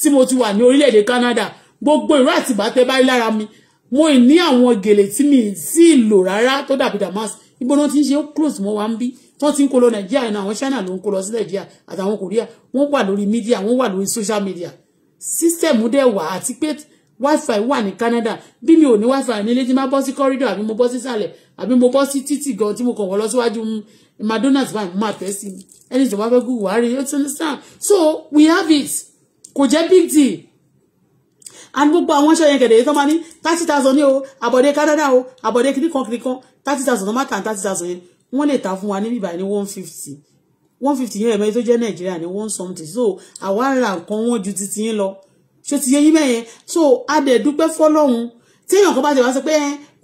tí mo ti wà ní orílẹ̀-èdè Canada gbogbo ìró àti bùbá tẹ báyìí lára mi mo ì ní àwọn gèlè tí mi sì lò rárá tó dàbí damas ibo náà ti ń ṣe ó close mọ́ wa ń bí tán ti ń kó lọ nàìjíríà iná àwọn China ló ń kó lọ sí nàìjíríà àtàwọn Korea wọ́n wà lórí mídíà wọ́n wà lórí social media system dẹ̀ wà àti pé wifi wà ní Canada bí mi ò ní wifi nílé tí má bọ́ sí corridor àbí mo bọ́ sí sàlẹ̀ àbí mo bọ́ sí títì gan tí mo kàn wọ́n lọ síwájú madonna's báyìí mo máa tẹ̀ sí ẹni tó bá fẹ́ gùn wá rí you understand so we have it kò jẹ́ big deal and gbogbo àwọn iṣẹ́ yẹn kẹ̀dẹ̀ yìí tó máa ní thirty thousand ní o àbọ̀dé Canada o àbọ̀dé kìnnìkan kìnnìkan thirty thousand tó máa thirty thousand yẹn wọ́n lè ta fún wa ní bíbáyìí ní one fifty one fifty yẹn ẹ̀mẹ́yẹ tó jẹ́ nàìjíríà ní one something so àwa ra nǹkan wọn ju titi yín lọ ṣé ti yẹ yín mẹ́yẹn so a dẹ̀ dúpẹ́ fọlọ́run téèyàn kan bá ti wá sọ pé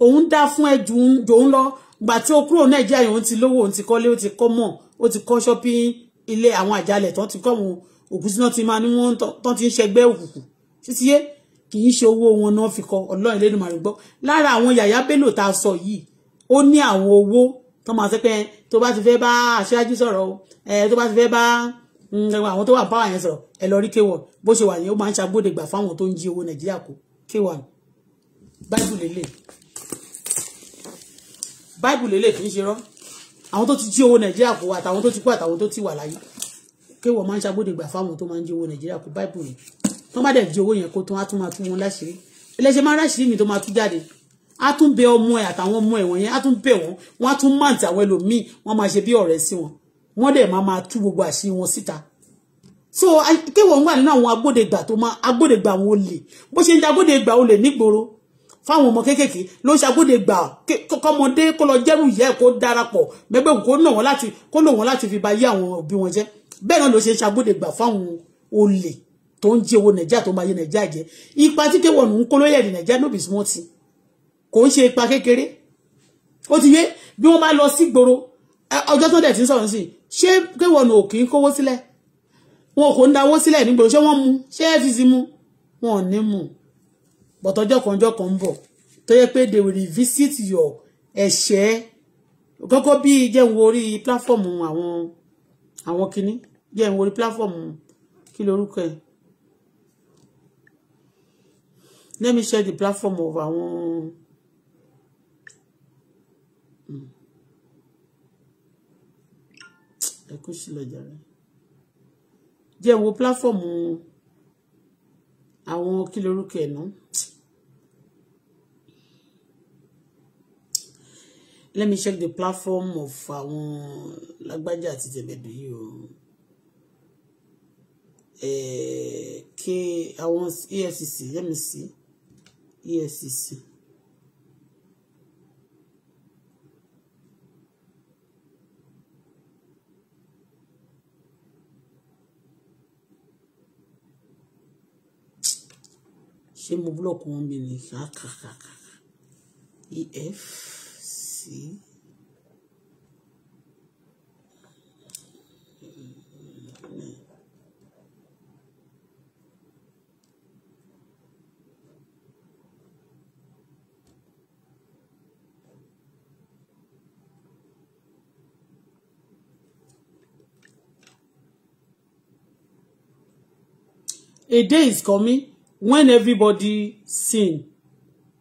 òun dá fún ẹ jù òun lọ gbà tí o kúrò nàìjíríà yìí òun ti lówó òun ti kọ́lé ó ti kọ́ mọ̀ ó ti kọ́ shopping ilé àwọn àjálẹ̀ tó ti kọ́ àwọn òkúsí náà ti máa ní wọ́n tó ti ń ṣẹgbẹ́ òkùnkùn ṣé ti yẹ kì í ṣe owó wọn náà fi kọ ọlọ́run lẹ́nu màrí gbọ́ lára àwọn yàyà bello tá a sọ yìí ó ní àwọn owó tó máa sọ pé tó bá ti fẹ́ bá aṣáájú sọ̀rọ̀ o ẹ eh, tó bá ti fẹ́ bá mm, àwọn tó wà power yẹn sọ̀rọ̀ ẹ lọ rí k1 bó ṣe wà yẹn ó máa ń ṣàgbódegbà fáwọn tó ń jí owó nàìjíríà kó k1 báìbù lélẹ̀ báìbù lélẹ̀ kì í ṣe rọ́ àwọn tó ti jí owó nàìjíríà kó àtàwọn tó ti kú àtàwọn tó ti wà láyé k1 máa ń ṣàgbódegbà fáwọn tó máa ń jí owó nàìjíríà kó báìbù rẹ̀ tó má dẹ̀ jí owó yẹn kó tó tún máa tú wọn láṣìírí ẹlẹ́ṣẹ̀ máa ráṣìírí mi tó máa tú jáde a tún bẹ ọmọ ẹ àtàwọn ọmọ ẹ wọ̀nyẹn a tún bẹ wọn wọn a tún máǹtì àwọn ẹlòmíì wọn máa ṣe bí ọ̀rẹ́ sí wọn wọ́n dẹ̀ máa máa tú gbogbo àṣírí wọn síta so kéwọ̀n wà nínú àwọn agbódegbà tó máa agbódegbà àwọn olè bó ṣe ń jẹ agbódegbà olè nígboro fáwọn ọmọ kéékèèké ló ń ṣe agbódegbà kọmọdé kó lọ jẹ́rù yẹ kó darapọ̀ mẹ́gbẹ́ kó nà wọ́n láti kó lò wọ́n láti fi ba yí àwọn òbí wọn jẹ́ bẹ́ẹ̀ náà ló ṣe ń ṣe agbódegbà fáwọn olè tó ń jẹ owó nàìjíríà tó máa yẹ nàìjíríà jẹ ipa tí kéwọ̀n ń kó lóyè nàìjíríà nóbì sí wọn ti kò ń ṣe ipa kékeré ó ti yé bí wọ́n bá lọ sígboro ọjọ́ tó dẹ̀ ti ń sọ̀rọ̀ sí ṣé kéwọn ò kì í kówó sílẹ̀ wọn kò ń dáwó sílẹ̀ nígboro ṣé wọ́n mu ṣé fcc mu wọn ò ní mu bọ̀tọ́jọ́ kan ọjọ́ kan ń bọ̀ tó yẹ pé they will revisit your ẹ̀ṣẹ̀ gọ́gọ́ bí jẹun orí pláfọ́ọ̀mù àwọn àwọn kinní jẹun orí pláfọ́ọ̀mù kí lorúkọ ẹ̀ let me share the platform of àwọn. Our... ẹ kó sí wo pláfọ́ọ̀mù àwọn kí lorúkọ let me check the platform of àwọn lágbájá àti tẹ̀mẹ̀dù yìí o kí àwọn EFCC let me see EFCC. ṣé mo búlọ̀kù wọn mi ní kàkàkàkà efc A day is coming when everybody sin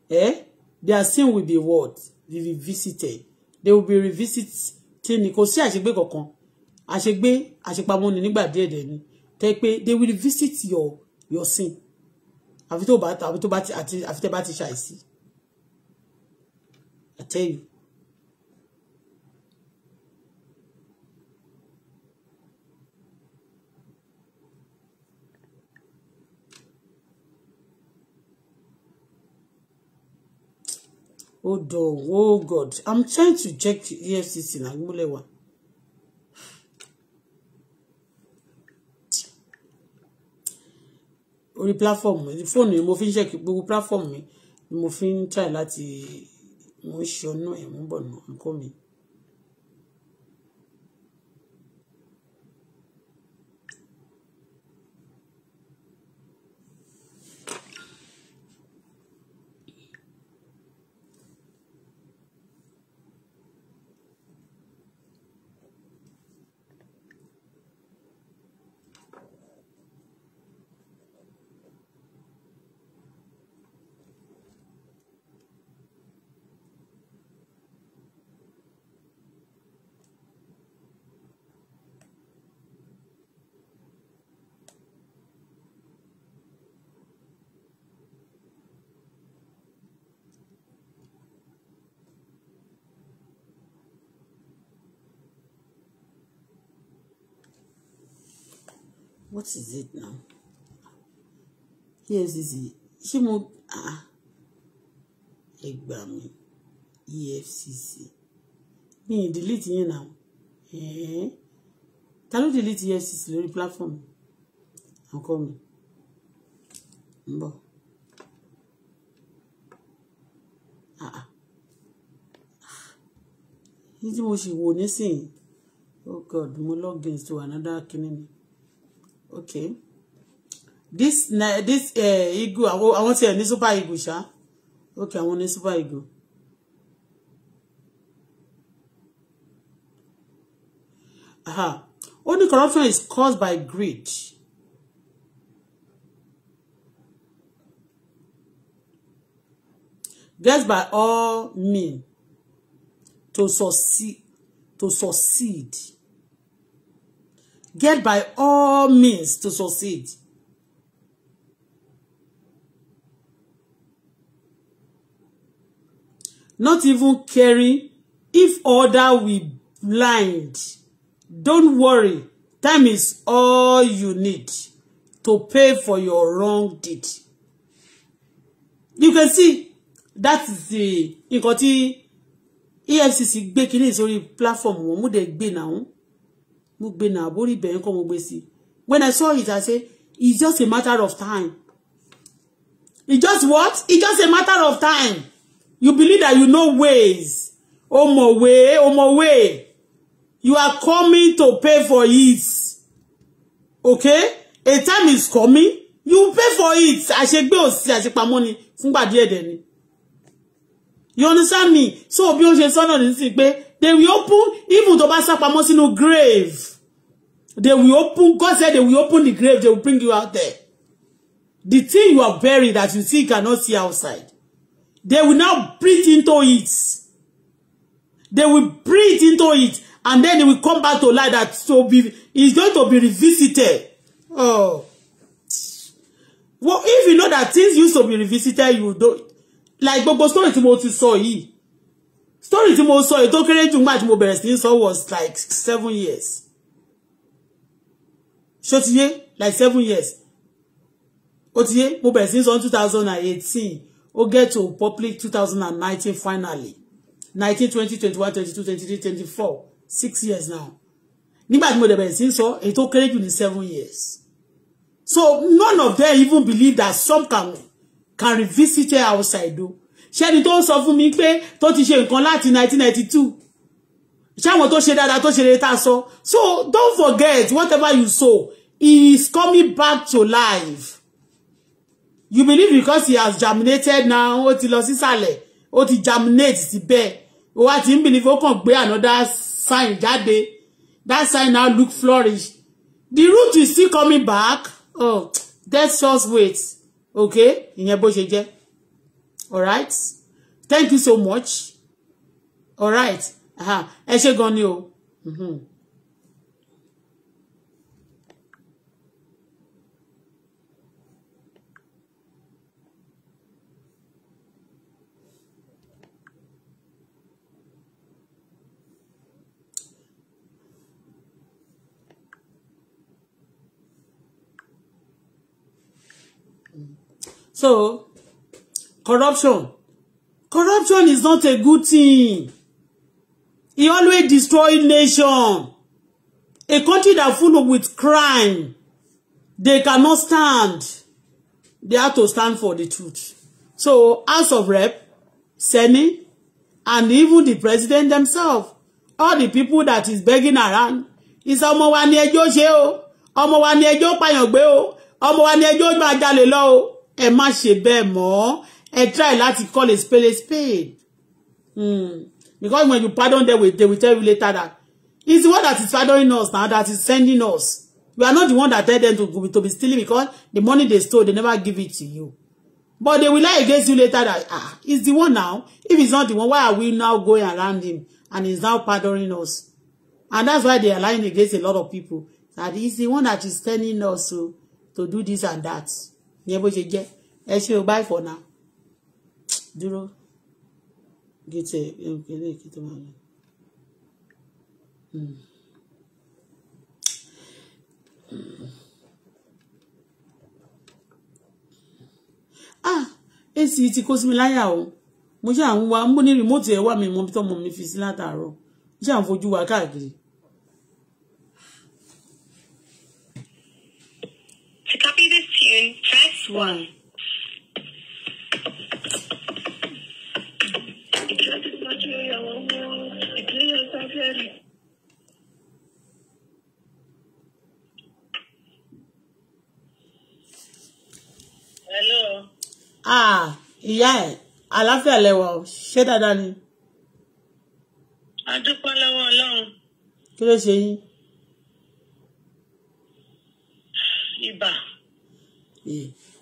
eh their sin will be what be revisited they will be revisited ni kò sí àṣegbé kankan àṣegbé àṣepamọ́ ni nígbà díẹ̀ díẹ̀ ni tẹ́ pé they will visit your your sin àfi ba ta àfi tó bá ti àti àfi tẹ́ bá ti ṣàìsí I tell you Oh on oh god i'm trying to check the efcc na gbólẹ́wà. orí platform mi fóònù mi mo fi ń check gbogbo platform mi mo fi ń try láti mo ń ṣe ọ̀nà ẹ̀ ń bọ̀ nù nǹkan what is it now efcc ṣé mo ah, ẹ gbà mí efcc me ì delete yẹn náà Can you delete efcc The platform I'm coming. ń Ah. ní tí mo ṣì wò nísìnyí oh god mo login to another kinní okay this na this uh, eh, eagle àwọn say ní super eagle sha. okay I want ní super eagle. Aha. Only corruption is caused by greed. Get by all means to succeed to succeed Get by all means to succeed. Not even caring if order will blind. Don't worry. Time is all you need to pay for your wrong deed. You can see that is the nǹkan EFCC gbé kiri sórí platform wọn mú dé gbé mo gbé nà àbórí bẹ̀rẹ̀ kọ́ mo gbé sí when i saw it i say it's just a matter of time it's just what it's just a matter of time you believe that you know ways omowe omowe you are coming to pay for it okay a time is coming you pay for it àṣegbé òsì àṣepamọ́ ni fúngbà díẹ̀ dẹ̀ ni you understand me so bí ó ṣe sọ́nà nísìnyí pé they will open even tó bá sá grave they will open God said they will open the grave they will bring you out there the thing you are buried that you see you cannot see outside they will now breathe into it they will breathe into it and then they will come back to life that so be is going to be revisited oh well if you know that things used to be revisited you don't like gbogbo story tí mo ti sọ yìí story tí mo sọ ètò kéré jù nígbà tí mo bẹ̀rẹ̀ sí ní was like seven years So ti yé like seven years ó ti yé mo bẹ̀rẹ̀ sí ní sọ two thousand and eighteen ó get to public two thousand and nineteen finally nineteen twenty twenty one twenty two twenty three twenty four six years now nígbà tí mo dẹ̀ bẹ̀rẹ̀ sí sọ èyí tó kéré jù ní seven years so none of them even believe that some can can revisit her outside o ṣẹ́ni tó sọ fún mi pé tó ti ṣe nǹkan láti 1992 ṣáwọn tó ṣe dáadáa tó ṣe lè ta sọ so don't forget whatever you sow is coming back to life you believe because he has germinated now ó ti lọ sísàlẹ̀ ó ti germinate síbẹ̀ ó wá ti ń believe ó kàn gbé another sign jáde that sign now look flourish the root is still coming back oh let's just wait okay ìyẹn bó ṣe jẹ́ all right thank you so much all right ẹ ṣé gan ni o. Mhm. So corruption corruption is not a good thing It always destroys nation a country that full of with crime they cannot stand they have to stand for the truth so House of Rep Senate and even the president themselves all the people that is begging around is ọmọ wa ni ẹjọ́ ṣe o ọmọ wa ni ejo pààyàn gbé o ọmọ wa ni ejo ma jalè lọ o ẹ má ṣe bẹ́ẹ̀ mọ́ ẹ try láti call a spade a spade mm. because when you pardon them they will tell you later that it's the one that is pardoning us now that is sending us we are not the one that tell them to, to be stealing because the money they stole they never give it to you but they will lie against you later that ah it's the one now if it's not the one why are we now going around him and he's now pardoning us and that's why they are lying against a lot of people that he's the one that is sending us to, oh, to do this and that yẹn bó ṣe jẹ ẹ ṣe o bye for now dúró gètè òkèlè kí tó máa lọ. Hmm. ah èsì ti kó sí mi láyà o mo ṣe àwọn wa mo ní rìmọ́ọ̀tì ẹ̀ wà mí mo tọ́ mọ mi fi sí látàárọ̀ mo ṣe àwọn fojú wa káàkiri.
copy this tune, press 1. Hello.
Ah, ìyá ẹ̀, àlàáfíà lẹ́wọ̀, ṣé dáadáa ni?
A lọ́wọ́ Ọlọ́run.
Kí ló ṣe yín? Ibà.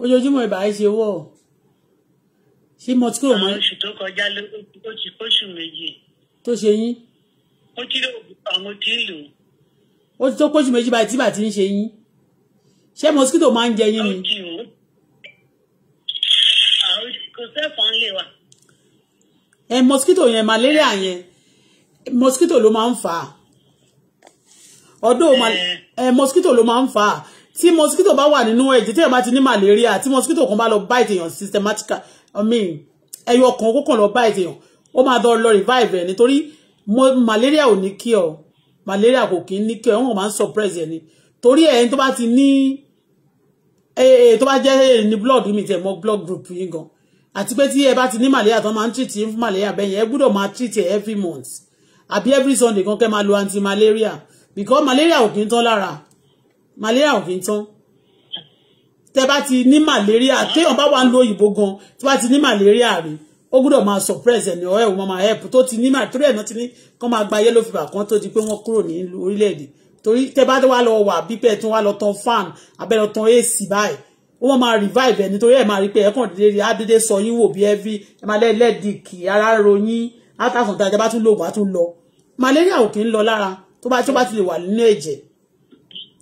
Ojoojúmọ́ ibà ṣe wọ̀. Ṣé mo ti kúrò mọ́? Àwọn
oṣù tó kọjá ló oṣù méjì. Tó ṣe yín? mo ti rí òògùn àwọn tí ń lò.
ó ti tó pósù méjì báyìí tí bàtí ń ṣe yín ṣé mosquito máa ń jẹ yín ni.
kò sẹ́fọ̀n lè wà.
ẹ mosquito yẹn malaria yẹn mosquito ló máa ń fà á ọdọ ẹ mosquito ló máa ń fà á tí mosquito bá wà nínú ẹ̀jẹ̀ téèyàn bá ti ní malaria tí mosquito kan bá lọ bá ètèyàn systematic i mean ẹyọ kan kó kàn lọ bá ètèyàn ó máa dán lọ revive ẹ nítorí malaria ò ní kí ọ malaria kò kí ní kí ọ wọn máa ń surprise ẹ ni torí ẹ tó bá ti ní ee tó bá jẹ́ ní blood mi tẹ̀ mọ́ blood group yín gan àti pé tí ẹ bá ti ní malaria tó máa ń treat yín fún malaria bẹ́yẹn ẹ gbọ́dọ̀ máa treat ẹ every month àbí every sunday kan kẹ́ máa lo anti-malaria because malaria ò kí ń tán lára malaria ò kí ń tán tẹ́ bá ti ní malaria téèyàn bá wà ń lo òyìnbó gan tí bá ti ní malaria rèé ó gbọ́dọ̀ máa surprise ẹni ọ̀rẹ́ òun máa help tó ti ní máa torí ẹ̀ náà ti ní kán máa gba yellow fever kan tó di pé wọ́n kúrò ní orílẹ̀-èdè torí tẹ bá wà lọ wà bí pẹ́ tún wà lọ tan fan abẹ́ lọ tan ac báyìí wọ́n máa revive ẹ̀ nítorí ẹ̀ máa rí pé ẹ̀kàn dédé adédé sọ yín wò bí ẹ́fí ẹ̀ máa lẹ́ẹ̀lẹ́dìkì ara ronyìn látàkùn tàjà bá tún lò wá tún lọ malaria ò kì í lọ lára tó bá tó bá ti lè wà nínú ẹ̀jẹ̀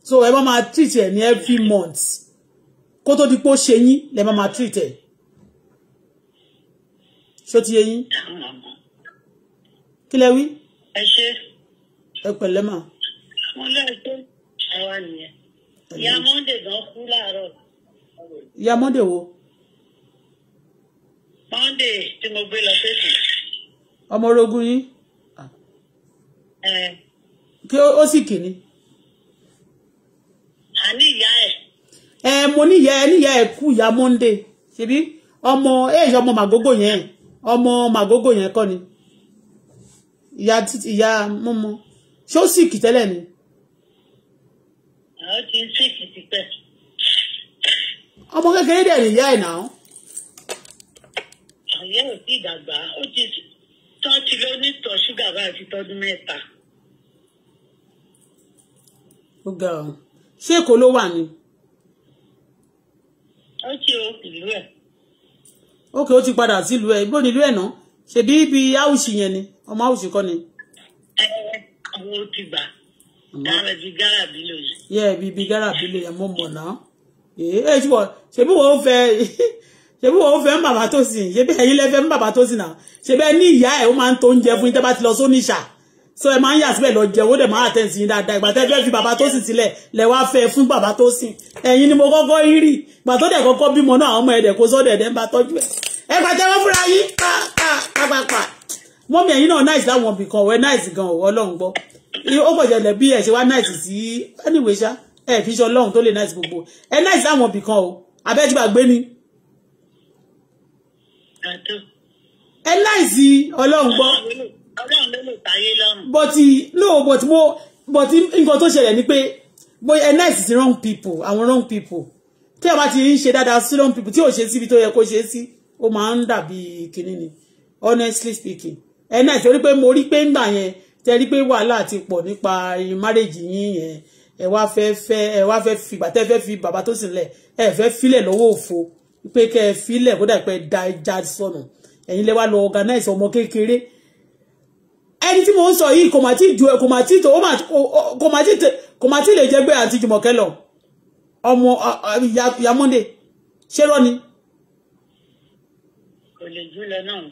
so ẹ bá máa treat ẹ̀ ní every month kó tó di pé ó ṣe yín lẹ́ máa treat ẹ̀ ṣó ti yé yín kí lẹ wí. ẹ ṣe. ẹ pẹ̀lẹ́ mà.
wọ́n lẹ́yìn tó àwa nìyẹn ìyá mọ́ndé gan kú láàárọ̀. ìyá mọ́ndé wo. mọ́ndé tí mo gbé lọ sí èkó.
ọmọ orogun yín. kí ó sì kìíní. àní ìyá ẹ̀. ẹ mo ní ìyá ẹ kú ìyá mọ́ndé ṣebí ọmọ ẹ ìyá ọmọ màgógó yẹn ọmọ màgógó yẹn kọ́ ni ìyá ìyá mọ́mọ́ ṣé ó sì kì tẹ́lẹ̀ ni.
àwọn ti ń sèkì tipẹ́.
ọmọ kékeré dẹ̀ nìyá ẹ̀ náà.
àyẹ̀ ò tí ì dàgbà ó ti tọ́ ti lọ nítọ̀ ṣúgà bá ti tọ́dún mẹ́ta. ó ga ọ
ṣé èkó ló wà ni.
ó ti o ìlú ẹ̀
ókè ó ti padà sílùú ẹ bó nílùú ẹ ná ṣèbí ibi áùsì yẹn ni ọmọ áùsì kọ́ ni.
ẹ ẹ àwọn ó ti gbà dára bíi gárà bílò yìí.
yẹ bíi bíi bílò yẹn mo mọ̀ náà èé eh, eh, ṣùgbọ́n ṣèbí wo fẹ́ ṣèbí wo fẹ́ ń bàbá tó sìn ṣèbí ẹ̀yin lẹ́fẹ́ ń bàbá tó sìn náà ṣèbí ẹ ní ìyá ẹ̀ ó máa ń tó oúnjẹ fún yín tẹ́ bá ti lọ sóníṣà so ẹ máa ń yà síbẹ̀ lọ jẹun ó dẹ̀ máa àtẹ̀sí yín dáadáa ìgbà tẹ́ fẹ́ fi bàbá tó sìn sílẹ̀ lẹ wá fẹ́ fún bàbá tó sìn ẹ̀yin ni mo kọ́kọ́ rírì ìgbà tó dẹ̀ kọ́kọ́ bímọ náà àwọn ọmọ ẹ̀dẹ̀ kó sọ́dẹ̀ ẹ̀dẹ̀ ń bá tọ́jú ẹ̀ ẹ pàtẹ́ wọ́n fúnra yín pàápàá mọ́mí ẹ̀yin náà náìsì láwọn ibì kan ọ̀wẹ́ náìsì gan ọ̀wọ́ ọlọ́run gbọ́ ó pọ̀ jẹlẹ̀ bí ẹ̀ ṣe wá náìsì sí ẹnìwé ṣá ẹ̀ fi ṣe ọlọ́run tó lè náìsì gbogbo ẹ náìsì láwọn ibì kan o abẹ́júbàgbé ni. ẹ náìsì ọlọ́run gbọ́ ọlọ́run ló lè no bọ́tì mo bọ́tì nǹkan tó ṣẹlẹ̀ ni pé bóyá ẹ̀ nice sì wrong people àwọn wrong people tí a bá ti ń ṣe dáadáa sí wrong people tí ò ṣe síbi tó yẹ kó ṣe sí ó máa ń dàbí kinní ni honestly speaking ẹ̀ nice sì rí pé mo rí pé ńgbà yẹn tẹ rí pé wàhálà ti pọ̀ nípa márèjì yín yẹn ẹ wá fẹ́ fẹ́ ẹ wá fẹ́ fi bàtẹ́ fẹ́ fi bàbá tó sílẹ̀ ẹ fẹ́ filẹ̀ lọ́wọ́ òfo pé kẹ́ ẹ filẹ̀ kódà pé da ẹja sọnù ẹ̀yin lẹ wá lọ organize ọmọ kékeré ẹni tí mo ń sọ yìí kò mà tí ju ẹ kò mà tí tó kò mà tí kò mà tí lè jẹ gbé àti Jùmọ̀kẹ́ lọ ọmọ Ìyámọ́ndé ṣé rọ́ ni.
kò lè júlẹ̀ náà.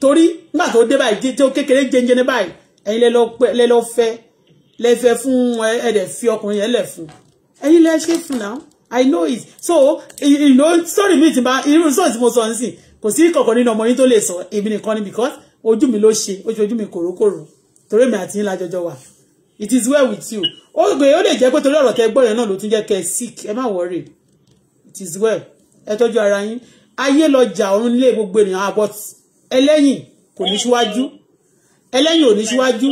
torí nígbà tó dé báyìí tó kékeré jẹnjẹn báyìí ẹ̀yin lẹ lọ fẹ́ lẹ fẹ́ fún ẹdẹ fi ọkùnrin yẹn lẹ fún ẹ̀yin lẹ ṣe fún náà i know it so you know sorry mi ti ba irú sọ̀rọ̀ tí mo sọ nísìn kò sí kankan nínú ọmọ yín tó lè sọ èmi nìkan ni because ojú mi ló ṣe ó ṣe ojú mi kòrókòrò torí mi àti yín lájọjọ wà it is well with you ó gbé ó lè jẹ́ pé torí ọ̀rọ̀ tẹ gbọ́ yẹn náà ló tún jẹ́ kẹ́ sick ẹ má worry it is well ẹ tọ́jú ara yín ayé lọjà ọ̀run nílé gbogbo ènìyàn abọ́t ah, ẹlẹ́yìn kò ní síwájú ẹlẹ́yìn ò ní síwájú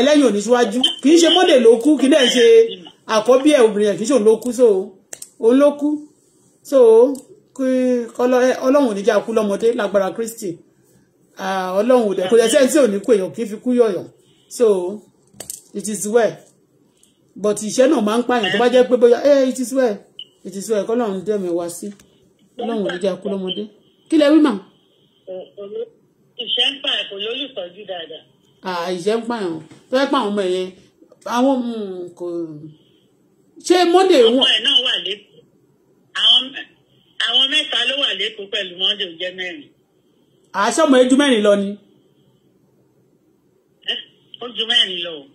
ẹlẹ́yìn ò ní síwájú kì í ṣe mọ́dẹ̀ ló kú kì í dẹ̀ ṣe àkọ́bí ẹ̀ obìnrin ẹ̀ kì í ṣe òun ló kú so òun ló kú so kí ọlọ́run ò ní jà kú lọ́mọdé lágbára Kristi. Ah, ọlọ́run ò dẹ̀ kò dẹ̀ sẹ́ni tí ò ní kú èèyàn kì í fi kú yọ̀yàn so it is well but ìṣẹ́ náà máa ń pààyàn tó bá jẹ́ pé bóyá ẹ eh, it is well it is well kọ́lọ́run dẹ̀ mi wá sí ọlọ́run ò ní jẹ́ akú lọ́mọdé kí lẹ wí mà.
ìṣẹ́ ń pààyàn kò lólùtọ́jú dáadáa.
àà ah, ìṣẹ́ ń pààyàn tó fẹ́ pààyàn ọmọ ẹ̀yẹn àwọn hmm, kò
ṣé monday wọn. ọmọ ẹ̀ náà wà lẹ́kọ̀ọ́ àwọn mẹ́ta ló wà lẹ́kọ̀ọ́ pẹ̀lú monday ò jẹ́ mẹ́rin
àṣọmọ ejú mẹ́rin lọ ni.
ó ju mẹ́rin lọ o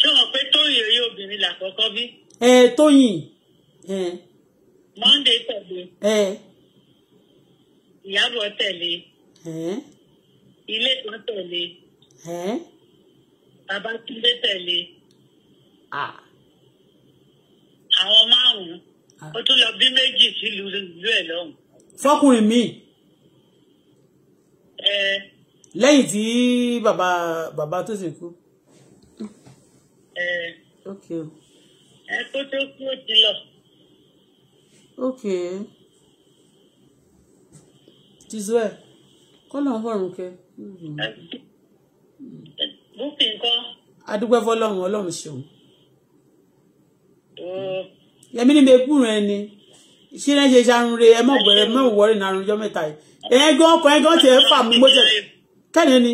ṣé wọn pé tóyìn oyè obìnrin làkọ́kọ́ bí.
ẹ tóyìn.
monday tẹ̀lé. ìyàbọ̀ tẹ̀lé. ilé kan tẹ̀lé. babatunde tẹ̀lé. àwọn márùn-ún ó tún lọ bí méjì sílùú ìlú ẹ̀ lọ́hùn. fọkùnrin mi. Eh. lẹ́yìn
tí bàbá bàbá tó sì kú.
ẹ eh. eh, kó tó kú ó ti lọ. ok
jisọ ẹ kọ́nà ọ̀hún kẹ. bùkì nǹkan. adúgbẹ́ fọlọ́run ọlọ́run ṣeun. Oh. yẹmi ni mi ekú rẹ ni ṣé ẹ ṣe ṣarunre ẹ mọ̀ gbẹ̀rẹ̀ mọ̀ wọ́rẹ̀ ní arunjọ́ mẹ́ta yìí ẹ̀yẹn gan ọkọ̀ ẹ̀gán tiẹ̀ fà mí mo ṣe kẹ́ni ni.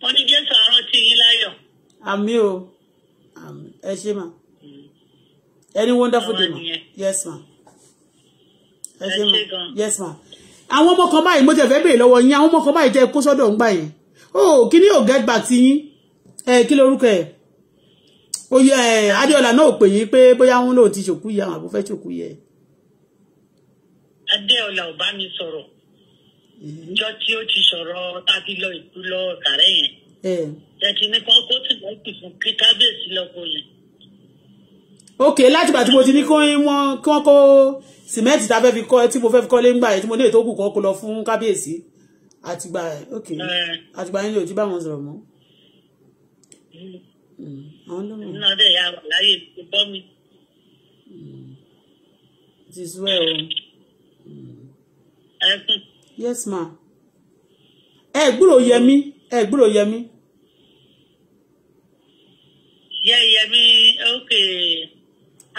wọ́n ní jésù àárọ̀ tí yín láyọ̀.
àmì o ẹ ṣe mà any wonderful day ma yes ma ẹ ṣe ma yes ma àwọn ọmọ kan báyìí mo tẹ̀ fẹ́ béèrè lọ́wọ́ yín àwọn ọmọ kan báyìí tẹ́ kó sọ́dọ̀ ń gbà yẹn o oh, kí ni yóò get back ti yín ẹ kí lorúkọ ẹ̀ oyè adéọlá náà ò pè yín pé bóyá wọn lòun ti ṣòkú yẹ àwọn àbúfẹ́ ṣòkú yẹ.
adéọlá ò bá mi sọ̀rọ̀ ìjọ tí ó ti sọ̀rọ̀ tàbí lọ ìlú lọ kàrẹ́ yẹn ẹ̀kí ní kan kó tìlọ́ kì fún kí kábíyèsí lọ́kọ̀ yẹn. ok láti gbà tí mo ti ní kí wọ́n kí wọ́n kó
sìmẹ́ǹtì tá a fẹ́ fi kọ́ tí mo fẹ́ fi kọ́ lé ńgbà yẹn tí mo ní ètò òkú kan lọ fún kábíyèsí àtìgbà ok àtìgbà yẹn ló ti bá wọn sọ̀rọ̀ mọ́. Mm. Mm
nínú ọdẹ ìyá wà láyé kò bọ́ well o. Mm. ẹkún. yes ma.
ẹ gbúrò yẹmí ẹ gbúrò yẹmí.
yẹ yẹmí ókè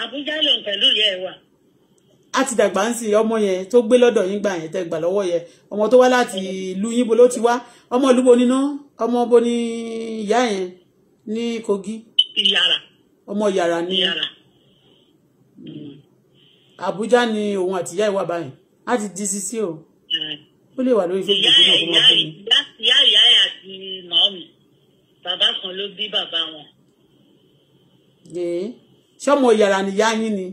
Àbújá lòun pẹ̀lú ìyá ẹ wà
a ti dàgbà ń sin ọmọ yẹn tó gbé lọ́dọ̀ yín gbà yẹn tẹ́ gbà lọ́wọ́ yẹn ọmọ tó wá láti ìlú yín bo ló ti wá ọmọ ìlú bo níná ọmọ bo ní ìyá yẹn ní Kogi ìyàrá. ọmọ ìyàrá ni ìyàrá. Hmm. Àbújá ni òun àtìyá ìwà báyìí á ti di sisi o hmm. ó lè wà lórí Facebook náà kó máa
fún mi. ìyá ìyá ẹ̀ àti Naomi bàbá kan ló bí bàbá wọn.
ṣé ọmọ ìyàrá ni ìyá yín ni.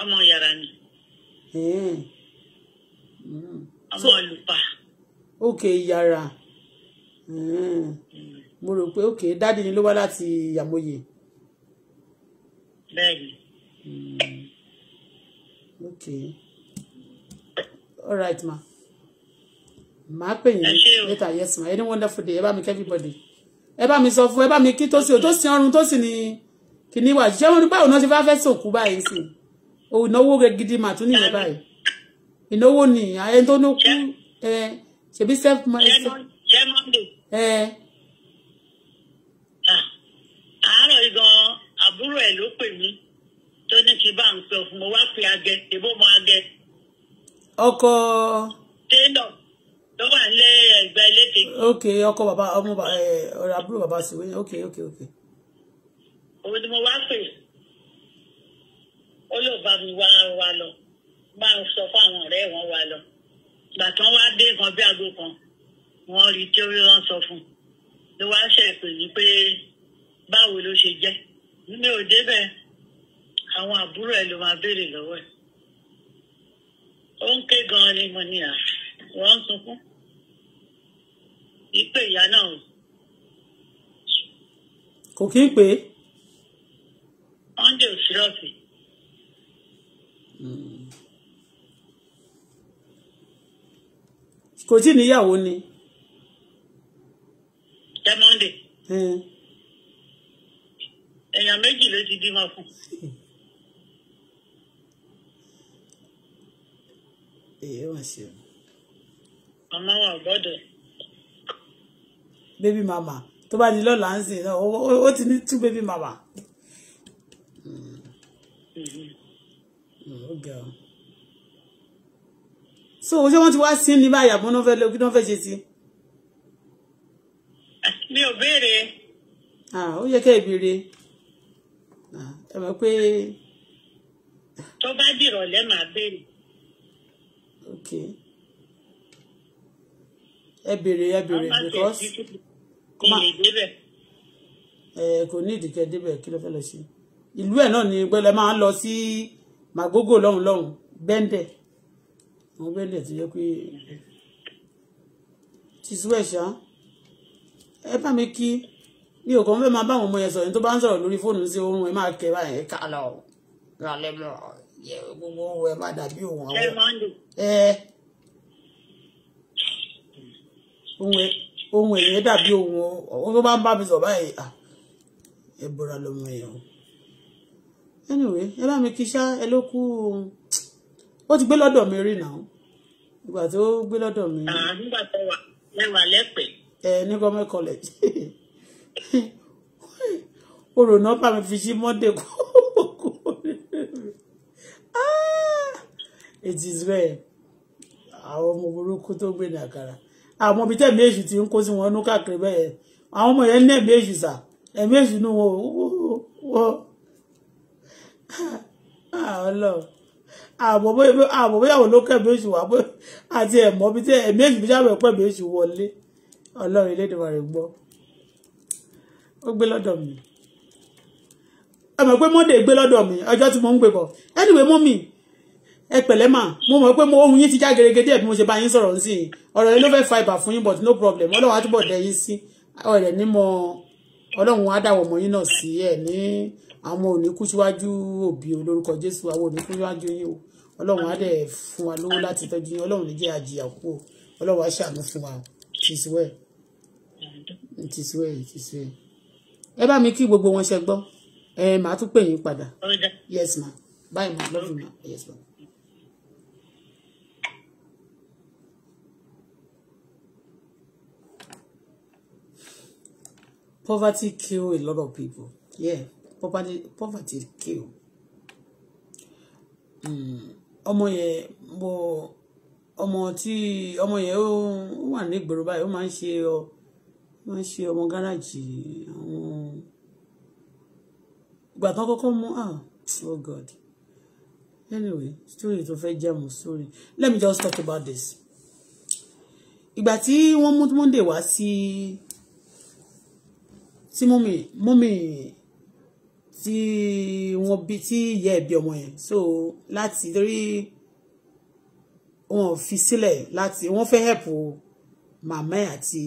ọmọ ìyàrá ni. Hmm. ọmọ olùpà.
ok ìyàrá mo rò pé òkè dáàdì ni ló wá láti àmọye.
bẹ́ẹ̀ni. Hmm,
ok all right ma màá pè yín later yes ma any wonderful day ẹ bá mi kẹ́ everybody ẹ bá mi sọ fún ẹ bá mi kí tó sí o tó sí ọrùn tó sì ní kìnìún wà ṣé wọn báwo náà ṣe fẹ́ fẹ́ sòkú báyìí sí o ìnáwó gidi mà tún nìyẹn báyìí ìnáwó ni ẹni tó ní kú ṣebí self money.
jẹ́ yìí gan àbúrò ẹ̀ ló pè mí tó ní kí bá ń sọ fún mo wá pe agẹ ìbò mọ agẹ. ọkọ. tẹ́lọ̀ ló wà nílé ẹgbẹ́ lékè. ok
ọkọ bàbá ọmọ ọ̀rẹ́ àbúrò bàbá sì wéyìn ok
ok ok. òun ni mo wá pè ó ló bá mi wá wa lọ bá ń sọ fún àwọn ọ̀rẹ́ wọn wa lọ gbàtàn wá dé kan bí aago kan wọ́n rí tí ó rí wọn sọ fún un ló wá ṣe pè mí pé báwo ló ṣe jẹ́ mi ò débẹ̀ àwọn àbúrò ẹ̀ ló máa béèrè lọ́wọ́ ẹ̀ ó ń ké gan-an ni mo ní à wọ́n ń sunkún ìpè ìyá náà. kò kí ń pè é. wọ́n dé
kò tí ì níyàwó ni. jẹ́ mọ́ndé. Mm
èèyàn méjì ló ti bímọ fún.
èyí wà sí o.
màmá wa ò gbọ́dọ̀.
bébí màmá tó bá di lọ́la ń sìn ó ti ní tú bébí màmá. ó o ọ. so ṣé wọ́n ti wá sí ní báyà bọ́n náà fẹ́ lé kí náà fẹ́ ṣe sí.
mi ò béèrè.
Ah, ó yẹ kẹ́ ẹ béèrè ẹ mọ̀ pé.
tó bá dìrọ̀lẹ́ màá béèrè.
ok ẹ béèrè ẹ béèrè because kò má ẹ kò ní ìdíkẹ́ débẹ̀ kí ló fẹ́ lọ sí ìlú ẹ̀ náà ni gbẹ́lẹ́ máa ń lọ sí màgógó lọ́hùn lọ́hùn bẹ́ńdẹ̀ àwọn bẹ́ńdẹ̀ tó yẹ pé tìṣú ẹ̀ ṣá ẹ bá mi kí mi ò kàn fẹ́ máa bá àwọn ọmọ yẹn sọ̀rọ̀ tó bá ń sọ̀rọ̀ lórí fóònù sí oorun ẹ máa kẹ́ báyẹn ẹ ká lọ ra lẹ́mọ̀
gbogbo ohun ẹ máa dàbí
òun àwọn ẹ ohun èèyàn dàbí ohun ohun tó bá ń bá mi sọ̀rọ̀ báyìí ẹ bọ́ra lọ́mọ yẹn anyway ẹ bá mi kí ṣá ẹ ló kú ó ti gbé lọ́dọ̀ mi rí náà ìgbà tó gbé lọ́dọ̀ mi.
nígbà tó wà lẹ́wà lẹ́pẹ̀ẹ́.
ẹ ní gọ́mẹ̀ college. orò náà bá mi fi sí monday kó kó ah, it is well àwọn ọmọ burúkú tó gbé nàkàrà àwọn ibi tẹ̀mí èṣù ti ń kó sí wọn nú káàkiri bẹ́ẹ̀ àwọn ọmọ yẹn ní ẹ̀mí èṣù sà ẹ̀mí èṣù nù wọn ò ah, ọlọ́run àmọ́ bóyá àwọn ló kẹ́mi èṣù wà àti ẹ̀mọ́ bíi ẹ̀mí èṣù bíi jáwèé pẹ̀mí èṣù wọlé ọlọ́run elédèwà rẹ̀ gbọ́ ó gbé lọ́dọ̀ mi ẹ mọ̀ pé monday gbé lọ́dọ̀ mi ọjọ́ tí mo ń gbé bọ̀ anyway mọ́mì ẹ pẹ̀lẹ́ mà mo mọ̀ pé ohun yín ti já gerege díẹ̀ bí mo ṣe bá yín sọ̀rọ̀ sí i ọ̀rọ̀ yẹn ló fẹ́ fa ibà fún yín but no problem ọlọ́run á túbọ̀ dẹ̀ yín sí ọ̀rẹ́ ní mọ ọlọ́run á dàwọ̀ mọ́ yín náà sí ẹ̀ ní àwọn òníkú síwájú òbí olórúkọ jésù àwọn òníkú síwájú yín o ọlọ́run á dẹ̀ fún wa lówó láti tọ́jú yín ọlọ́run ní jẹ́ àjìyà kú ọlọ́run á ṣàánú fún wa tìṣúwẹ̀ tìṣúwẹ̀ tìṣúwẹ̀ ẹ bá mi kí gbogbo wọn ṣe gbọ́ ẹ màá tún pè yín padà yes ma bye ma love you ma yes ma. Poverty kill a lot of people. Yeah, poverty poverty kill. Hmm. Ọmọ yẹn mo ọmọ tí ọmọ yẹn ó wà ní ìgboro báyìí ó máa ń ṣe ọ wọ́n ṣe ọmọ gáràjì àwọn ìgbà kan kọ́kọ́ mú ah oh god anyway story tó fẹ́ jẹ́ mu story let me just talk about this ìgbà tí wọ́n mú Monday wá sí tí mọ́mì mọ́mì tí wọ́n bí tí ìyá ẹ̀ bí ọmọ yẹn so láti torí wọn ò fi sílẹ̀ láti wọ́n fẹ́ help màmá àti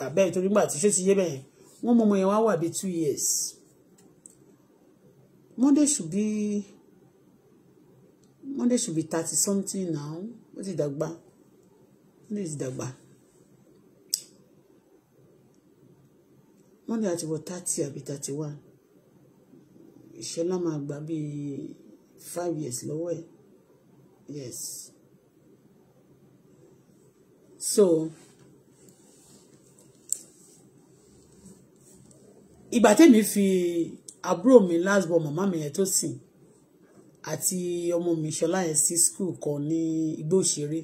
bàbá ẹ̀ torí gbà tí ṣé ti yé bẹ́yẹn wọ́n mọ ọmọ yẹn wá wà bíi two years Monday should be Monday should be thirty something now ó ti dàgbà Monday ti dàgbà Monday àti wọ thirty àbí thirty one ìṣẹ́lá máa gbà bíi five years lọ́wọ́ ẹ̀ yes so. ìgbà tèmi fi àbúrò mi last born màmá mi yẹn tó sìn àti ọmọ mi ṣọlá yẹn sí school kan ní igbó òṣèré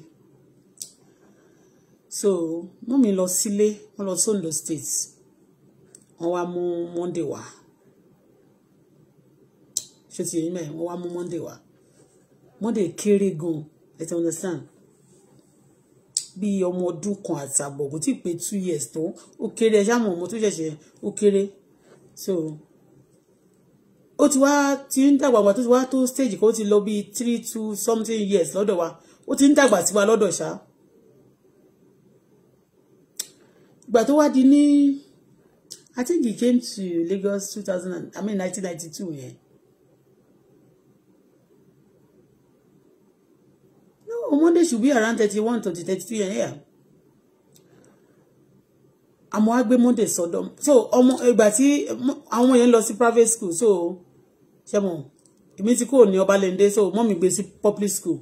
so mú mi lọ sílé wọn lọ sóńdó state wọn wá mú monday wá ṣé ti yẹn mẹ́rin wọn wá mú monday wá monday kéré gan ẹ ti understand bí ọmọ ọdún kan àtàbọ̀ kò tí ì pé two years tó ó kéré ẹ ṣáà mọ̀ ọmọ tó ṣẹ̀ṣẹ̀ ó kéré so ó ti wá ti ń dàgbà wá tó ti wá tó stage kó ti lọ bíi three two something years lọ́dọ̀ wa ó ti ń dàgbà sí wa lọ́dọ̀ ṣá ìgbà tó wá di ní I think he came to Lagos two thousand and I mean nineteen ninety two yẹn. No, Monday should be around thirty one to thirty three, yẹn. Yeah àmọ́ wá gbé monday sọ́dọ̀ so ọmọ ìgbà tí àwọn yẹn lọ sí private school so ṣe mọ̀ èmi ti kúrò ní ọbalẹ̀ndé so mọ́ mi gbé sí public school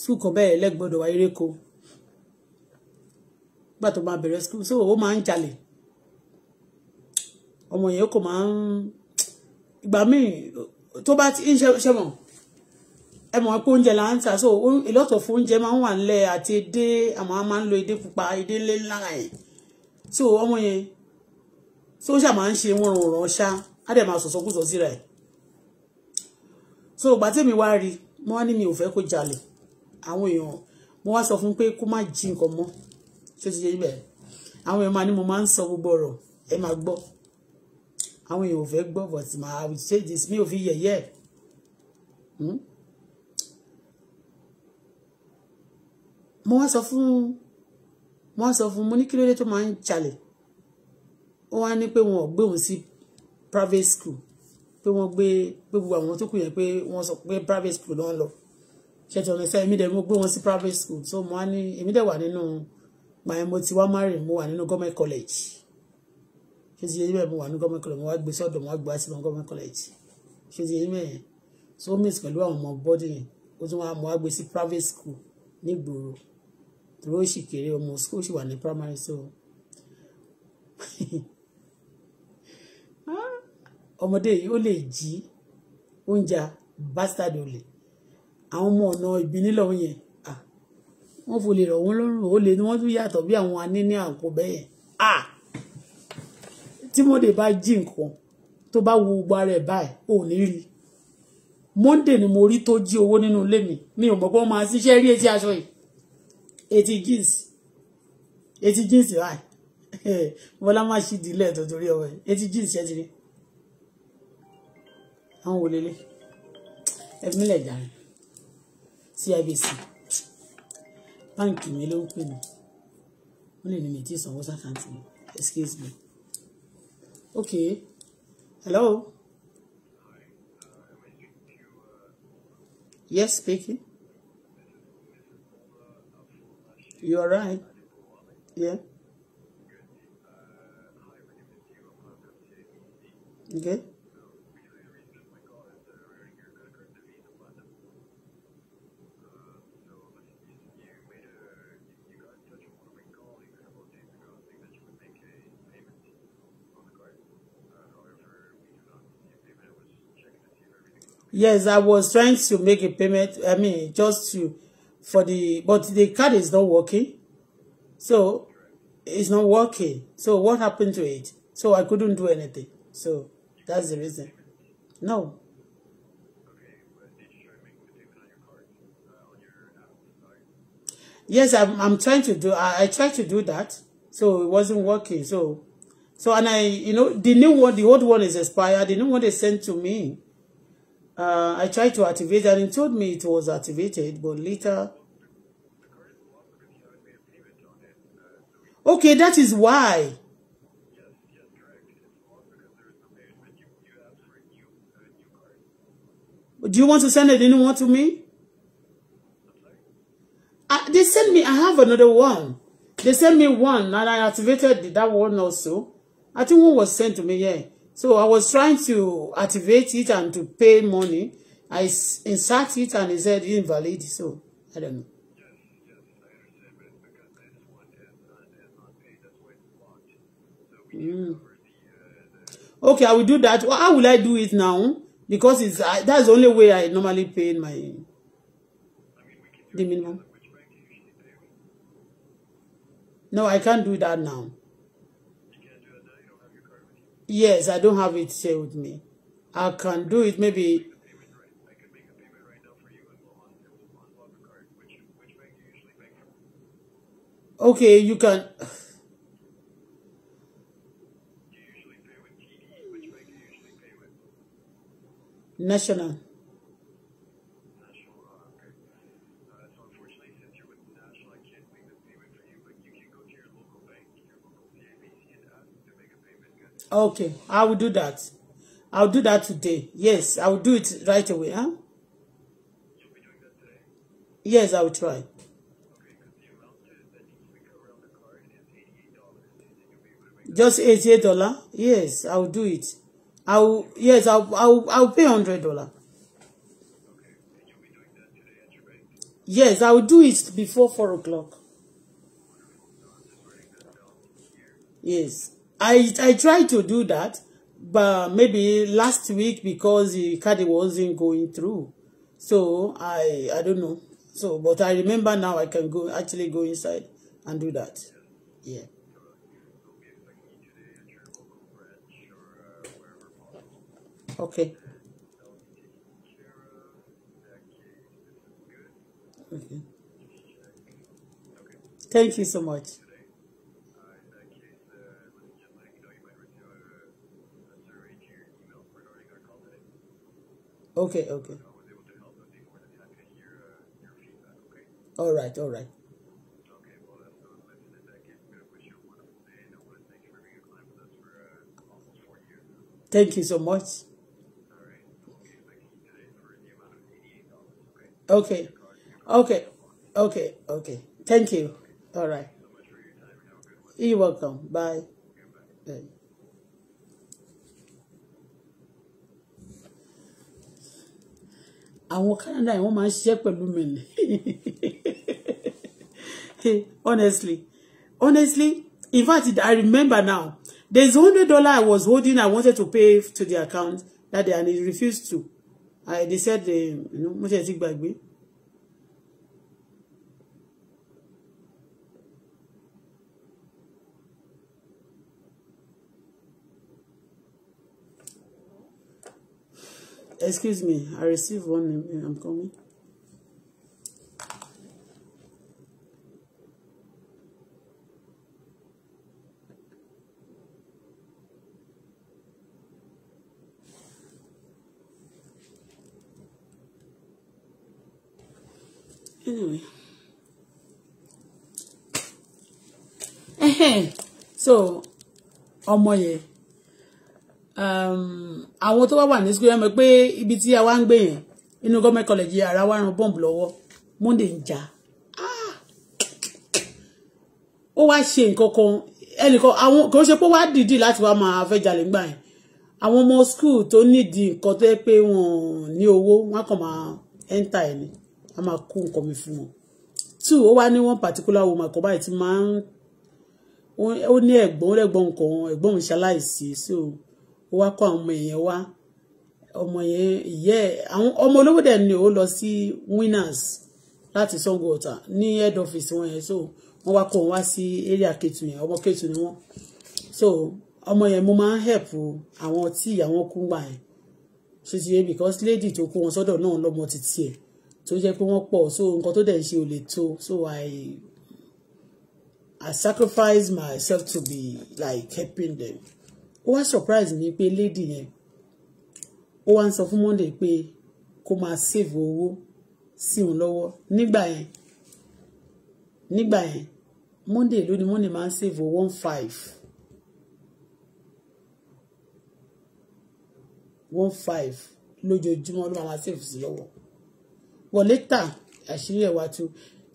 school kan bẹ́ẹ̀ lẹ́gbọ́dọ̀ wáyé rẹ́kọ̀ọ́ nígbà tó máa bẹ̀rẹ̀ school so ó máa ń jalè ọmọ yẹn kò máa ń ìgbà míì tó bá ti ń ṣe mọ̀ ẹ mọ̀ pé oúnjẹ là ń tà so a lot of oúnjẹ máa ń wà nílẹ̀ àti edé àmọ́ a máa ń lo edé pupa edé ńlẹ́ ńlá yẹn so ọmọ yẹn so ó ṣàmà ń ṣe wọn ràn ràn ṣá á dẹ̀ máa sọ̀sọ́ kùsọ̀ síra ẹ̀ so ìgbà tí mi wá rí mo wá ní mi ò fẹ́ kó jalè àwọn èèyàn mo wá sọ fún pé kó má jí nǹkan mọ́ ṣé ti ṣe bẹ́ẹ̀ àwọn èèyàn máa ní mo máa ń sọ gbogbo ọ̀rọ̀ ẹ máa gbọ́ àwọn èèyàn ò fẹ́ gbọ́ but màá ṣe this mi ò fi yẹ̀yẹ́ ẹ̀ hmm? mo wá sọ fún wọ́n sọ fún mo ní kí ló dé tó máa ń jalè ó wá ní pé wọn gbé òun sí private school pé wọ́n gbé pé gbogbo àwọn tó kù yẹn pé wọ́n sọ pé private school ló ń lọ ṣètò ọ̀nà sẹ́yìn mi dẹ̀ mo gbé wọn sí private school so mo á ní èmi dẹ̀ wà nínú gbàyẹn mo ti wá márùn mo wà nínú government college ṣé ti yẹ yín wà ní government college mo wá gbé sọ́dọ̀ mo wá gbé sí government college ṣé ti yẹ so mix pẹ̀lú àwọn ọmọ bọ́dì ó tún wá mo wá gbé sí private school nígboro tòró sì kéré ọmọ school sì wà ní primary so ọmọdé yìí ó lè jí oúnjẹ bastard olè àwọn ọmọ ọ̀nà ìbínílọ̀ yẹn wọ́n fò lè rọ̀ wọ́n lọ́rùn ó lè ní wọ́n tún yàtọ̀ bí àwọn aníní àǹkó bẹ́ẹ̀ yẹn tí Monday bá jí nǹkan tó bá wo gbogbo ara ẹ̀ báyìí ò ní rí Monday ni mo rí tó jí owó nínú ilé mi mi ò mọ̀ pé wọ́n máa ṣiṣẹ́ rí etí aṣọ yìí eighty jeans eighty jeans báyìí bọ́lá má ṣì dílé tó torí ọwọ́ ẹ̀ eighty jeans ṣẹ́ ti rí àwọn wò lélẹ̀ ẹ̀mílẹ̀ dàrin CIBC báǹkì mi ló ń pè mí wọ́n lè ní mi tí sanwó sàkáǹtì mi excuse me okay hello yes speaking. You are right. Yeah. Okay. Yes, I was trying to make a payment. I mean, just to for the but the card is not working so it's not working so what happened to it so i couldn't do anything so that's the reason no yes i'm, I'm trying to do I, I tried to do that so it wasn't working so so and i you know the new one the old one is expired the new one they sent to me uh, I tried to activate and it told me it was activated, but later. Okay, that is why. Do you want to send a new one to me? I, uh, they sent me, I have another one. They sent me one and I activated that one also. I think one was sent to me, yeah. So I was trying to activate it and to pay money. I insert it and it said invalid. So I don't know. Mm. Okay, I will do that. How will I do it now? Because it's uh, that's the only way I normally pay my the minimum. No, I can't do that now. Yes, I don't have it here with me. I can do it maybe. Okay, you can. National. Okay, I will do that. I'll do that today. Yes, I will do it right away. Huh? Yes, I will try. Just eighty-eight dollar. Yes, I will do it. I will. Yes, I'll. I'll. I'll pay hundred dollar. Okay. Yes, I will do it before four o'clock. Yes. I I tried to do that, but maybe last week because the card wasn't going through, so I I don't know. So, but I remember now I can go actually go inside and do that.
Yeah. Okay. Okay.
Thank you so much.
Okay, okay. All right,
all right. Thank you so much. Okay. Okay. Okay. Okay. Thank you. All right. You're welcome. Bye. Bye. àwọn Canada yẹn wọ́n máa ń ṣiṣẹ́ pẹ̀lú mi ni honestly honestly in fact I remember now there is hundred dollar I was holding I wanted to pay to the account that day and he refused to I they said the um, you know mo ṣe ti gbàgbé. Excuse me, I received one email. Eh, I'm coming. Anyway. so ọmọ yẹn àwọn tó wá wà ní school yẹn mọ̀ pé ibi tí a wá ń gbé yẹn inú gọ́ọ̀mẹ̀ntì college ara wa ran bọ́ǹbù lọ́wọ́ Monday ń jà ah! ó wá ṣe nǹkan kan ẹnìkan àwọn kò ṣe pé ó wá dìídì láti wá máa fẹ́ jalè ńgbà yẹn àwọn ọmọ school tó nídìí nǹkan tó yẹ pé wọn ní owó wọn kàn máa ẹ́ńtà ẹ̀ ni a máa kó nǹkan mi fún wọn two ó wá ní one particular woman kan báyìí ti máa ń ó ní ẹ̀gbọ́n ẹ̀gbọ́n nǹkan ẹ̀gbọ́n mi ṣaláìsí so wá kó àwọn ọmọ èèyàn wá ọmọ yẹn ìyẹ́ àwọn ọmọ olówó dẹ̀ ni ó lọ sí winners láti Sango Ọ̀tà ní head office wọn yẹn so wọ́n wá kó wá sí area Kétu yẹn ọmọ Kétu ni wọ́n so ọmọ yẹn mo máa ń help àwọn tí àwọn kú yẹn ṣe ti yẹ because lady tó kó wọn sọ́dọ̀ náà lọ́mọ títí ẹ̀ tó jẹ́ pé wọ́n pọ̀ so nǹkan tó dẹ̀ ń ṣe ò lè tó so I I sacrifice myself to be like helping them ó wá surprise mi pé lady yẹn ó wá ń sọ fún Monday pé kó máa save owó sí òun lọ́wọ́ nígbà yẹn nígbà yẹn Monday ló ní Monday máa ń save owó one five one five lójoojúmọ́ ló máa save sí lọ́wọ́ wọ̀ létà àṣírí ẹ̀ wá tú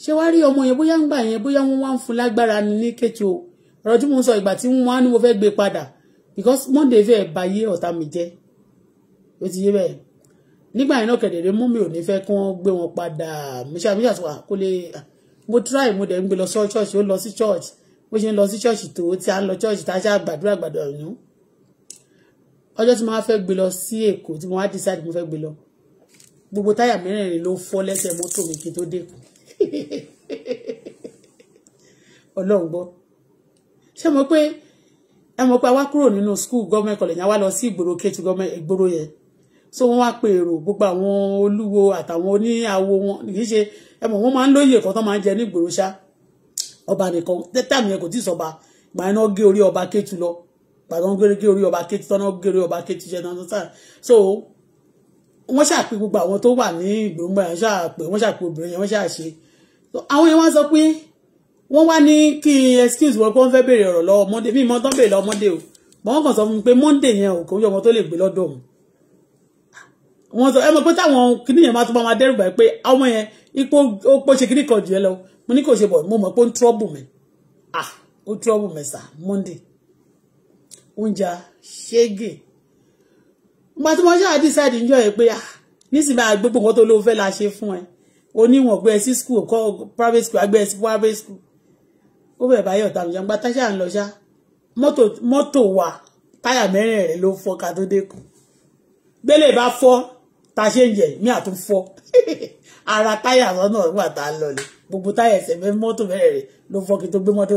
ṣé wá rí ọmọ yẹn bóyá ń gbà yẹn bóyá wọ́n wá ń fún lágbára ní kéto ọ̀rọ̀ sọ ìgbà tí wọ́n á ní mo fẹ́ gbé padà because Monday fẹ́ bayé ọ̀tá mi jẹ́ ó ti yé bẹ́ẹ̀ nígbà yẹn náà kẹ̀dẹ̀rẹ́ mú mi ò ní fẹ́ kí wọ́n gbé wọn padà mísà mísà tó wà kó lè mo try mo dẹ̀ ń gbé lọ sọ church ó lọ sí church bó ṣe ń lọ sí church tó tí a ń lọ church tá a ṣe àgbàdúrà àgbàdúrà ọ̀yún ọjọ́ tí mo wá fẹ́ gbé lọ sí èkó tí mo wá decide mo fẹ́ gbé lọ gbogbo táyà mẹ́rẹ̀ẹ̀rin ló fọ́ lẹ́sẹ̀ mọ́tò mi kí n tó dé ọlọ́run gbọ́ ṣé mo pé ẹ mọ̀ pé a wá kúrò nínú school government college yẹn a wá lọ sí ìgboro kéétu government ìgboro yẹn so wọ́n wá pe èrò gbogbo àwọn olúwo àtàwọn oníhàwó wọn kì í ṣe ẹ mọ̀ wọ́n máa ń lóye ẹ̀kọ́ tó máa ń jẹ ní ìgboro ṣá ọba nìkan tẹ́tàmì yẹn kò tí ì sọba gbà iná gé orí ọba kéétu lọ gbàgbọ́n gé orí ọba kéétu tọ́ná gé orí ọba kéétu ṣe náà sọ́tà so wọ́n ṣàpè gbogbo àwọn tó wà ní ìgboro mọ́ ẹ̀ wọ́n ṣàpè wọ́n ṣàpè obìnrin yẹn wọ́n ṣàṣe àwọn yẹn wá sọ pé wọ́n wá ní kí excuse wọn kó ń fẹ́ béèrè ọ̀rọ̀ lọ́wọ́ monday mi mọ́ tán lọ́wọ́ monday o mọ́ wọn kàn sọ fún mi pé monday yẹn ò kò ń yọ ọmọ tó lè gbé lọ́dọ̀ òun wọn sọ ẹ mọ̀ pé táwọn kìnìyàn máa tún bá máa dẹ́rù báyìí pé ọmọ yẹn ipò ó pọ̀ ṣe kìnìkan jù ẹ lọ mo ní kò ṣe bọ̀ mo mọ̀ pé ó ń trọ́bù mi ah ó trọ́bù mi sà monday oúnjẹ ṣége ìgbà tí mo ṣáà decide ń jọ ẹ pé ah nísìnyí àgbégbò nǹkan tó ló fẹ́ la ṣe fún ẹ oníwọ̀n gbé ẹ sí school private school àgbẹ̀ ẹ sí private school ó bẹ̀rẹ̀ báyọ̀ ọ̀tàmìjà gba táṣà ń lọ ṣá mọ́tò mọ́tò wa táyà mẹ́rin rẹ̀ ló fọ́ ká tó dé kù gbélé bá fọ́ ta ṣe ń jẹ mí àtún fọ́ ara táyà lọ́nà wà tá a lọlẹ̀ gbogbo táyà ẹsẹ̀ mọ́tò mẹ́rin rẹ̀ ló fọ́ kí tó gbé mọ́tò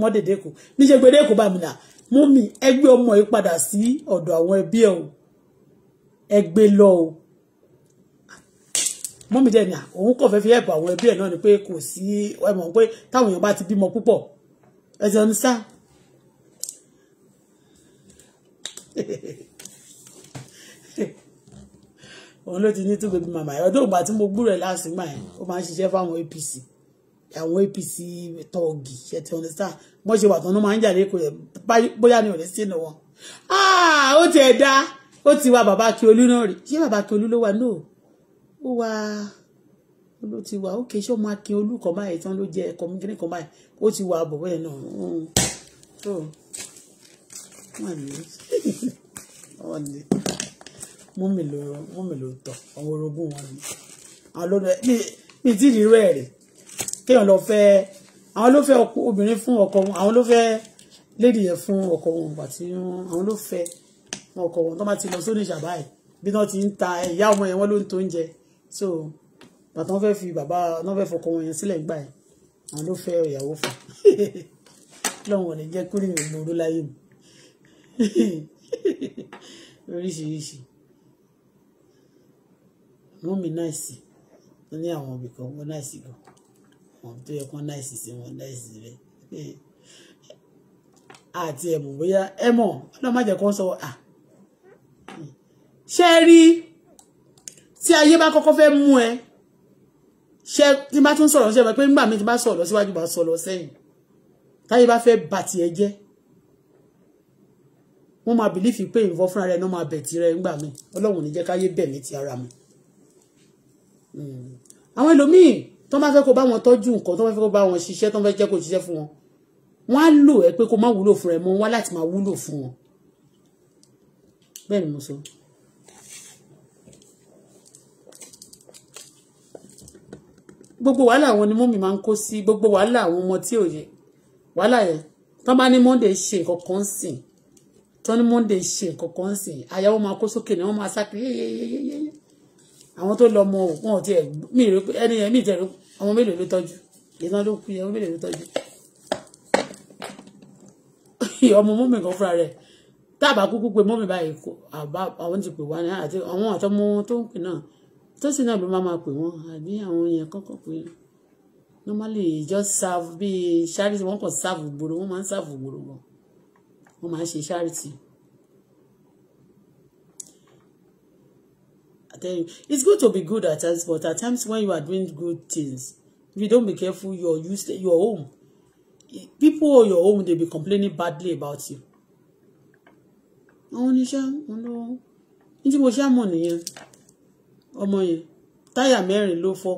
mọ́dèdè kù níṣẹ́ gbédè kù bá mi nà mú mi ẹgbẹ́ ọmọ yìí padà sí ọ̀dọ̀ àwọn ẹbí ẹ̀ o ẹgbẹ́ lọ o mọ́mí dẹ̀ ni òun kò fẹ́ fi ẹ̀bù àwọn ẹbí ẹ̀ náà ni pé kò sí ẹ mọ̀ pé táwọn èèyàn bá ti bímọ púpọ̀ ẹ ti ọ̀nì sá. òun ló ti ní two baby mama ọdún ògbà tí mo gbúrò ẹ̀ lásìgbà yẹn ó máa ń ṣiṣẹ́ fáwọn APC àwọn APC tọ́ọ̀gì ẹ ti ọ̀nì sá wọ́n ṣe wà tán ló máa ń jà lẹ́kọ̀ọ́ yẹn bóyá ni ò ní sínú wọn. ó ti ẹ̀ dá ó ti ó wá ló ti wà ókè ṣé ó máa kin olú kan báyìí tán ló jẹ ẹkọ mi kíní kan báyìí ó ti wà bọ̀ bẹ́ẹ̀ náà tó wà ní wà ní mú mi lò mú mi lò tọ̀ àwọn orogún wọn ni àwọn olóòdù mi mi ti rí rẹ̀ rè kéèyàn lọ fẹ́ àwọn ló fẹ́ obìnrin fún ọkọ wọn àwọn ló fẹ́ lédi yẹn fún ọkọ wọn àti àwọn ló fẹ́ ọkọ wọn tó bá ti lọ sórí ìṣàbáyé bí wọ́n ti ń ta ìyá ọmọ yẹn wọ́n ló ń tó oúnjẹ so bàtà wọn fẹ́ fi bàbá wọn fẹ́ fọkọ wọn yẹn sílẹ̀ gbà yẹn àwọn ló fẹ́ ìyàwó fún lọ́wọ́n lè jẹ́ kúrò ní gbòòrò láyé mi oríṣiríṣi mú mi náìsì ó ní àwọn òbí kan mú náìsì gan àwọn tó yẹ kán náìsì sí wọn náìsì rẹ àti ẹ̀mọ̀ bóyá ẹ̀mọ̀ ọlọ́mọ àjẹkọ́ sọ à ṣe rí tí ayé koko fe fẹ́ mú ẹ ṣe tí bá tún sọ̀rọ̀ ṣe pé nígbà mi ti bá sọ̀rọ̀ síwájú bá sọ̀rọ̀ sẹ́yìn táyé bá fẹ́ bà tiẹ̀ jẹ́ wọ́n máa bìlífì pé ìwọ fúnra rẹ̀ náà máa bẹ̀ tirẹ̀ nígbà mi ọlọ́run ní jẹ́ káyé bẹ̀ mí ti ara mi. Hmm. àwọn ẹlòmíì tó máa fẹ́ kó bá wọn tọ́jú nǹkan tó máa fẹ́ kó bá wọn ṣiṣẹ́ tó máa fẹ́ jẹ́ kó ṣiṣẹ́ fún wọn wọ́n á lò ẹ́ pé kó má wúlò fún ẹ mọ́ wá láti máa wúlò fún wọn. mo sọ. gbogbo wàhálà wọn ni mọ́mì máa ń kó sí gbogbo wàhálà àwọn ọmọ tí ò yẹ wàhálà yẹn tọ́ bá ní Monday ṣe kankan sìn tọ́ ní Monday ṣe kankan sìn àyà wọn máa kó sókè ni wọ́n máa sá kiri yeyeyeyeye àwọn tó lọ ọmọ wọn ò tiẹ̀ mí ìrè ẹni yẹn mí ìjẹ̀rù ọmọ mélòó ló tọ́jú ìtàn ló kú yẹn ọmọ mélòó ló tọ́jú ọmọ mọ́mì kan fúnra rẹ̀ tábà kúkú pé mọ́mì báyìí àwọn ti pè wá ní àti àwọn àtọmọ tó ń pè náà tọ́sí náà ló máa máa pè wọ́n àbí àwọn èèyàn kọ́kọ́ pé normally just serve bí charity wọ́n kàn serve gbòòrò wọ́n máa ń serve gbòòrò gan wọ́n máa ń ṣe charity. I tell you it's good to be good at times but at times when you are doing good things if you don't be careful your useless your home people or your home dey be complaining badly about you. àwọn oníṣẹ́ wọn ló ní tí mo ṣe àmọ̀ nìyẹn ọmọ yẹn táyà mẹ́rin ló fọ́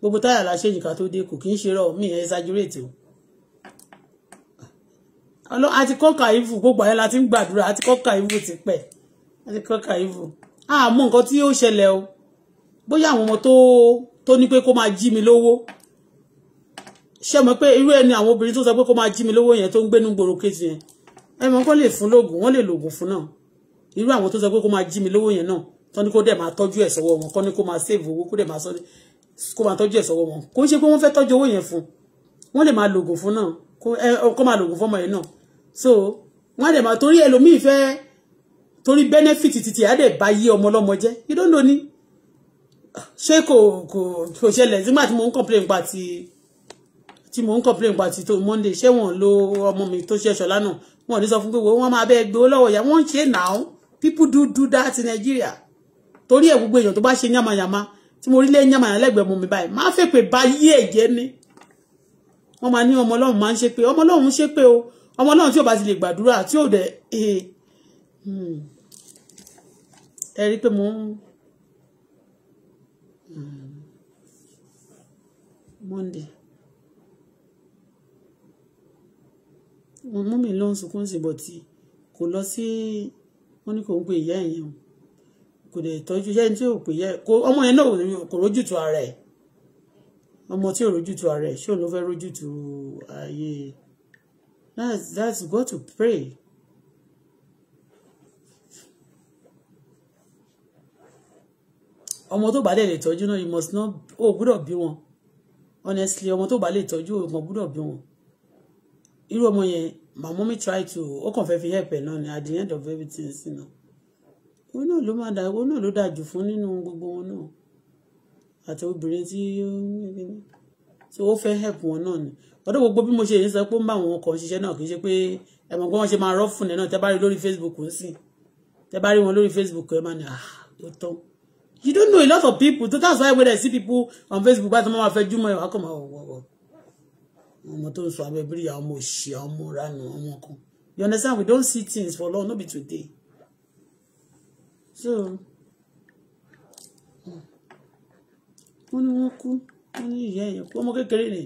gbogbo táyà la ṣe ìjìká tó dé kò kì í ṣe rọ mí ẹ exaggerate o ọlọ́ àti kọ́ka ìfù gbogbo ayé la ti ń gbàdúrà àti kọ́ka ìfù ti pẹ́ àti kọ́ka ìfù àmọ́ nǹkan tí ó ṣẹlẹ̀ o bóyá àwọn ọmọ tó tó ní pé kó máa jí mi lówó ṣe mọ̀ pé irú ẹni àwọn obìnrin tó sọ pé kó máa jí mi lówó yẹn tó ń gbénú gbòòrò kejì yẹn ẹ mọ̀ kó lè fún lóògùn wọ́n lè lòògùn fún náà irú àwọn tó sọ pé kó máa jí mi lówó yẹn náà tán ní kó dẹ̀ máa tọ́jú ẹ̀ sọ́wọ́ wọn kọ́ ní kó máa save owó kó dẹ̀ máa sọ́dẹ̀ kó máa tọ́jú ẹ̀ sọ́wọ́ wọn kò ń ṣe pé wọ́n fẹ́ tọ́jú owó yẹn fún wọ́n lè máa lògùn fún náà kó máa lògùn fọ́mọ yẹn náà so wọ́n á dẹ̀ máa torí ẹlòmíì fẹ́ torí benefit títí á dẹ̀ bá yí ọmọ ọlọ́mọ jẹ́ you don't know ni ṣé kò kò kò ṣẹlẹ̀ nígbà tí mo ń complain pa ti tí mo ń complain pa ti tó Monday ṣé wọ́n lo ọmọ mi tó ṣe ṣọlá náà wọ́n ò ní sọ fún pé wọ́n máa bẹ́ẹ̀ gbowó lọ́wọ́ ìyá wọ́n ń ṣe now people do do that in Nigeria torí ẹ̀ gbogbo èèyàn tó bá ṣe yàmàyàmà tí mo rí lé yàmàyàmà lẹ́gbẹ̀ẹ́ mu mi báyìí má fẹ́ pé bá yí ẹ̀jẹ̀ ni wọ́n máa ní ọmọ ọlọ́run máa ń ṣe pé ọmọ ọlọ́run ṣe pé o ọmọ ọlọ́run tí ò bá ti lè gbàdúrà tí ò dẹ̀ hmm. ẹ rí pé mo ń hmm, Monday mo mú mi lóhùn sunkún sí bọ̀tì kò lọ sí wọ́n ní kò ń pe ìyá ẹ̀yẹn o kò lè tọ́jú iṣẹ́ tí ò pè yẹ kó ọmọ yẹn náà kò rójú tu ara ẹ̀ ọmọ tí ò rójú tu ara ẹ̀ ṣé òun ló fẹ́ rójú tu ayé that's that's go to pray. ọmọ tó bá dẹ̀ lè tọ́jú náà you must not o gbúdọ̀ bí wọn honestly ọmọ tó bá lè tọ́jú o kàn gbúdọ̀ bí wọn irú ọmọ yẹn my mommy try to ó kàn fẹ́ fi help ẹ̀ náà ni at the end of everything you know òun náà ló máa dà òun náà ló dàjù fún nínú gbogbo wọn náà àti obìnrin tí tí ó fẹ́ help wọn náà ni ọdún gbogbo bí mo ṣe ń sọ pé ó ń bá àwọn ọkọ̀ ṣiṣẹ́ náà kì í ṣe pé ẹ̀mọ̀ pé wọ́n ṣe máa rọ́ọ̀fù nẹ̀ náà tẹ́ bá rí lórí Facebook ń sìn tẹ́ bá rí wọn lórí Facebook ẹ̀ máa ní ah ó tán you don't know a lot of people so that's why when I see people on Facebook bá ti máa fẹ́ júmọ́ ẹ̀ wá kàn máa wọ̀ wọ̀ ọmọ tó ń sọ abẹ́bírí àwọn ọmọ òṣì àwọn ọmọ ránù ọmọ kan you understand we don't see things for long no be today so wọ́n ní wọ́n kú wọ́n ní ìyá ẹ̀yẹ kú ọmọ kékeré ni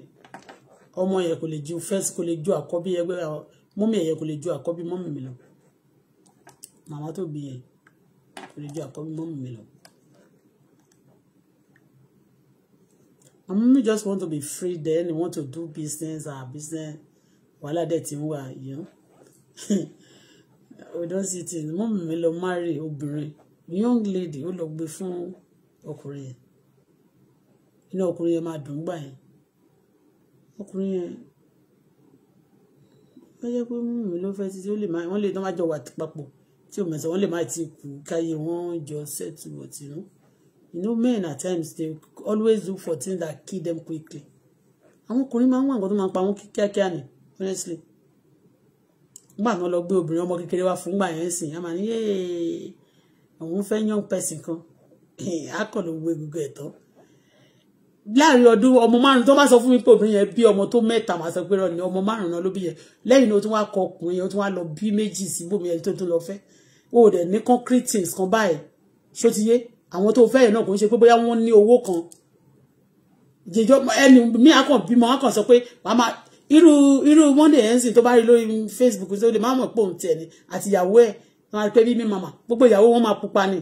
ọmọ ẹ̀yẹ kò lè ju first kò lè ju àkọ́bí ẹgbẹ́ mọ́mí ẹ̀yẹ kò lè ju àkọ́bí mọ́mí mi lọ màmá tó bí yẹn kò lè ju àkọ́bí mọ́mí mi lọ. mummy just want to be free then they want to do business her ah, business wàhálà dẹ̀ ti ń wà yẹn. we don see it mọ́mì mi lọ marry obìnrin young lady ó lọ gbé fún ọkùnrin yẹn inú ọkùnrin yẹn máa dùn gbà yẹn ọkùnrin yẹn wọ́n jẹ́ pé mọ́mì mi ló fẹ́ títí ó lè máa wọ́n lè tán máa jọ wà papọ̀ tí o mẹsàn wọ́n lè má ti kú káyé wọn jọ settle but you know you know men at times they always look for things that kill them quickly àwọn ọkùnrin máa ń wà nǹkan tó máa ń pa wọn kíákíá ni honestly gbà náà lọ gbé obìnrin ọmọ kékeré wá fún gbà yẹn sìn á máa ní òun fẹ́ yàn pẹ̀sìn kan akọ̀lù gbé gbogbo ẹ̀ tán láàrin ọdún ọmọ márùn tó bá sọ fún mi pé obìnrin yẹn bí ọmọ tó mẹ́ta màá sọ pé rọ ni ọmọ márùn náà ló bí yẹn lẹ́yìn náà ó tún wá kọ ọkùnrin yẹn ó tún wá lọ bí méjì sí bòmí ẹni tó tún lọ fẹ́ o ò dẹ̀ ní concrete things kan báyìí ṣó ti yé àwọn tó fẹ́ yẹn náà kò ń ṣe pé bóyá wọ́n ní owó kan jẹjọ ẹni mi àkàn bímọ àkàn sọ pé wàá máa irú irú monday ẹ̀ ń sìn tó bá rí lórí facebook tó lè má mọ̀ pò ń tẹ̀ ni àti ìyàwó ẹ̀ wọ́n máa pé bí mi màmá gbogbo ìyàwó wọn máa pupa ni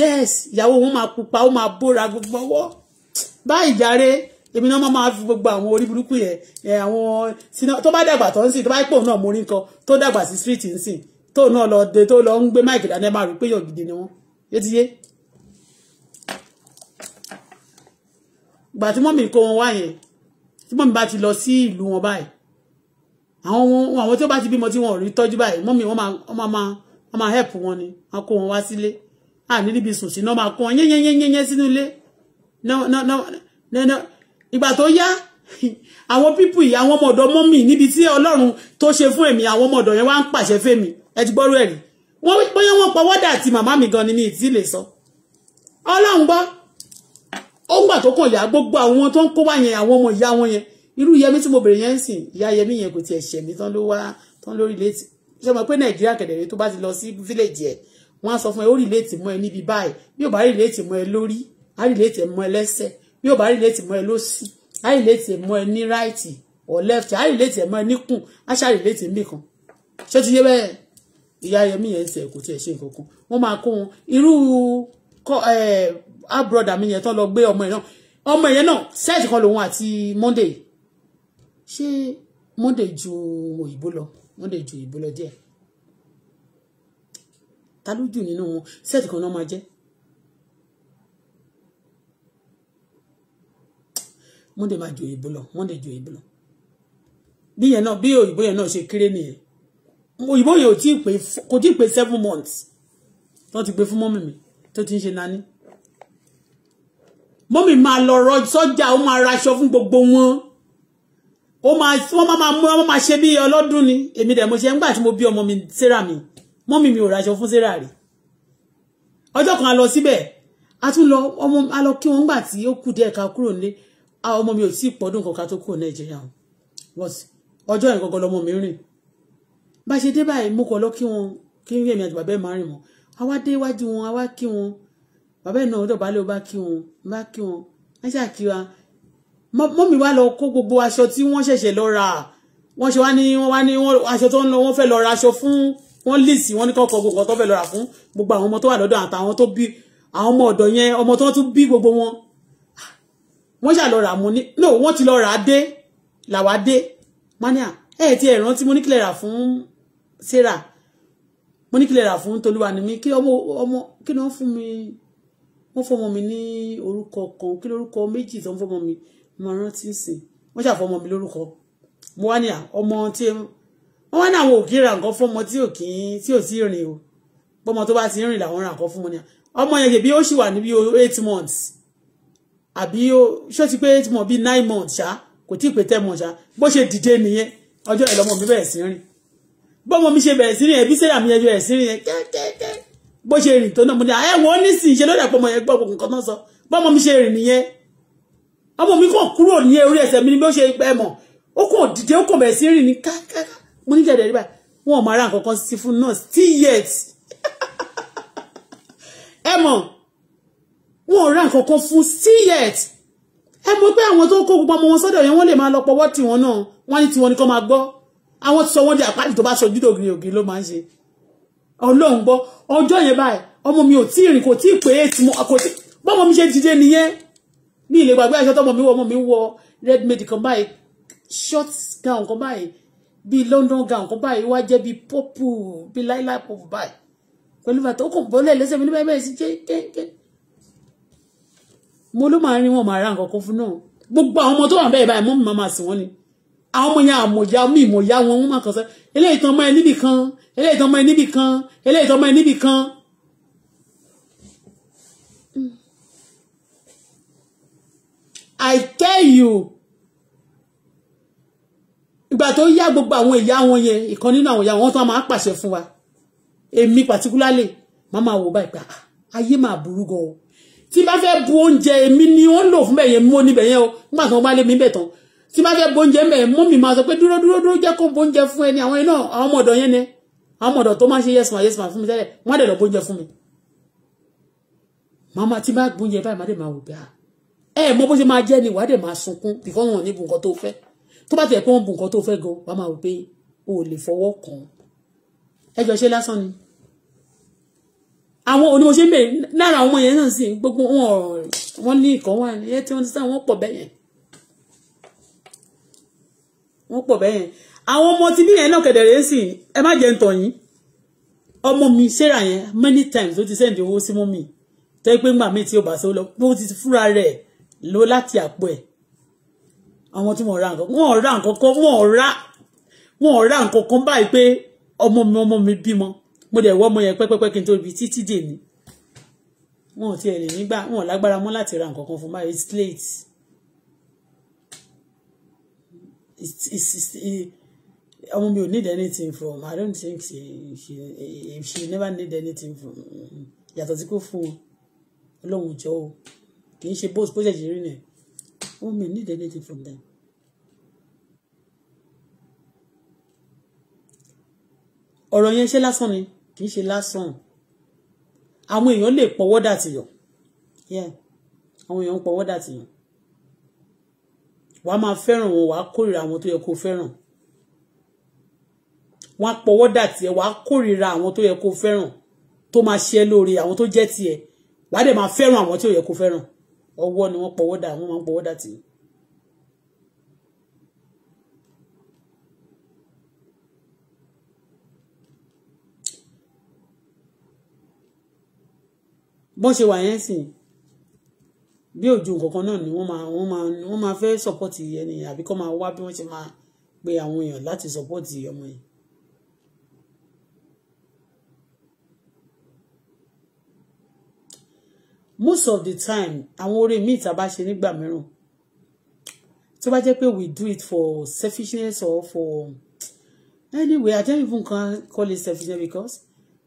yes ìyàwó wọn máa pupa ó máa bóra gbogbo ọwọ́ báyìí jàre èmi náà máa fi gbogbo àwọn orí burúkú yẹn àwọn tó bá dàgbà tó ń sìn tó bá pò náà mórí nǹkan tó dàgbà sí street ń sìn tó náà lọ de tó lọ ń gbé máìkì dání ẹ máa rí pé yàn gidi ni wọn yétíyé gbà tí mọ́mì kó wọn wá yẹn tí mọ́mí bá ti lọ sí ìlú wọn báyìí àwọn wọn àwọn tí ó bá ti bímọ tí wọn ò rí tọ́jú báyìí mọ́mí wọn máa wọn máa wọn máa help wọn ni wọn kó wọn wá sílé à ní níbi sùn sí náà máa kó wọn yẹ́nyẹ́nyẹ́nyẹ́ sínú ilé ìgbà tó yá àwọn pípù yìí àwọn ọmọ ọ̀dọ̀ mọ́mì níbi tí Ọlọ́run tó ṣe fún èmi àwọn ọmọ ọ̀dọ̀ yẹn wá ń pàṣẹ fèmi ẹ ti gbọ́rú ẹ̀rí wọ́n bóyá wọ́n pọ̀ wọ́dà àti màmá mi gan ni mi ì ó ń gbà tó kàn yá gbogbo àwọn tó ń kó wá yẹn àwọn ọmọ ìyá wọn yẹn irú yẹmi tí mo bèrè yẹn ń sìn ìyá yẹmi yẹn kò tiẹ̀ ṣẹ̀ mí tán ló wá tán lórí létí ṣe mọ̀ pé nàìjíríà kẹ̀dẹ̀rẹ́ tó bá ti lọ sí fílẹ̀jì ẹ̀ wọ́n á sọ fún ẹ ó rìléètì mọ́ ẹ níbi báyìí bí ò bá rìléètì mọ́ ẹ lórí á rìléètì mọ́ ẹ lẹ́sẹ̀ bí ò bá rìléètì mọ́ ẹ lósì á rìléètì or left á rìléètì mọ́ ẹ níkùn á ṣá rìléètì níbì kan ṣé ti yé bẹ́ẹ̀ ìyá yẹmi yẹn ń sẹ̀ kò tiẹ̀ á brother mi yẹn tó lọ gbé ọmọ yẹn náà ọmọ yẹn náà sẹ́ẹ̀tì kan lòun àti Monday ṣé Monday ju òyìnbó lọ Monday ju òyìnbó lọ díẹ̀ ta ló jù nínú wọn sẹ́ẹ̀tì kan náà máa jẹ́ Monday máa ju òyìnbó lọ Monday ju òyìnbó lọ bí yẹn náà bí òyìnbó yẹn náà ṣe kéré nìyẹn òyìnbó yẹn ò tí kò tí ì pé seven months tó ti gbé fún mọ́mì mi tó ti ń ṣe nání mọ́mì máa lọ rọ sọ́jà ó máa raṣọ fún gbogbo wọn ó máa wọ́n máa múra wọ́n máa ṣe bí ọlọ́dún ni èmi dẹ̀ mo ṣe nígbà tí mo bí ọmọ mi Sarah mi mọ́mì mi ò raṣọ fún Sarah rí ọjọ́ kan a lọ síbẹ̀ a tún lọ ọmọ a lọ kí wọn gbà tí ó kù díẹ̀ ká kúrò nílé ọmọ mi ò tí ì pọ́dún kankan tó kúrò Nàìjíríà ọjọ́ yẹn gangan lọmọ mi rìn bá ṣe dé báyìí mo kọ̀ lọ kí wọn kí èmi àti bàbá ẹ̀ máa rìn mọ́ àwa dé iwájú wọn àwa kí wọn bàbá ẹ̀ náà ọdọ̀ balẹ̀ ó bá kí wọn bá kí wọn á ṣàkí wa mọ́mí wa lọ kó gbogbo aṣọ tí wọ́n ṣẹ̀ṣẹ̀ lọ rà wọ́n ṣe wá ní wọ́n wá ní aṣọ tó ń lọ wọ́n fẹ́ lọ ra aṣọ fún wọ́n lìsì wọ́n ní kọ́kọ́ gbogbo tó fẹ́ lọ rà fún gbogbo àwọn ọmọ tó wà lọ́dọ̀ àtàwọn tó bí àwọn ọmọ ọ̀dọ̀ yẹn ọmọ tó tún bí gbogbo wọn wọ́n ṣà lọ rà mú ní no wọ́n ti lọ rà á dé làwa dé mania ẹ ti ẹ rántí mo ní kílẹ̀ rà fún sarah mo ní kílẹ̀ rà fún tolúwa ni mi kí ọmọ ọmọ kí ni wọ́n fún mi wọ́n fọmọ mi ní orúkọ kan kí lórúkọ méjì tó ń fọmọ mi máa rántí sí wọ́n ṣàfọmọ mi lórúkọ mo wá ní ọmọ tí wọ́n wá ní àwọn òkè ra nǹkan fọmọ tí ò kì í tí ò sí rìn o bọ́mọ tó bá ti rìn làwọn ra nǹkan fún mi ní ọmọ yẹn kìí bí ó sì wà níbi eight months àbí ó ṣó ti pé eight months bíi nine months ṣá kò tí ì pé ten months ṣá bó ṣe dìde nìyẹn ọjọ́ ẹ̀ lọ́mọ mi bẹ̀rẹ̀ sí rìn bọ́mọ mi ṣe bẹ̀rẹ̀ sí rìn bó ṣe rìn tó náà mo ní ẹ wọ́n nísìnyí ṣe ló dàpọ̀ yẹn gbọ́ nǹkan náà sọ bọ́mọ mi ṣe rìn nìyẹn ọmọ mi kàn kúrò ní orí ẹsẹ̀ mi ni bí ó ṣe pẹ́ mọ̀ ó kò dìde ó kò bẹ̀rẹ̀ sí rìn ní kákáká mo ní jẹ̀dẹ̀ ríbà wọn ò máa ra nǹkan kan sí fún náà still yet ẹ mọ̀ wọn ò ra nǹkan kan fún still yet ẹ mọ̀ pé àwọn tó kó gbogbo ọmọ wọn sọ́dọ̀ yẹn wọ́n lè máa lọ pọwọ́ tiwọn náà wọ́n ní tiwọn ni kò máa gbọ́ àwọn ti sọ wọ́n di àpáàdì tó bá sọ júdò ògiri ògiri ló máa ń ṣe ọlọ́run gbọ́ ọjọ́ yẹn báyìí ọmọ mi ò tí ì rìn kò tí ì pé ètì mo kò tí bọ́mọ mi ṣe dìde nìyẹn mi ì lè gbàgbé aṣọ tọmọ mi wọ ọmọ mi wọ red maid kan báyìí short gown kan báyìí bíi London gown kan báyìí wá jẹ́ bíi purple bíi láíláí purple báyìí pẹ̀lú bàtà ó kò bọ́lẹ̀ lẹ́sẹ̀ mi níbẹ̀ bẹ́ẹ̀ sí jẹ́ kéńké mo ló máa rí wọn máa ra nǹkan kan fún náà gbogbo àwọn ọmọ tó wà bẹ́ẹ̀ báyìí mọ́ mi máa máa sìn wọ́n ni àwọn ọmọ yẹn àmọ̀yá mí ìmọ̀yá wọn wọ́n máa kàn sẹ́ eléyìí tán mọ́ níbì kan eléyìí tán mọ́ níbì kan eléyìí tán mọ́ níbì kan. I tell you ìgbà tó yá gbogbo àwọn ìyá wọn yẹn ìkan nínú àwọn ìyá wọn tó máa pàṣẹ fún wa èmi particularly máa máa wò báyìí pé ah, ayé máa burú gan o tí bá fẹ́ bu oúnjẹ èmi ni wọ́n lò fún bẹ̀yẹn mú níbẹ̀ yẹn o nígbà tí wọ́n bá lé mi bẹ̀ tán tí bá fẹ́ bóúnjẹ mẹ́ẹ̀ mú mi máa sọ pé dúró dúró dúró jẹ́ kó bóúnjẹ fún ẹni àwọn iná àwọn ọmọdọ̀ yẹn ni àwọn ọmọdọ̀ tó máa ń ṣe yẹ́sùn àyẹ́sùn fún mi tẹ́lẹ̀ wọ́n dẹ̀ lọ bóúnjẹ fún mi. màmá tí bá bóúnjẹ báyìí má dé máa wò bá ah, ẹ mọ bó ṣe máa jẹ́ ni wàá dẹ̀ máa sunkún bìkọ́ wọn ní bùnkọ́ tó fẹ́ tó bá tẹ̀ pé wọ́n bùnkọ́ tó fẹ́ gan wàá máa wò pé o ò lè fọwọ́ kàn ẹ jọ ṣe lásán ni àwọn onímọ̀ṣẹ́ mẹ́rin lára àwọn ọmọ yẹn náà sì gbogbo wọn ní ìkọ́ wà ní ẹ tí wọ́n ti sáà wọ́n pọ̀ bẹ́yẹn wọ́n pọ̀ bẹ́ẹ̀ yẹn àwọn ọmọ tí bí yẹn náà kẹ̀dẹ̀rẹ́ ń sìn ẹ má jẹ́ ń tàn ọmọ mi sarah yẹn many times ó ti sẹ́ǹdì owó sí mú mi tẹ́ pé ńgbà mi tí ó bá sọ lọ pé ó ti fúnra rẹ̀ lọ láti àpò ẹ̀ àwọn tí wọ́n ra nǹkan wọ́n ra nǹkan kan wọ́n ra wọ́n ra nǹkan kan báyìí pé ọmọ mi ọmọ mi bímọ mo dẹ̀ wọ́ ọmọ yẹn pẹ́pẹ́pẹ́ kí n tó bi títí dè ní wọn ò tiẹ̀ lè nígbà wọn lágbára mọ́ láti ra nǹkan kan fún báyìí it's late it's it's, it's it, ọmọ mi need anything from i don't think she she she never need anything from yàtọ̀ tí kò fún o ọlọ́run jọ o kì í ṣe bóṣe bóṣe ṣe rí nìyẹn ọmọ mi need anything from them. ọ̀rọ̀ yẹn ṣe lásán ni kì í ṣe lásán àwọn èèyàn lè pọ̀wọ́ dà tìyàn àwọn èèyàn ń pọ̀wọ́ dà tìyàn wàá máa fẹ́ràn wọn wàá kórìíra àwọn tó yẹ kó fẹ́ràn wọ́n á pọwọ́ dà tiẹ̀ wàá kórìíra àwọn tó yẹ kó fẹ́ràn tó máa ṣe lóore àwọn tó jẹ́ tiẹ̀ wàá dẹ̀ máa fẹ́ràn àwọn tí yẹ kó fẹ́ràn ọwọ́ ni wọ́n pọwọ́ dà wọ́n máa pọwọ́ dà tiẹ̀. bọ́n ṣe wà yẹn sìn bí òjò kankan náà ni wọ́n máa wọ́n máa wọ́n máa fẹ́ sọ́pọ́tì ẹni àbí kọ́ máa wá bí wọ́n ṣe máa pe àwọn èèyàn láti sọ́pọ́tì ọmọ yìí. most of the time àwọn orin míì tá a bá ṣe nígbà mìíràn tó bá jẹ́ pé we do it for selfishness or for anyway I don't even call it selfishness because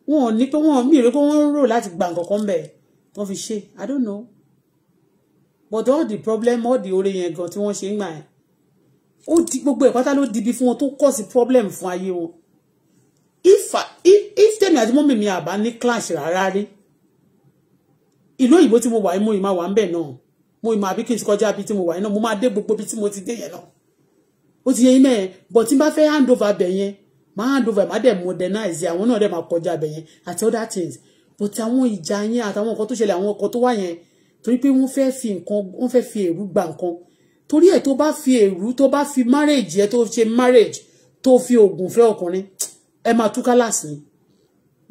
wọn ò ní pé wọn ò mí rè pé wọn ń rò láti gba nǹkan kan bẹ́ẹ̀ wọ́n fi ṣe I don't know but all the problem all the oore yẹn gan tí wọ́n ṣe ń gbà yẹn ó di gbogbo ìpátá ló dibi fún wọn tó kọ́ problem fún ayé wọn if if tèmi àti mọ́mì mi àbá ní clash rárá rí ìlú òyìnbó tí mo wà mo ìmọ̀ wà ń bẹ̀ náà mo ìmọ̀ àbí kí n ti kọjá bí tí mo wà yẹn náà mo máa dé gbogbo bí tí mo ti dé yẹn náà ó ti yẹ yín mẹ́ẹ̀ but tí n bá fẹ́ hand over bẹ̀ yẹn máa hand over má dẹ̀ modernize àwọn náà dẹ̀ máa kọjá bẹ̀ yẹn àti other things but àwọn ìjà yẹn àtàwọn nǹkan tó ṣẹlẹ̀ àwọn ọkọ̀ tó wà yẹn torí pé wọ́n fẹ́ fi nǹkan wọ́n fẹ́ fi èrú gba nǹkan torí ẹ̀ tó bá fi èrú tó bá fi marriage ẹ tó ṣe marriage tó fi oògùn fẹ́ ọkùnrin ẹ máa túká láàsì ni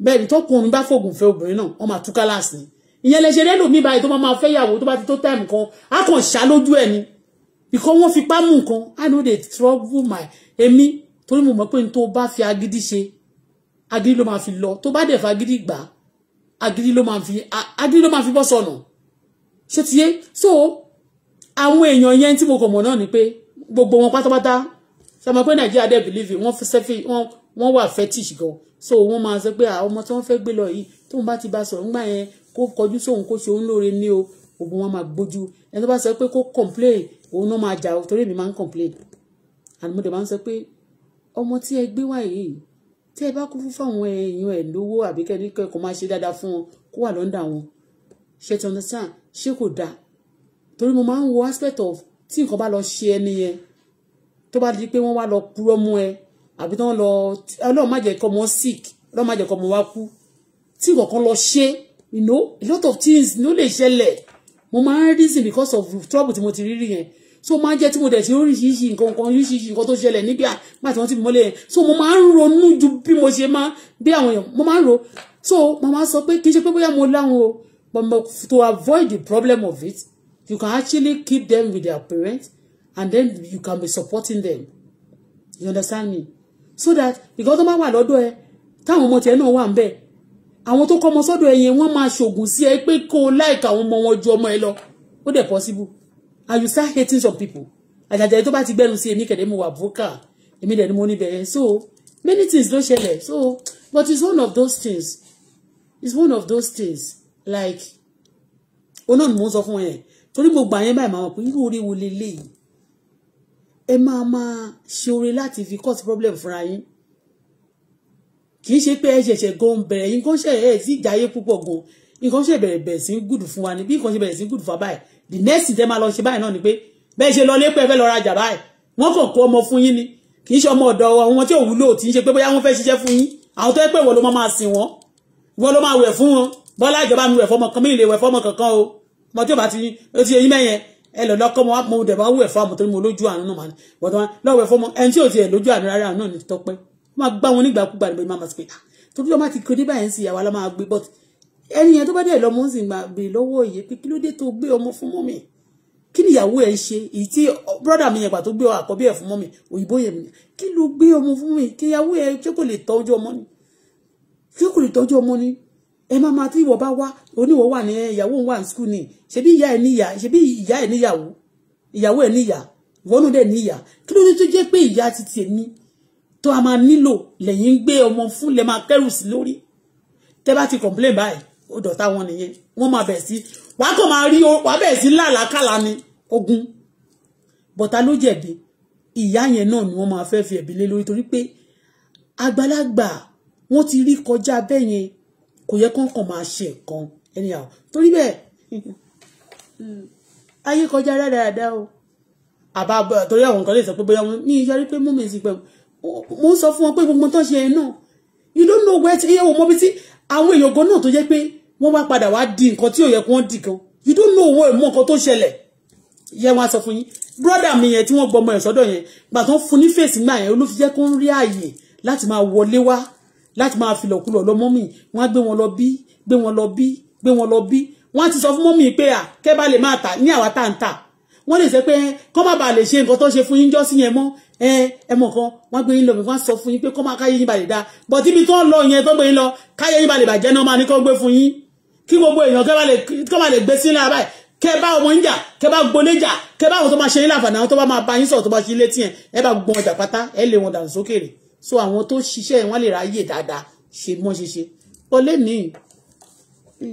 bẹ́ẹ̀ ni tọkùnrin bá fògùn fẹ́ obìnrin náà wọ́n máa túká láàsì ni ìyẹn lè ṣe lẹ́lò mi báyìí tó máa máa fẹ́ yàwó tó bá ti tó time kan á kàn ṣá lójú ẹ̀ ni because wọ́n fipá mú nǹkan i no dey trouble my èmi torí mo mọ̀ pé n tó bá fi agídí ṣe agídí ló máa fi lọ tó bá dẹ̀ fi agídí gbà agídí ló máa fi agídí ló máa fi bọ́ sọnù. So no ṣé ti yé so àwọn èèyàn yẹn tí mo kàn mọ̀ náà ni pé gbogbo wọn pátápátá ṣàmọ pé nàìjíríà dẹ̀ bìlíìfì wọ́n sẹ́fì wọ́n wọ́n wà fetish gan so wọ́n máa sọ pé àwọn ọmọ tí wọ́n fẹ́ gbé lọ yìí tóun bá ti bá sọ̀rọ̀ ńgbà yẹn kó kọjú sóun kó ṣe òun lóore ní o òògùn wọn máa gbójú ẹni tó bá sọ pé kó complain òun náà máa jà o torí èmi máa ń complain and mo dẹ̀ máa ń sọ pé ọmọ tí ẹ gbé wá yìí tẹ́ ẹ bá kú fún fáwọn èèyàn ẹ̀ lówó àbíkẹ́ni kẹ́kọ̀ọ́ máa ṣe dáadáa fún wọn kó wà lọ́ndà wọn ṣe ti understand ṣé kò dáa torí mo máa ń wo aspect of tí nǹkan bá lọ ṣe ẹni yẹn tó bá di pé wọ́n wá lọ purọ́ mú ẹ àbí tán lọ ọlọ́run má jẹ́ kọ́ mọ́ sick ọlọ́run má jẹ́ kọ́ mọ́ wá kú tí nǹkan kan lọ ṣe you know a lot of things ló lè ṣẹlẹ̀ mo máa ń reason because of trouble tí mo ti rí rí yẹn so máa jẹ́ tí mo dẹ̀ ti oríṣiríṣi nǹkan kan oríṣiríṣi nǹkan tó ṣẹlẹ̀ nígbà nígbà tí wọ́n ti mọ́lẹ̀ yẹn so mo máa ń ronú ju bí mo ṣe máa bí àwọn èèyàn mo máa ń ro so mo máa sọ pé kì í ṣe pé bóyá mo láwọn o But to avoid the problem of it, you can actually keep them with their parents and then you can be supporting them. You understand me? So that because ọmọ wà lọ́dọ̀ ẹ táwọn ọmọ tiẹ̀ náà wà ń bẹ̀ àwọn tó kọ́ ọmọ sọ́dọ̀ ẹ yẹn wọ́n máa ṣògùn sí ẹ pé kó o láìka àwọn ọmọ wọn ju ọmọ ẹ lọ ó dẹ̀ possible and you start hating some people àjàjà tó bá ti gbẹ́nu sí èmi kẹ̀dẹ́ mo wà vocal èmi dẹ̀ ni mo níbẹ̀ yẹn so many things ló ṣẹlẹ̀ so but it's one of those things it's one of those things like olóòlù mò ń sọ fún yẹn torí mo gbà yẹn báyìí máa mọ̀ pé irú orí wo leléyìí ẹ máa máa ṣe oore láti fi cause problem fúnra yín kì í ṣe pé ẹ ṣẹ̀ṣẹ̀ gan bẹ̀rẹ̀ yín kàn ṣe ẹ̀ sí ìjáyé púpọ̀ gan nǹkan ṣe bẹ̀rẹ̀ bẹ̀rẹ̀ sí gùdù fún wa ni bí nǹkan ṣe bẹ̀rẹ̀ sí gùdù fún wa báyìí the next thing tẹ́ máa lọ ṣe báyìí náà ni pé bẹ́ẹ̀ ṣe lọ lépẹ́ fẹ́ lọ rajà báyìí wọ́n kàn kó ọmọ fún yín ni kì í ṣe ọmọ ọ̀dọ̀ àwọn tí ò wúlò tí ń ṣe pé bóyá wọ́n fẹ́ ṣiṣẹ́ fún yín àwọn tó yẹ pé ìwọ ló máa sìn wọ́n ìwọ ló máa wẹ̀ fún wọn bọ́lá ìjọba mi wẹ̀ fọmọ kan mi lè wẹ̀ kankan o mo tí o bá ti o ti eyín mẹ́yẹn ẹ lọ lọ́kọ́ mo mo dẹ̀ bá wẹ̀ fún àmọ̀tẹ́ni mo lójú àánú náà màní bọ́tọ́ wọn lọ́wọ́ wẹ̀ ẹni tí o ti ẹ̀ lójú àánú rárá náà ni tọ́pẹ́ máa gbá wọn nígbàkúgbà ni mo máa sọ pé ah torí ọmọ ti kéde báyẹn sí àwa la máa gbé bọ́t ẹni yẹn tó bá dẹ̀ lọ́mọ ń sìn gbà bèrè lọ́wọ́ òye pé kí ló dé tó gbé ọmọ fún mọ́mì kí ni ìyàwó ẹ̀ ń ṣe èyí tí brọ́dà mi yẹn gbà tó gbé àkọ́bí ẹ̀ fún mọ́mì òyìnbó yẹn mi kí ló gbé ọmọ fún mi kí ìyàwó ẹ̀ ṣé kò lè tọ́jú ọmọ ni ṣé kò lè tọ́jú ọmọ ni ẹ máa ma tí ìwọ bá wá oníwọ wà ní ìyàwó wà ní skul ni ṣebí ìyá ẹ níyà ṣebí ìyá ẹ níyàwó ìyàwó ẹ níyà ìwọ náà dẹ níyà kí ló dé tó jẹ́ pé ìyá ti tiẹ̀ ní tó a máa nílò lẹ́yìn ń gbé ọmọ fún lẹ máa kẹ́rù sí lórí tẹ́ bá ti complain báyìí ó dọ̀tá wọn nìyẹn wọ́n máa bẹ̀ sí wàá kàn máa rí wàá bẹ̀ sí làlákàlà ni ogun bọ̀tá ló jẹ̀bi ìyá yẹn náà ni wọ́n máa fẹ́ fi ẹ̀bi lé lórí torí pé àgbàlagbà wọ́n ti rí kọjá bẹ́ẹ̀ kò yẹ kán kàn máa ṣe nǹkan anyhow torí bẹ́ẹ̀ ayé kọjá dáadáa o àbá torí àwọn nǹkan lè sọ pé bóyá wọn ní ìyọrí pé mọ́mí sí pé mo ń sọ fún wọn pé gbogbo tó ṣe náà you don't know where ti iye wọn tí àwọn èèyàn gan náà tó jẹ́ pé wọ́n bá padà wá di nǹkan tí ò yẹ kí wọ́n di gan you don't know wọ́n mọ nǹkan tó ṣẹlẹ̀ yẹ wọn sọ fún yín brọ́dà mi yẹn tí wọ́n gbọmọ ẹ̀ sọ́dọ̀ yẹn gbà fún ní fèsì gbà yẹn olófin jẹ́ kó ń rí ààyè láti máa wọlé wá láti máa fi lọ̀kulọ̀ lọ mọ́mì wọ́n á gbé wọn lọ bí gbé wọn lọ bí gbé wọn lọ bí wọ́n á ti sọ fún mọ́mì pé à kẹ́ bá lè máa tà ní àwa tá à ń tà wọ́n lè sẹ́ pé kọ́ má bàa lè ṣe nǹkan tó ṣe fún yín jọ́ sí yẹn mọ́ ẹ ẹ mọ̀ kan wọ́n gbé yín lọ bí wọ́n sọ fún yín pé kọ́ má káyé yín balẹ̀ dá bọ̀ tíbi tó ń lọ yẹn tó gbé yín lọ káyé yín balẹ̀ bàjẹ́ náà máa ní kọ́ gbé fún yín kí gbogbo èèyàn kẹ́ bá lè gbé sílẹ̀ abáyé kẹ bá ọmọ yín jà kẹ bá gbolé jà kẹ bá àwọn tó máa ṣe yín láǹfààní àwọn tó bá máa bá yín sọ̀rọ̀ tó bá ṣe ilé tiẹ̀ ẹ bá gbọ́n ọjà pátá ẹ lé wọn dànù sókè so àwọn tó ṣiṣẹ́ wọn lè ráyè dáadáa ṣe mọ́ ṣe ṣe wọlé ní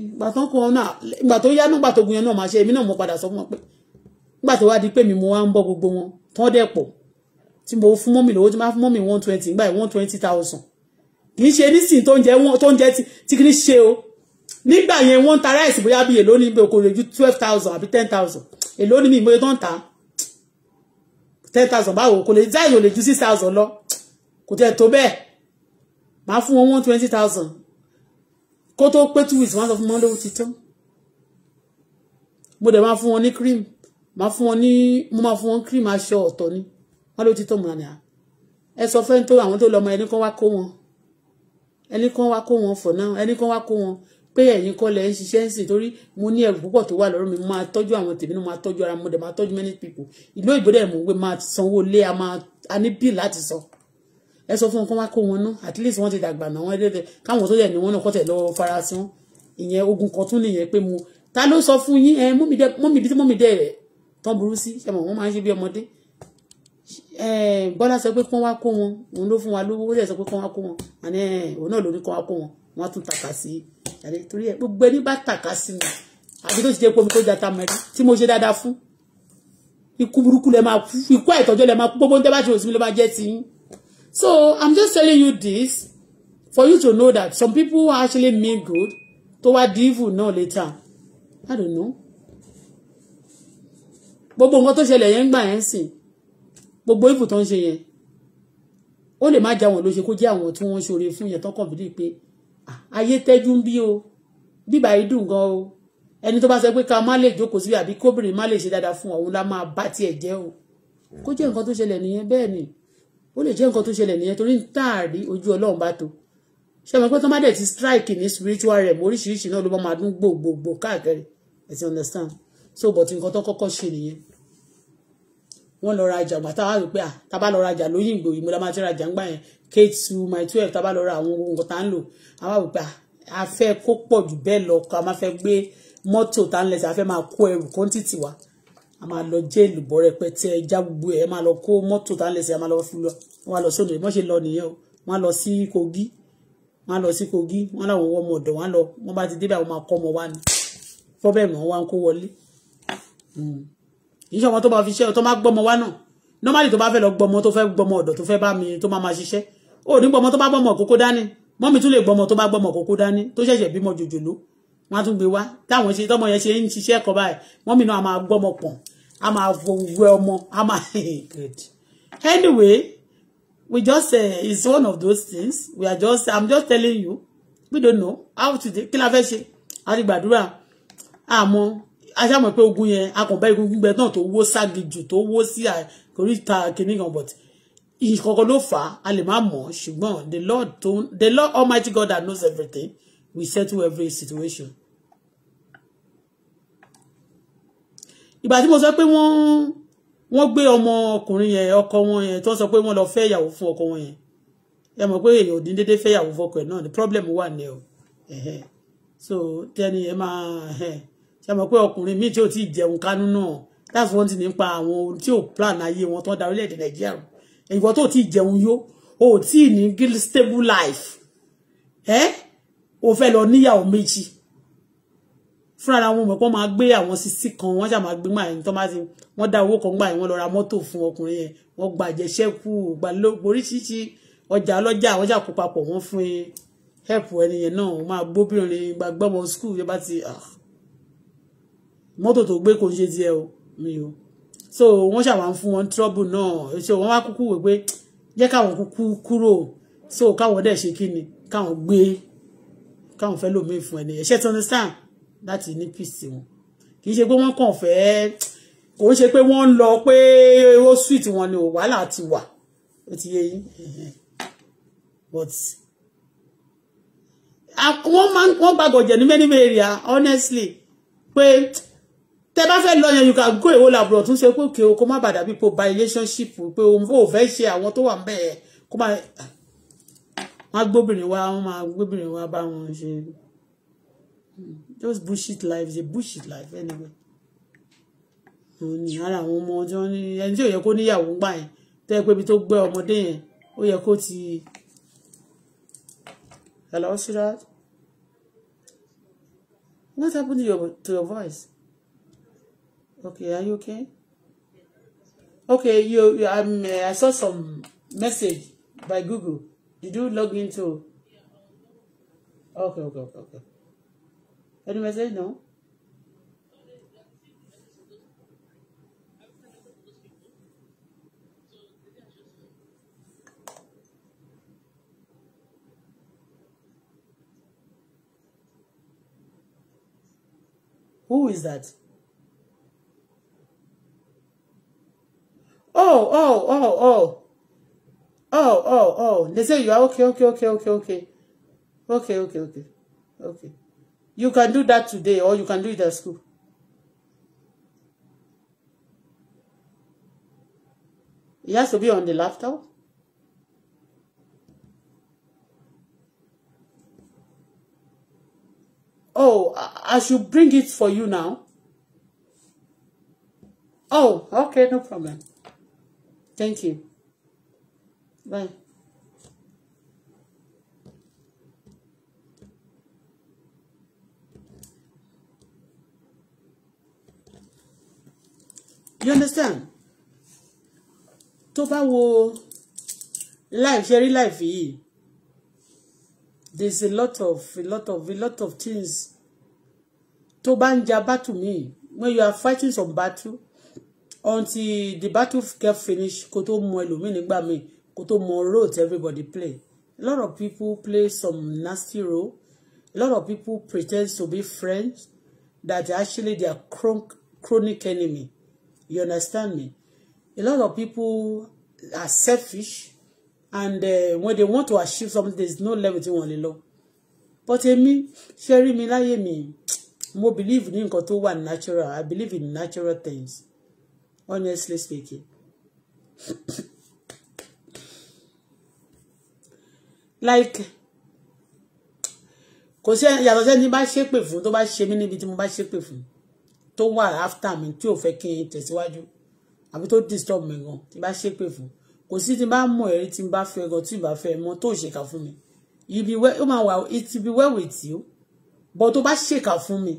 ìgbà tó ń kọ́ náà ìgbà tó yá nígbà tó gun yẹn náà máa ṣe èmi náà mo padà sọ fún wọn pé nígbà tó wá di pé mi mo wá ń bọ́ gbogbo wọn tán dẹ̀ pọ̀ tí mo fún mọ́mì lówó tí máa fún mọ́mì one twenty nígbà one twenty thousand kì í ṣe nísìnyí tó ń jẹ tó ń jẹ tí kì í ṣe o nígbà yẹn wọ́n ń ta ráìsì bóyá bíi èlò ní ibi òkòrò ju twelve thousand àbí ten thousand èlò ní mi ìmọ̀ tó ń ta ten thousand báwo kò lè jáì ò lè ju kò tẹ̀ tó bẹ́ẹ̀ màá fún wọn one twenty thousand kó tó pé two weeks wọ́n sọ fún mi lówó ti tán mo dẹ̀ máa fún wọn ní cream máa fún wọn ní mo máa fún wọn cream aṣọ ọ̀tọ̀ ni wọ́n ló ti tán mọ̀nà nìyà ah. ẹ sọ fẹ́ tó àwọn tó lọ́mọ ẹni kan wá kó wọn ẹni kan wá kó wọn for now ẹni kan wá kó wọn pé ẹ̀yin kọ́ lẹ̀ ń ṣiṣẹ́ ń sìn torí mo ní ẹ̀rù púpọ̀ tó wà lọ́rùn mi máa tọ́jú àwọn tèmi ní máa tọ́jú ara mo dẹ̀ máa tọ́jú many people ìlú ìgbọ́dẹ̀ mò ń gbé máa sanwó lé a máa a ní bill láti san ẹ sọ fún wọn kó kó wọn ná at least wọ́n ti dàgbà náà wọ́n dédé káwọn tó yẹ ni wọ́n náà kọ́tẹ̀ lọ́wọ́ fara wọn ìyẹn ogun kan tún nìyẹn pé mo ta ló sọ fún yín ẹ mọ́mì bí tí mọ́mì dẹ̀ rẹ̀ tán burú sí ṣe mọ̀ wọ́n máa ń ṣe bí ọmọdé bọ́lá sọ pé kí wọ́n wá kó wọn òun ló fún wa lówó ó dẹ̀ sọ pé kí wọ́n wá kó wọn àní òun náà ló ní kí kó wọn wọ́n tún tàkà sí i torí ẹ gbogbo ẹni bá tàkà sí mi àbí tó ti jẹ́ pé omi jata mẹ́rin tí mo ṣe dáadáa fún ikú burúkú lẹ máa kú ikú àìtọ́jọ́ lẹ máa kú gbogbo ń tẹ́ bá ṣe òsínmi ló máa jẹ́ ti yín so i'm just telling you this for you to know that some people actually mean good toward the evil No later i don't know gbogbo nǹkan tó ṣẹlẹ̀ yẹn ń gbà yẹn sìn gbogbo evil tó ń ṣe yẹn ó lè má jẹ àwọn ló ṣe kó jẹ́ àwọn tí wọ́n ń ṣoore fún yẹn tọkàn bíi pé ayé tẹ́jú ń bí o bíbá yìí dùn gan o ẹni tó bá sọ pé ká má lè jókòó síbi àbí kóbìnrin má lè ṣe dáadáa fún òun la máa bá tiẹ̀ jẹ́ o kó jẹ́ nǹkan tó ṣẹlẹ̀ nìyẹn bẹ́ẹ̀ ni ó lè jẹ́ nǹkan tó ṣẹlẹ̀ nìyẹn torí táàrí ojú ọlọ́run bá tó ṣe mọ̀ pé tó má dẹ̀ ti strike ní spiritual realm oríṣiríṣi náà ló bá máa dún gbògbògbò káàkiri ẹ ti understand so but nǹkan tó kọ́kọ́ ṣe nìyẹn wọ́n lọ rajà gbà tá a rò pé à ah, tá a bá lọ rajà lóyìnbó yìí mo la máa ti rajà ń gbà yẹn k two my twelve tá a bá lọ ra àwọn nǹkan tá a ń lò a wá rò pé à ah, a fẹ́ kó pọ̀ jù bẹ́ẹ̀ lọ ká máa fẹ́ gbé mọ́tò tá a ń lẹ̀ sí a fẹ́ máa kó ẹrù kọ́ńtìtì wa a máa lọ jẹ́ẹ̀lù bọ́ rẹpẹtẹ ẹja gbogbo ẹ̀ máa lọ kó mọ́tò tá à ń lẹ́sẹ̀ a máa lọ fi lọ wọn lọ sódò ìbọn ṣe lọ nìyẹn o wọn lọ sí kogi wọn lọ sí kogi wọn làwọn wọ ọmọ ọ̀dọ̀ wọn lọ wọn bá ti débẹ̀ àwọn máa kọ́ ọmọ wa ni fọ́bẹ̀mù wọn wá ń kó wọlé hmm. ìṣe ọmọ tó bá fi ṣe tó máa gbọ́mọ wa náà normally tó bá fẹ́ lọ gbọ́mọ tó tó fẹ́ bá mi tó máa máa ṣiṣẹ́ ó ní gbọ́mọ tó bá gbọ́mọ kókó dání mọ́mí tún lè gbọ́mọ tó bá gbọ́mọ kókó dání tó ṣẹ̀ṣẹ̀ bímọ jòjòló wọn á tún gbé wá táwọn ṣe tọmọ yẹn ṣe ń ṣiṣẹ́ ẹ̀kọ́ báyìí mọ́mí náà máa gbọ́mọ pọ̀n I'm a well wẹ I'm a good anyway we just uh, it's one of those things we are just i'm just telling you we don't know how to dey kí I fẹ́ ṣe a ti gbàdúrà àmọ́ aṣáàmọ̀ pé ogun yẹn a kò bá igun gbígbẹ náà tó wó ságijù tó wó sí àkóríta kìnìkan but ìkọ̀kọ̀ ló fà á a lè má mọ̀ ṣùgbọ́n the lord the lord almighty god that knows everything will settle every situation ìgbà tí mo sọ pé wọ́n wọ́n gbé ọmọ ọkùnrin yẹn ọkọ wọn yẹn tó sọ pé wọ́n lọ fẹ́ ìyàwó fún ọkọ wọn yẹn ẹ mọ̀ pé èèyàn ò ní déédéé fẹ́ ìyàwó fọkọ ẹ̀ náà ni problem wà ní ẹ o so tẹni ẹ máa ṣe mọ̀ pé ọkùnrin míì tí ò tí ì jẹun kánú náà that's one thing pa àwọn tí ò plan ayé wọn tó ń darí ilẹ̀-èdè nàìjíríà ìwọ tó ti jẹun yó o ò tí ì ní stable life ẹ o fẹ́ lọ níyàwó méjì fúnra wọn mọ̀ pé wọ́n máa gbé àwọn sisi kan wọ́n ṣàmà gbé máa yìí tó wọ́n dá owó kan gbà yìí wọ́n lọ ra mọ́tò fún ọkùnrin yẹn wọ́n gba àjẹṣẹ́kù gba ọjà ọlọ́jà àwọn ṣàkó papọ̀ wọ́n fún help ẹni yẹn náà wọ́n máa gbóbìnrin gba gbọ́mọ school yẹn bá ti ah. mọ́tò tó gbé kò ń ṣe tiẹ̀ o mi o so wọ́n ṣàmà ń fún wọn trouble náà so wọ́n wá kúkú wò pé so káwọn dẹ̀ ṣe kí ni káwọn gbé káwọn fẹ́ lòmíì fún ẹni láti ní peace wọn kì í ṣe pé wọ́n kàn fẹ́ kò ń ṣe pé wọ́n ń lọ pé ó sweet wọn ni ò wàhálà ti wà ó ti yé yín but wọ́n máa ń wọ́n gbàgọ̀jẹ̀ ní many many area honestly pé tẹ bá fẹ́ lọ yẹn you can go èwo làbúrò tún ṣe pé òkè o kó má bàdà bí po by relationship pé òun ò fẹ́ ṣe àwọn tó wà ń bẹ̀ kó má wọ́n á gbóbìnrin wá wọ́n máa gbóbìnrin wá bá wọn ṣe. Just bullshit life is a bullshit life anyway òun ni ara àwọn ọmọ ọjọ́ ẹni tí ò yẹ kó níyàwó ń gbà yẹn tó yẹ pé ibi tó gbé ọmọdé yẹn ó yẹ kó ti hello Sirat what happened to your to your voice okay are you okay okay you um, I saw some message by Google did you log into okay okay okay okay. Any message now? Who is that? Oh, oh, oh, oh. Oh, oh, oh. They say you are okay, okay, okay, okay, okay. Okay, okay, okay. Okay. You can do that today or you can do it at school. It has to be on the laptop. Oh, I should bring it for you now. Oh, okay, no problem. Thank you. Bye. you understand tó bá wo life ṣe rí life yìí there is a lot of a lot of a lot of things tó bá ń ja battle mi when you are fighting some battle until the battle get finish kó tó mọ ẹlòmíì nígbà míì kó tó mọ road everybody play a lot of people play some nasty role a lot of people pretend to be friends that actually they are chronic enemy. You understand me? A lot of people are selfish and uh, when they want to achieve something, there's no level tí wọ́n lè But èmi, ṣe rí mi láyé mi, mo believe in nǹkan tó wà natural. I believe in natural things. Honestly speaking. like kò sí yàtọ̀ sẹ́ni say ṣépè fún tó bá ṣe mí níbi tí mo bá ṣépè fún tó wà after mi tí ò fẹ́ kí n tẹ̀síwájú àbí tó disturb mi gan tí bá ṣépè fún kò sí tí bá mọ̀ ẹ̀rí tí bá fẹ́ gan tí bá fẹ́ mọ tó ṣèkà fún mi you be well ó máa wà it be well with you bọ́ tó bá ṣèkà fún mi.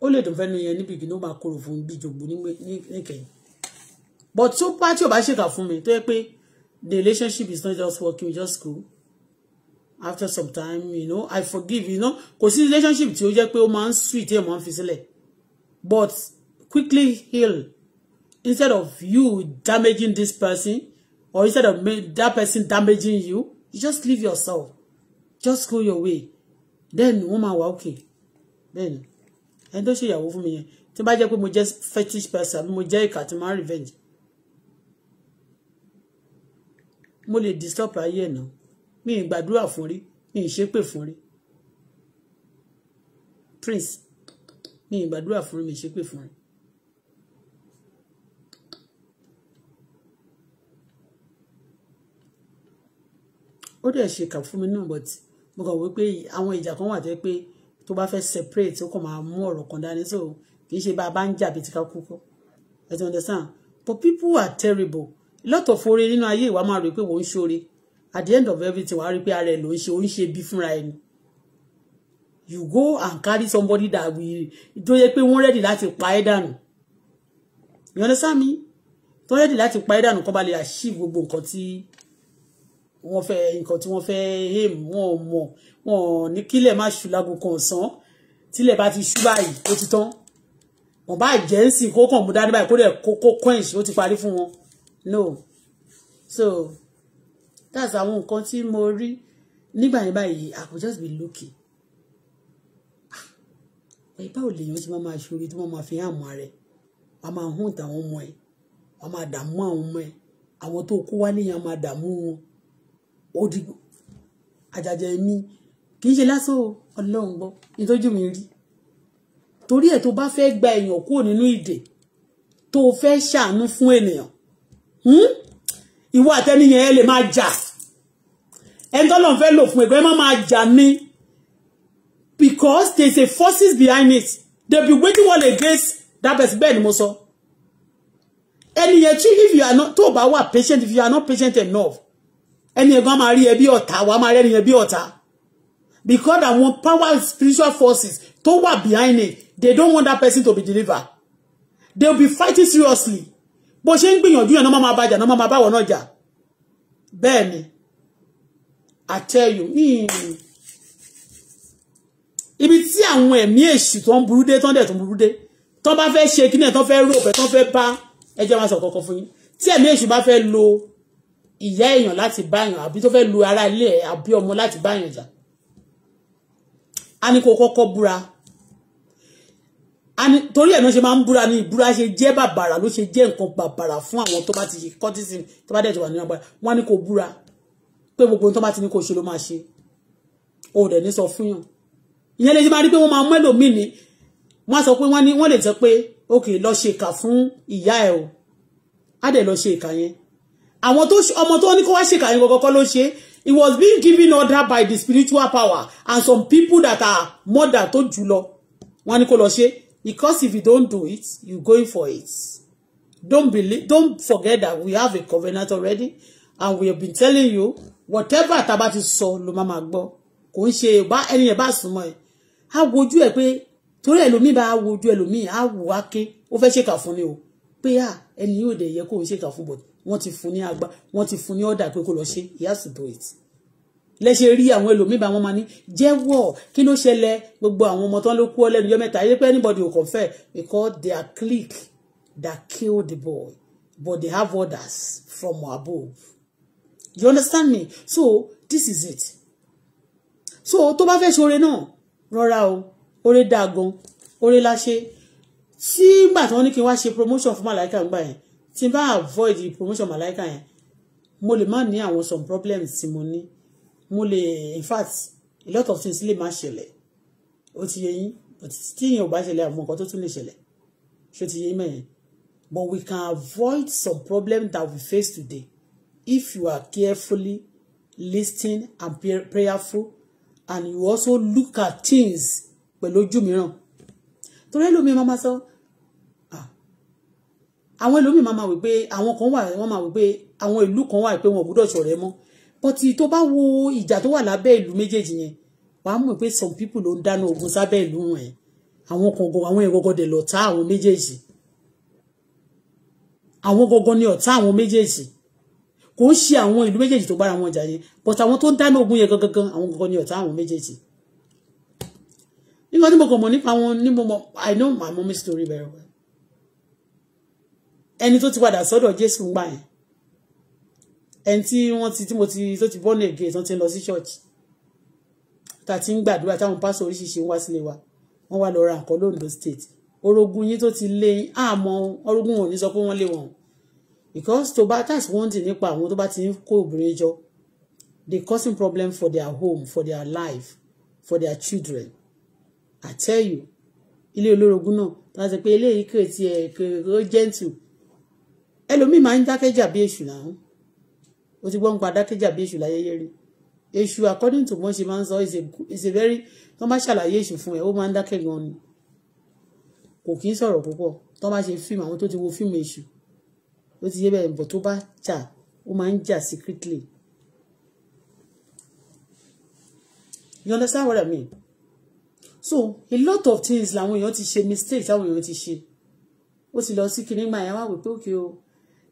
ó lè dùn fẹ́nu yẹn níbi ìgbìnú máa kóró fún bíjògbó níkẹyìn bọ́ tó bá tí ò bá ṣèkà fún mi tó yẹ pé the relationship is not just working we just cool after some time you know i forgive you know kò sí relationship tí ó jẹ́ pé ó máa ń sweet ẹ̀ máa ń fi sílẹ̀ but quickly heal instead of you damaging this person or instead of that person damaging you you just leave yourself just go your way then woman, máa okay then ẹni tó ṣèyàwó fún mi yẹn tí bá jẹ́ pé mo jẹ́ fetish person àbí mo jẹ́ ìkà tí mo máa revenge mo lè disturb ayé ẹ̀ náà mi ì gbàdúrà fún rí mi ì ṣépè fún rí prince mi ì gbàdúrà fún rí mi ì ṣépè fún rí. ó dẹ̀ ṣe kà fún mi náà but mo kàn wí pé àwọn ìjà kan wà tẹ́ pé tó bá fẹ́ separate ó kàn máa mú ọ̀rọ̀ kan dání so kì í ṣe bá a bá ń jà bí ti ká kú kọ́ ẹ ti understand but people are terrible lot of oore nínú ayé ìwà máa rò pé wọ́n ń ṣoore at the end of everything wàá rí pé ara ẹ̀ ló ń ṣe ó ń ṣe bí fúnra ẹni you go and carry somebody that will tó yẹ pé wọ́n rẹ́dì láti pa ẹ́ dànù you understand me tó rẹ́dì láti pa ẹ́ dànù kó ba lè achieve gbogbo nǹkan tí wọ́n fẹ́ nǹkan tí wọ́n fẹ́ aim wọn ò mọ̀ wọn ò ní kílẹ̀ má ṣù lágbo kan ọ̀sán tílẹ̀ bá ti ṣú báyìí ó ti tán wọn bá jẹ́ ń sìn kó kàn mú dání báyìí kó dẹ̀ kó coins ó ti parí fún wọn no so that's àwọn nǹkan tí mo rí nígbà yẹn báyìí i could just be lucky. ẹ ah, báwo lèèyàn ṣe máa máa ṣòro tí wọ́n máa fi hàn mọ́ rẹ̀ wọ́n máa hùn táwọn ọmọ ẹ̀ wọ́n máa dààmú àwọn ọmọ ẹ̀ àwọn tó kó wá níyàn máa dààmú wọn ó di àjàjà ẹ̀mí kì í ṣe lásán o ọlọ́run gbọ́ ìtọ́jú mi rí torí ẹ̀ tó bá fẹ́ gba èèyàn kúrò nínú ìdè tó fẹ́ ṣàánú fún ènìyàn Hmm? ìwọ àtẹni yẹn ẹ lè máa jà ẹni tó lọ́n fẹ́ lò fún ẹgbẹ́ má máa jà ní because there is a forces behind it they be waiting all against that person bẹ́ẹ̀ ni mo sọ ẹni tí if you are not tó bá wà patient if you are not patient enough ẹni yẹn gan máa rí ẹ bí ọ̀tá wàá máa rí ẹni yẹn bí ọ̀tá because àwọn power spiritual forces tó wà behind it they don't want that person to be delivered they be fighting seriously bó ṣe ń gbìyànjú yẹn náà máa bá jà náà máa báwọ̀ náà jà bẹ́ẹ̀ I tell you ibi tí àwọn ẹ̀mí èṣù tó ń burú dé tó ń dẹ̀ tó ń burú dé tó bá fẹ́ ṣe kí náà tó fẹ́ rò pẹ́ tó fẹ́ bá ẹjẹ́ máa sọ kọ̀ọ̀kan fún yín lo ìyá èèyàn lati ba èèyàn abi to fe lo ara ilé àbí ọmọ láti bá èèyàn jà a ní kó kọ́kọ́ torí ẹ̀ náà ṣe máa ń búra ní ìbúra ṣe jẹ́ bàbàrà ló ṣe jẹ́ nǹkan bàbàrà fún àwọn tó bá ti ṣe kọ́tísìm tó bá dẹ̀ ti wà nínú agbára wọ́n á ní búra pé gbogbo tó bá ti ní kó ṣe ló máa ṣe o dẹ̀ ní sọ fún yàn ìyẹn lè ṣe máa rí pé wọ́n máa mú ẹlòmíì ni wọ́n sọ pé wọ́n ní wọ́n lè sọ pé ok lọ ṣe ìkà fún ìyá ẹ̀ o á dẹ̀ lọ ṣe ìkà yẹn àwọn tó ọmọ tó ní kó wá ṣe ìkà yẹn kọ́kọ́ ló ṣe it was being given order by the spiritual power and some people that are mother tó jù lọ wọ́n ní kó lọ ṣe Because if you don't do it, you going for it. Don't believe, don't forget that we have a covenant already, and we have been telling you whatever tá a bá ti sọ ló máa máa gbọ́. Kò ń ṣe bá ẹni yẹn bá súnmọ́ ẹ. A wojú ẹ pé torí ẹlòmíì bá wojú ẹlòmíì á wò wá ké ó fẹ́ ṣèkà fún ni o pé à ẹni yóò dẹ̀ yẹ kó ń ṣèkà fún bọ̀ wọ́n ti fún ní agbá wọ́n ti fún ní ọ̀dà pé kó lọ ṣe he has to do it lẹ́sẹ̀ rí àwọn ẹlòmíì bá wọn máa ní jẹ́wọ́ kí ló ṣẹlẹ̀ gbogbo àwọn ọmọ tán ló kú ọ lẹ́nu ọjọ́ mẹ́ta ayé pé anybody will confess because they are clique that killed the boy but they have orders from above you understand me so this is it so tó bá fẹ́ ṣoore náà rọra o oore dáa gan oore láṣẹ tí gbà tí wọ́n ní kí n wá ṣe promotion fún màláìka ń gbà yẹn tí n bá avoid promotion màláìka yẹn mo lè má ní àwọn some problems tí mo ní mo lè in fact a lot of things lè má ṣẹlẹ̀ ó ti yẹ yín tí èèyàn ò bá ṣẹlẹ̀ àwọn nǹkan tó tún lè ṣẹlẹ̀ ṣé ti yẹ mẹ́yìn but we can avoid some problems that we face today if you are carefully listening and prayerful and you also look at things pẹ̀lú ojú mìíràn torí ẹlòmíì máa ma sọ àwọn ẹlòmíì máa ma wí pé àwọn kan wà wọ́n máa wí pé àwọn ìlú kan wà pé wọn ò gbúdọ̀ ṣọ̀rẹ́ mọ́ But tó bá wo ìjà tó wà lábẹ́ ìlú méjèèjì yẹn wàá mọ̀ pé some people ló ń dáná ogun sábẹ́ ìlú wọn yẹn àwọn kọ̀ọ̀kan àwọn ìgọ̀gọ̀dẹ̀ lọ̀tá àwọn méjèèjì àwọn gọgọ ni ọ̀tá àwọn méjèèjì kò ń ṣe àwọn ìlú méjèèjì tó bára wọn jà yẹn but àwọn tó ń dáná ogun yẹn gangan àwọn gọgọ ni ọ̀tá àwọn méjèèjì nígbà tí mo kàn mọ̀ nípa wọn ní mo mọ̀ i know my mommy story very well ẹni tó ti padà sọ́dọ̀ jésù ń gbà yẹn ẹni tí wọ́n ti tí mo ti tó ti born again tán ti lọ sí ṣọ́ọ̀ṣì tá a ti ń gbàdúrà táwọn pásọ oríṣiríṣi ń wá sílé wa wọ́n wá lọ ra nǹkan lóńdó state orogún yín tó ti lé yín àmọ́ orogún wọn ò ní sọ pé wọ́n lé wọn because to bá that's one thing nípa àwọn tó bá ti ń kó obìnrin jọ they causing problem for their home for their life for their children i tell you ilé olórogún náà wọ́n ti pé eléyìí kò tiẹ̀ kò gentle ẹlòmíì máa ń dákẹ́jà bí èṣù làwọn o ti gbọ́n pa adákẹ́jà bí èṣù láyẹyẹ rí èṣù according to wọ́n ṣe máa ń sọ is a very tó má ṣàlàyé èṣù fún ẹ ó máa ń dákẹ́ gan ni kò kí ń sọ̀rọ̀ púpọ̀ tó má ṣe fíìmù àwọn tó ti wo fíìmù èṣù ó ti yé bẹ́ẹ̀ bọ̀ tó bá jà ó máa ń jà secretly you understand what I mean so a lot of things làwọn èèyàn ti ṣe mistakes làwọn èèyàn ti ṣe ó ti lọ sí kinní gbà yẹn wá wípé òkè o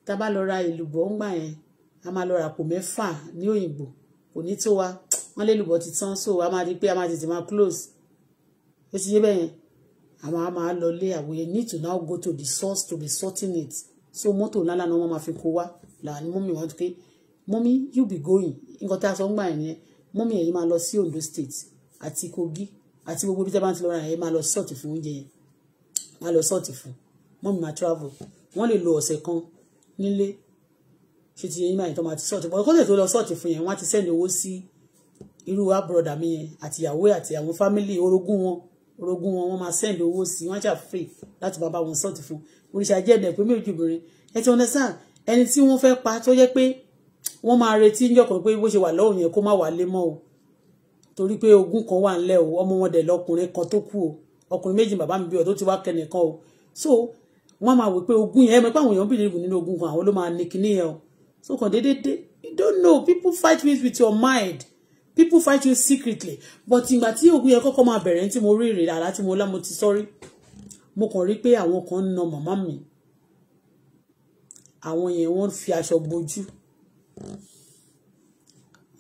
tá a bá lọ ra èlùbọ́ ń gbà yẹn a máa lọ ra kò mẹ́fà ní òyìnbó kò ní tó wa wọ́n lè lùbọ̀ ti tán so a máa di pé a máa tètè máa close ó ti yé bẹ́ẹ̀ yẹn àwọn a máa lọ lé àwọn yẹn need to now go to the source to be sorting it so mọ́tò ńlá náà wọ́n máa fi kó wa làwọn mọ́mí wọn pé mọ́mí you be going nǹkan tá a sọ ń gbà yẹn mọ́mí ẹ̀yin máa lọ sí Ondo state àti Kogi àti gbogbo ibi tí a bá ti lọ ra ẹ̀yin máa lọ sọ́ọ̀tì fún oúnjẹ yẹn máa lọ sọ́ọ̀tì fún mọ́mí máa travel wọ́n lè lo ọ̀sẹ̀ kan nílé ṣe ti yẹn máa tó máa ti sọ́ọ̀tì bọ́ kó lè lọ sọ́ọ̀tì fún yẹn wọ́n á ti sẹ́ni owó sí irú àbúrọ̀dà mi yẹn àtìyàwó àti àwọn fámìlì orogún wọn orogún wọn wọ́n máa sẹ́ni owó sí wọ́n á jà free láti bàbá wọn sọ́ọ̀tì fún oríṣi ajé ẹ̀dẹ̀ pé méjì obìnrin ẹ ti understand ẹni tí wọ́n fẹ́ pa tó jẹ́ pé wọ́n máa retí níjọ̀kan pé bó ṣe wà lọ́wọ́ yẹn kó má wà lé mọ́ o torí pé ogún kan wà ńlẹ̀ o ọmọ wọn dẹ̀ lọkùnrin kan tó kú o ọkùnrin méjì bàbá mi bí ọ tó ti wá kẹnìkan o so wọ́n máa wò pé ogún yẹn ẹ mọ̀ pé àwọn èèyàn bìnrin nínú ogún kan àwọn ló máa ní yẹn o so kàn déédéé dé you don't know people fight with with your mind people fight you secretly but ìgbà tí ogun yẹn kọ́kọ́ máa bẹ̀rẹ̀ tí mo rí ìrìn àlá tí mo lá mo ti sọ́rí mo kàn rí pé àwọn kan ń na màmá mi àwọn yẹn wọ́n fi aṣọ bojú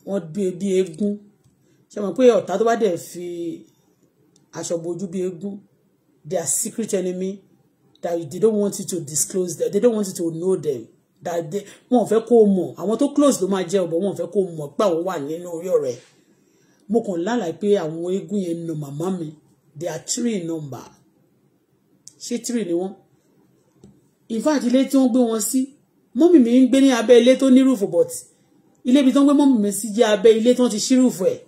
wọ́n bí bí eégún ṣe mọ̀ pé ọ̀tá tó bá dẹ̀ fi aṣọ bojú bí eégún they secret enemy that they don't want you to disclose them they don't want you to know them dàdé wọn ò fẹ́ kó o mọ̀ àwọn tó close ló máa jẹ́ ọ̀bọ̀ wọn ò fẹ́ kó o mọ̀ pé àwọn wà nínú orí ọ̀rẹ́ mo kàn lálàá pé àwọn eégún yẹn nà màmá mi they are three in number ṣé three ni wọ́n in fact ilé tí wọ́n gbé wọn sí mọ́mì mi ń gbé ní abẹ́ ilé tó ní rúfù but ilé ibi tí wọ́n gbé mọ́mì mi sí jẹ́ abẹ́ ilé tí wọ́n ti ṣí rúfù ẹ̀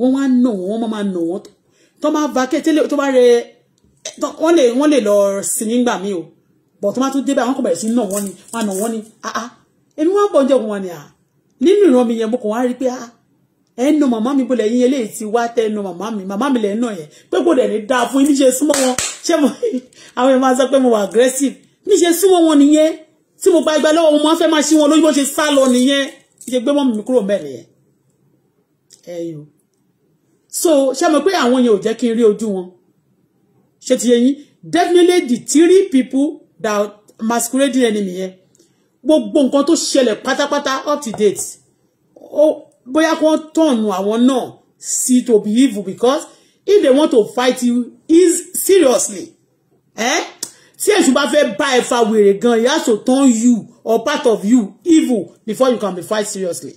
wọ́n wá nà wọ́n wọ́n máa nà wọ́n tó máa vacate tó bá rẹ wọ́n lè lọ sí nígbà míì o bọ̀ tó má tún débẹ̀ àwọn kò bẹ̀rẹ̀ sí nà wọ́n ni wọ́n nà wọ́n ni ah ah èmi wọ́n bọ̀ jẹ́ wọn ni ah nínú ìran mi yẹn mo kàn wá rí pé ah ẹnu màmá mi bọ̀lẹ̀ yín eléyìí ti wá tẹnu màmá mi màmá mi lẹ̀ ń nà yẹn pé kò dẹ̀ ní dáa fún yín níṣe súnmọ́ wọn ṣé mo àwọn ẹ̀ máa sọ pé mo wà aggressive níṣe súnmọ́ wọn nìyẹn tí mo gba ẹgbẹ́ lọ́wọ́ mo máa fẹ́ máa ṣí wọn lójú bó ṣe sá lọ nìyẹn ṣe gbé mọ́mì mi kúrò so ṣé mo pé àwọn yẹn ò jẹ́ kí n rí definitely the three people that masquerading enemy yẹn gbogbo nǹkan tó ṣẹlẹ̀ pátápátá up to date ó bóyá kó tọ̀nù àwọn náà see to be evil because if they want to fight you is seriously eh? tí èṣù bá fẹ́ bá ẹ fa wèrè gan it has to turn you or part of you evil before you can be fight seriously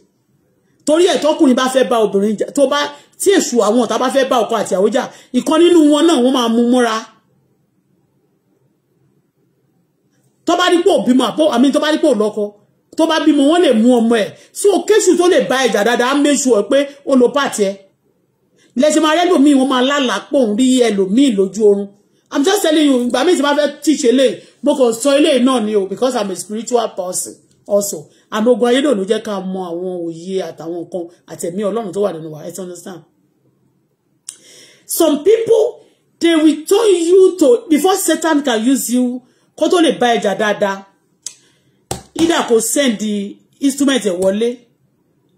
torí ẹ̀ tọkùnrin bá fẹ́ bá obìnrin jà tó bá tí èṣù àwọn ọ̀tá bá fẹ́ bá ọkọ àtìyàwó jà ìkan nínú wọn náà wọ́n máa mú mọ́ra tó bá dípò bímọ àpò àmì tó bá dípò lọ́kọ tó bá bímọ wọ́n lè mú ọmọ ẹ̀ so kéṣù tó lè bá ẹjà dáadáa make sure pé ó lo pàtì ẹ lẹsìn máa rẹlòmíì wọ́n máa lálàpọ ń rí ẹlòmíì lójú oorun i'm just telling you ìgbà mi ti máa fẹ́ teach eléyìí mo kàn sọ eléyìí náà ni o because i'm a spiritual person also àmọ́ ogun do ló jẹ́ ká mọ àwọn òye àtàwọn nǹkan àtẹ̀mí Ọlọ́run tó wà nínú wa ẹ ti understand some people they will tell you to before Satan can use you kó tó lè bá ẹjà dáadáa either kó send instrument ẹ̀ wọlé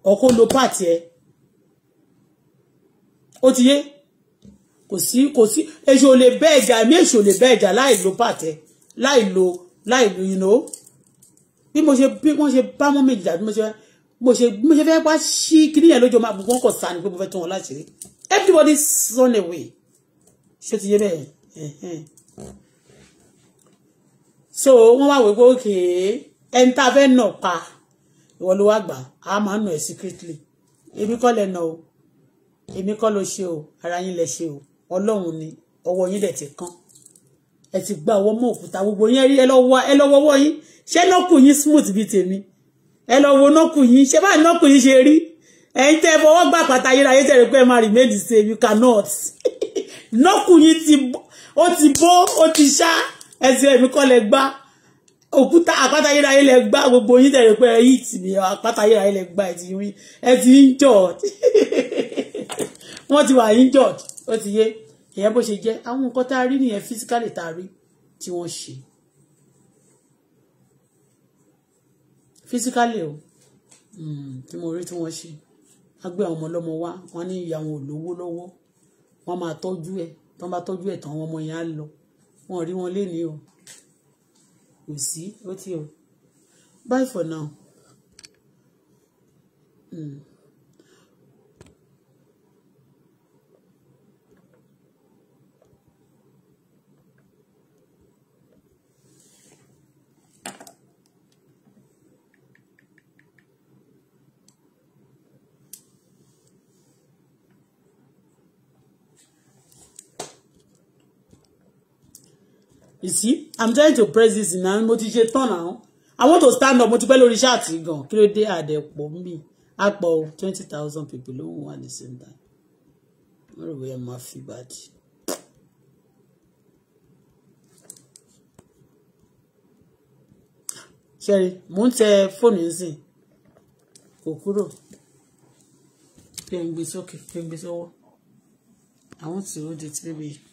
or kó lo part ẹ̀ ó ti yé kò sí kò sí èṣù ò lè bẹ́ ẹjà èmi èṣù ò lè bẹ́ ẹjà láì lo part ẹ̀ láì lo láì lo you know bí mo ṣe bí wọ́n ṣe bá mọ́ méjì tàbí mo ṣe mo ṣe mo ṣe fẹ́ wá sí kíní yẹn lójó máa gbogbo ọkọ̀ sáà ni pé mo fẹ́ tún wọn láṣìírí everybody run away ṣé ti yé bẹ́ẹ̀ so wọ́n wá wípé òkè ẹni tá nà pa ìwọ ló wá gbà á máa nà ẹ́ secretly èmi kọ́ lẹ nà o èmi kọ́ ló ṣe o ara yín lẹ ṣe o ọlọ́run ni ọwọ́ yín dẹ̀ ti kán ẹ ti gba ọwọ́ mọ́ òkúta gbogbo yín ẹ lọ́wọ́ ẹ lọ́wọ́ ọwọ́ yín ṣé nọ́ọ̀kù yín smooth bíi tèmi ẹ lọ́wọ́ nọ́ọ̀kù yín ṣé báyìí nọ́ọ̀kù yín ṣe rí ẹ̀yin tẹ́ fọwọ́ gbà pàtà yíra ayé tẹ̀rẹ̀ pé ẹ máa remain the same you cannot nọ́ọ̀kù yín ti ó ti bó ó ti ṣá ẹsẹ̀ èmi kọ́ lẹ gbá òkúta àpáta ayérayé lẹ gbá gbogbo yín tẹ̀lé pé ẹyí tì mí àpáta ayérayé lẹ gbá ẹtì rí ẹtì ń jọ wọ́n ti wà yín jọ ó ti yé ìyẹn bó ṣe jẹ́ àwọn nǹkan tá a rí nìyẹn físíkàlì tá a rí tí wọ́n ṣe físíkàlì o hmm, tí mo rí tí wọ́n ṣe a gbé àwọn ọmọ ọlọ́mọ wá wọ́n ní ìyá wọn ò lówó lọ́wọ́ wọ́n máa tọ́jú ẹ̀ tí wọ́n bá tọ́jú ẹ̀ tán àwọn ọmọ yẹn á lọ wọn ò rí wọn lé ní o kò sí ó ti o bye for now. Mm. you see i'm trying to press this in now, mo ti ṣe tán now i want to stand up mo ti pẹ́ lórí ṣáàtì gan kí ló dé àdẹ̀pọ̀ mi àpọ̀ twenty thousand people ló wà ní same time mo rò bóyá máa fi bàjẹ́. ṣẹ́rí mò ń tẹ fóònù yìí sìn kò kúrò
kí n gbé sókè kí n gbé sọ́wọ́ i want to hold it maybe.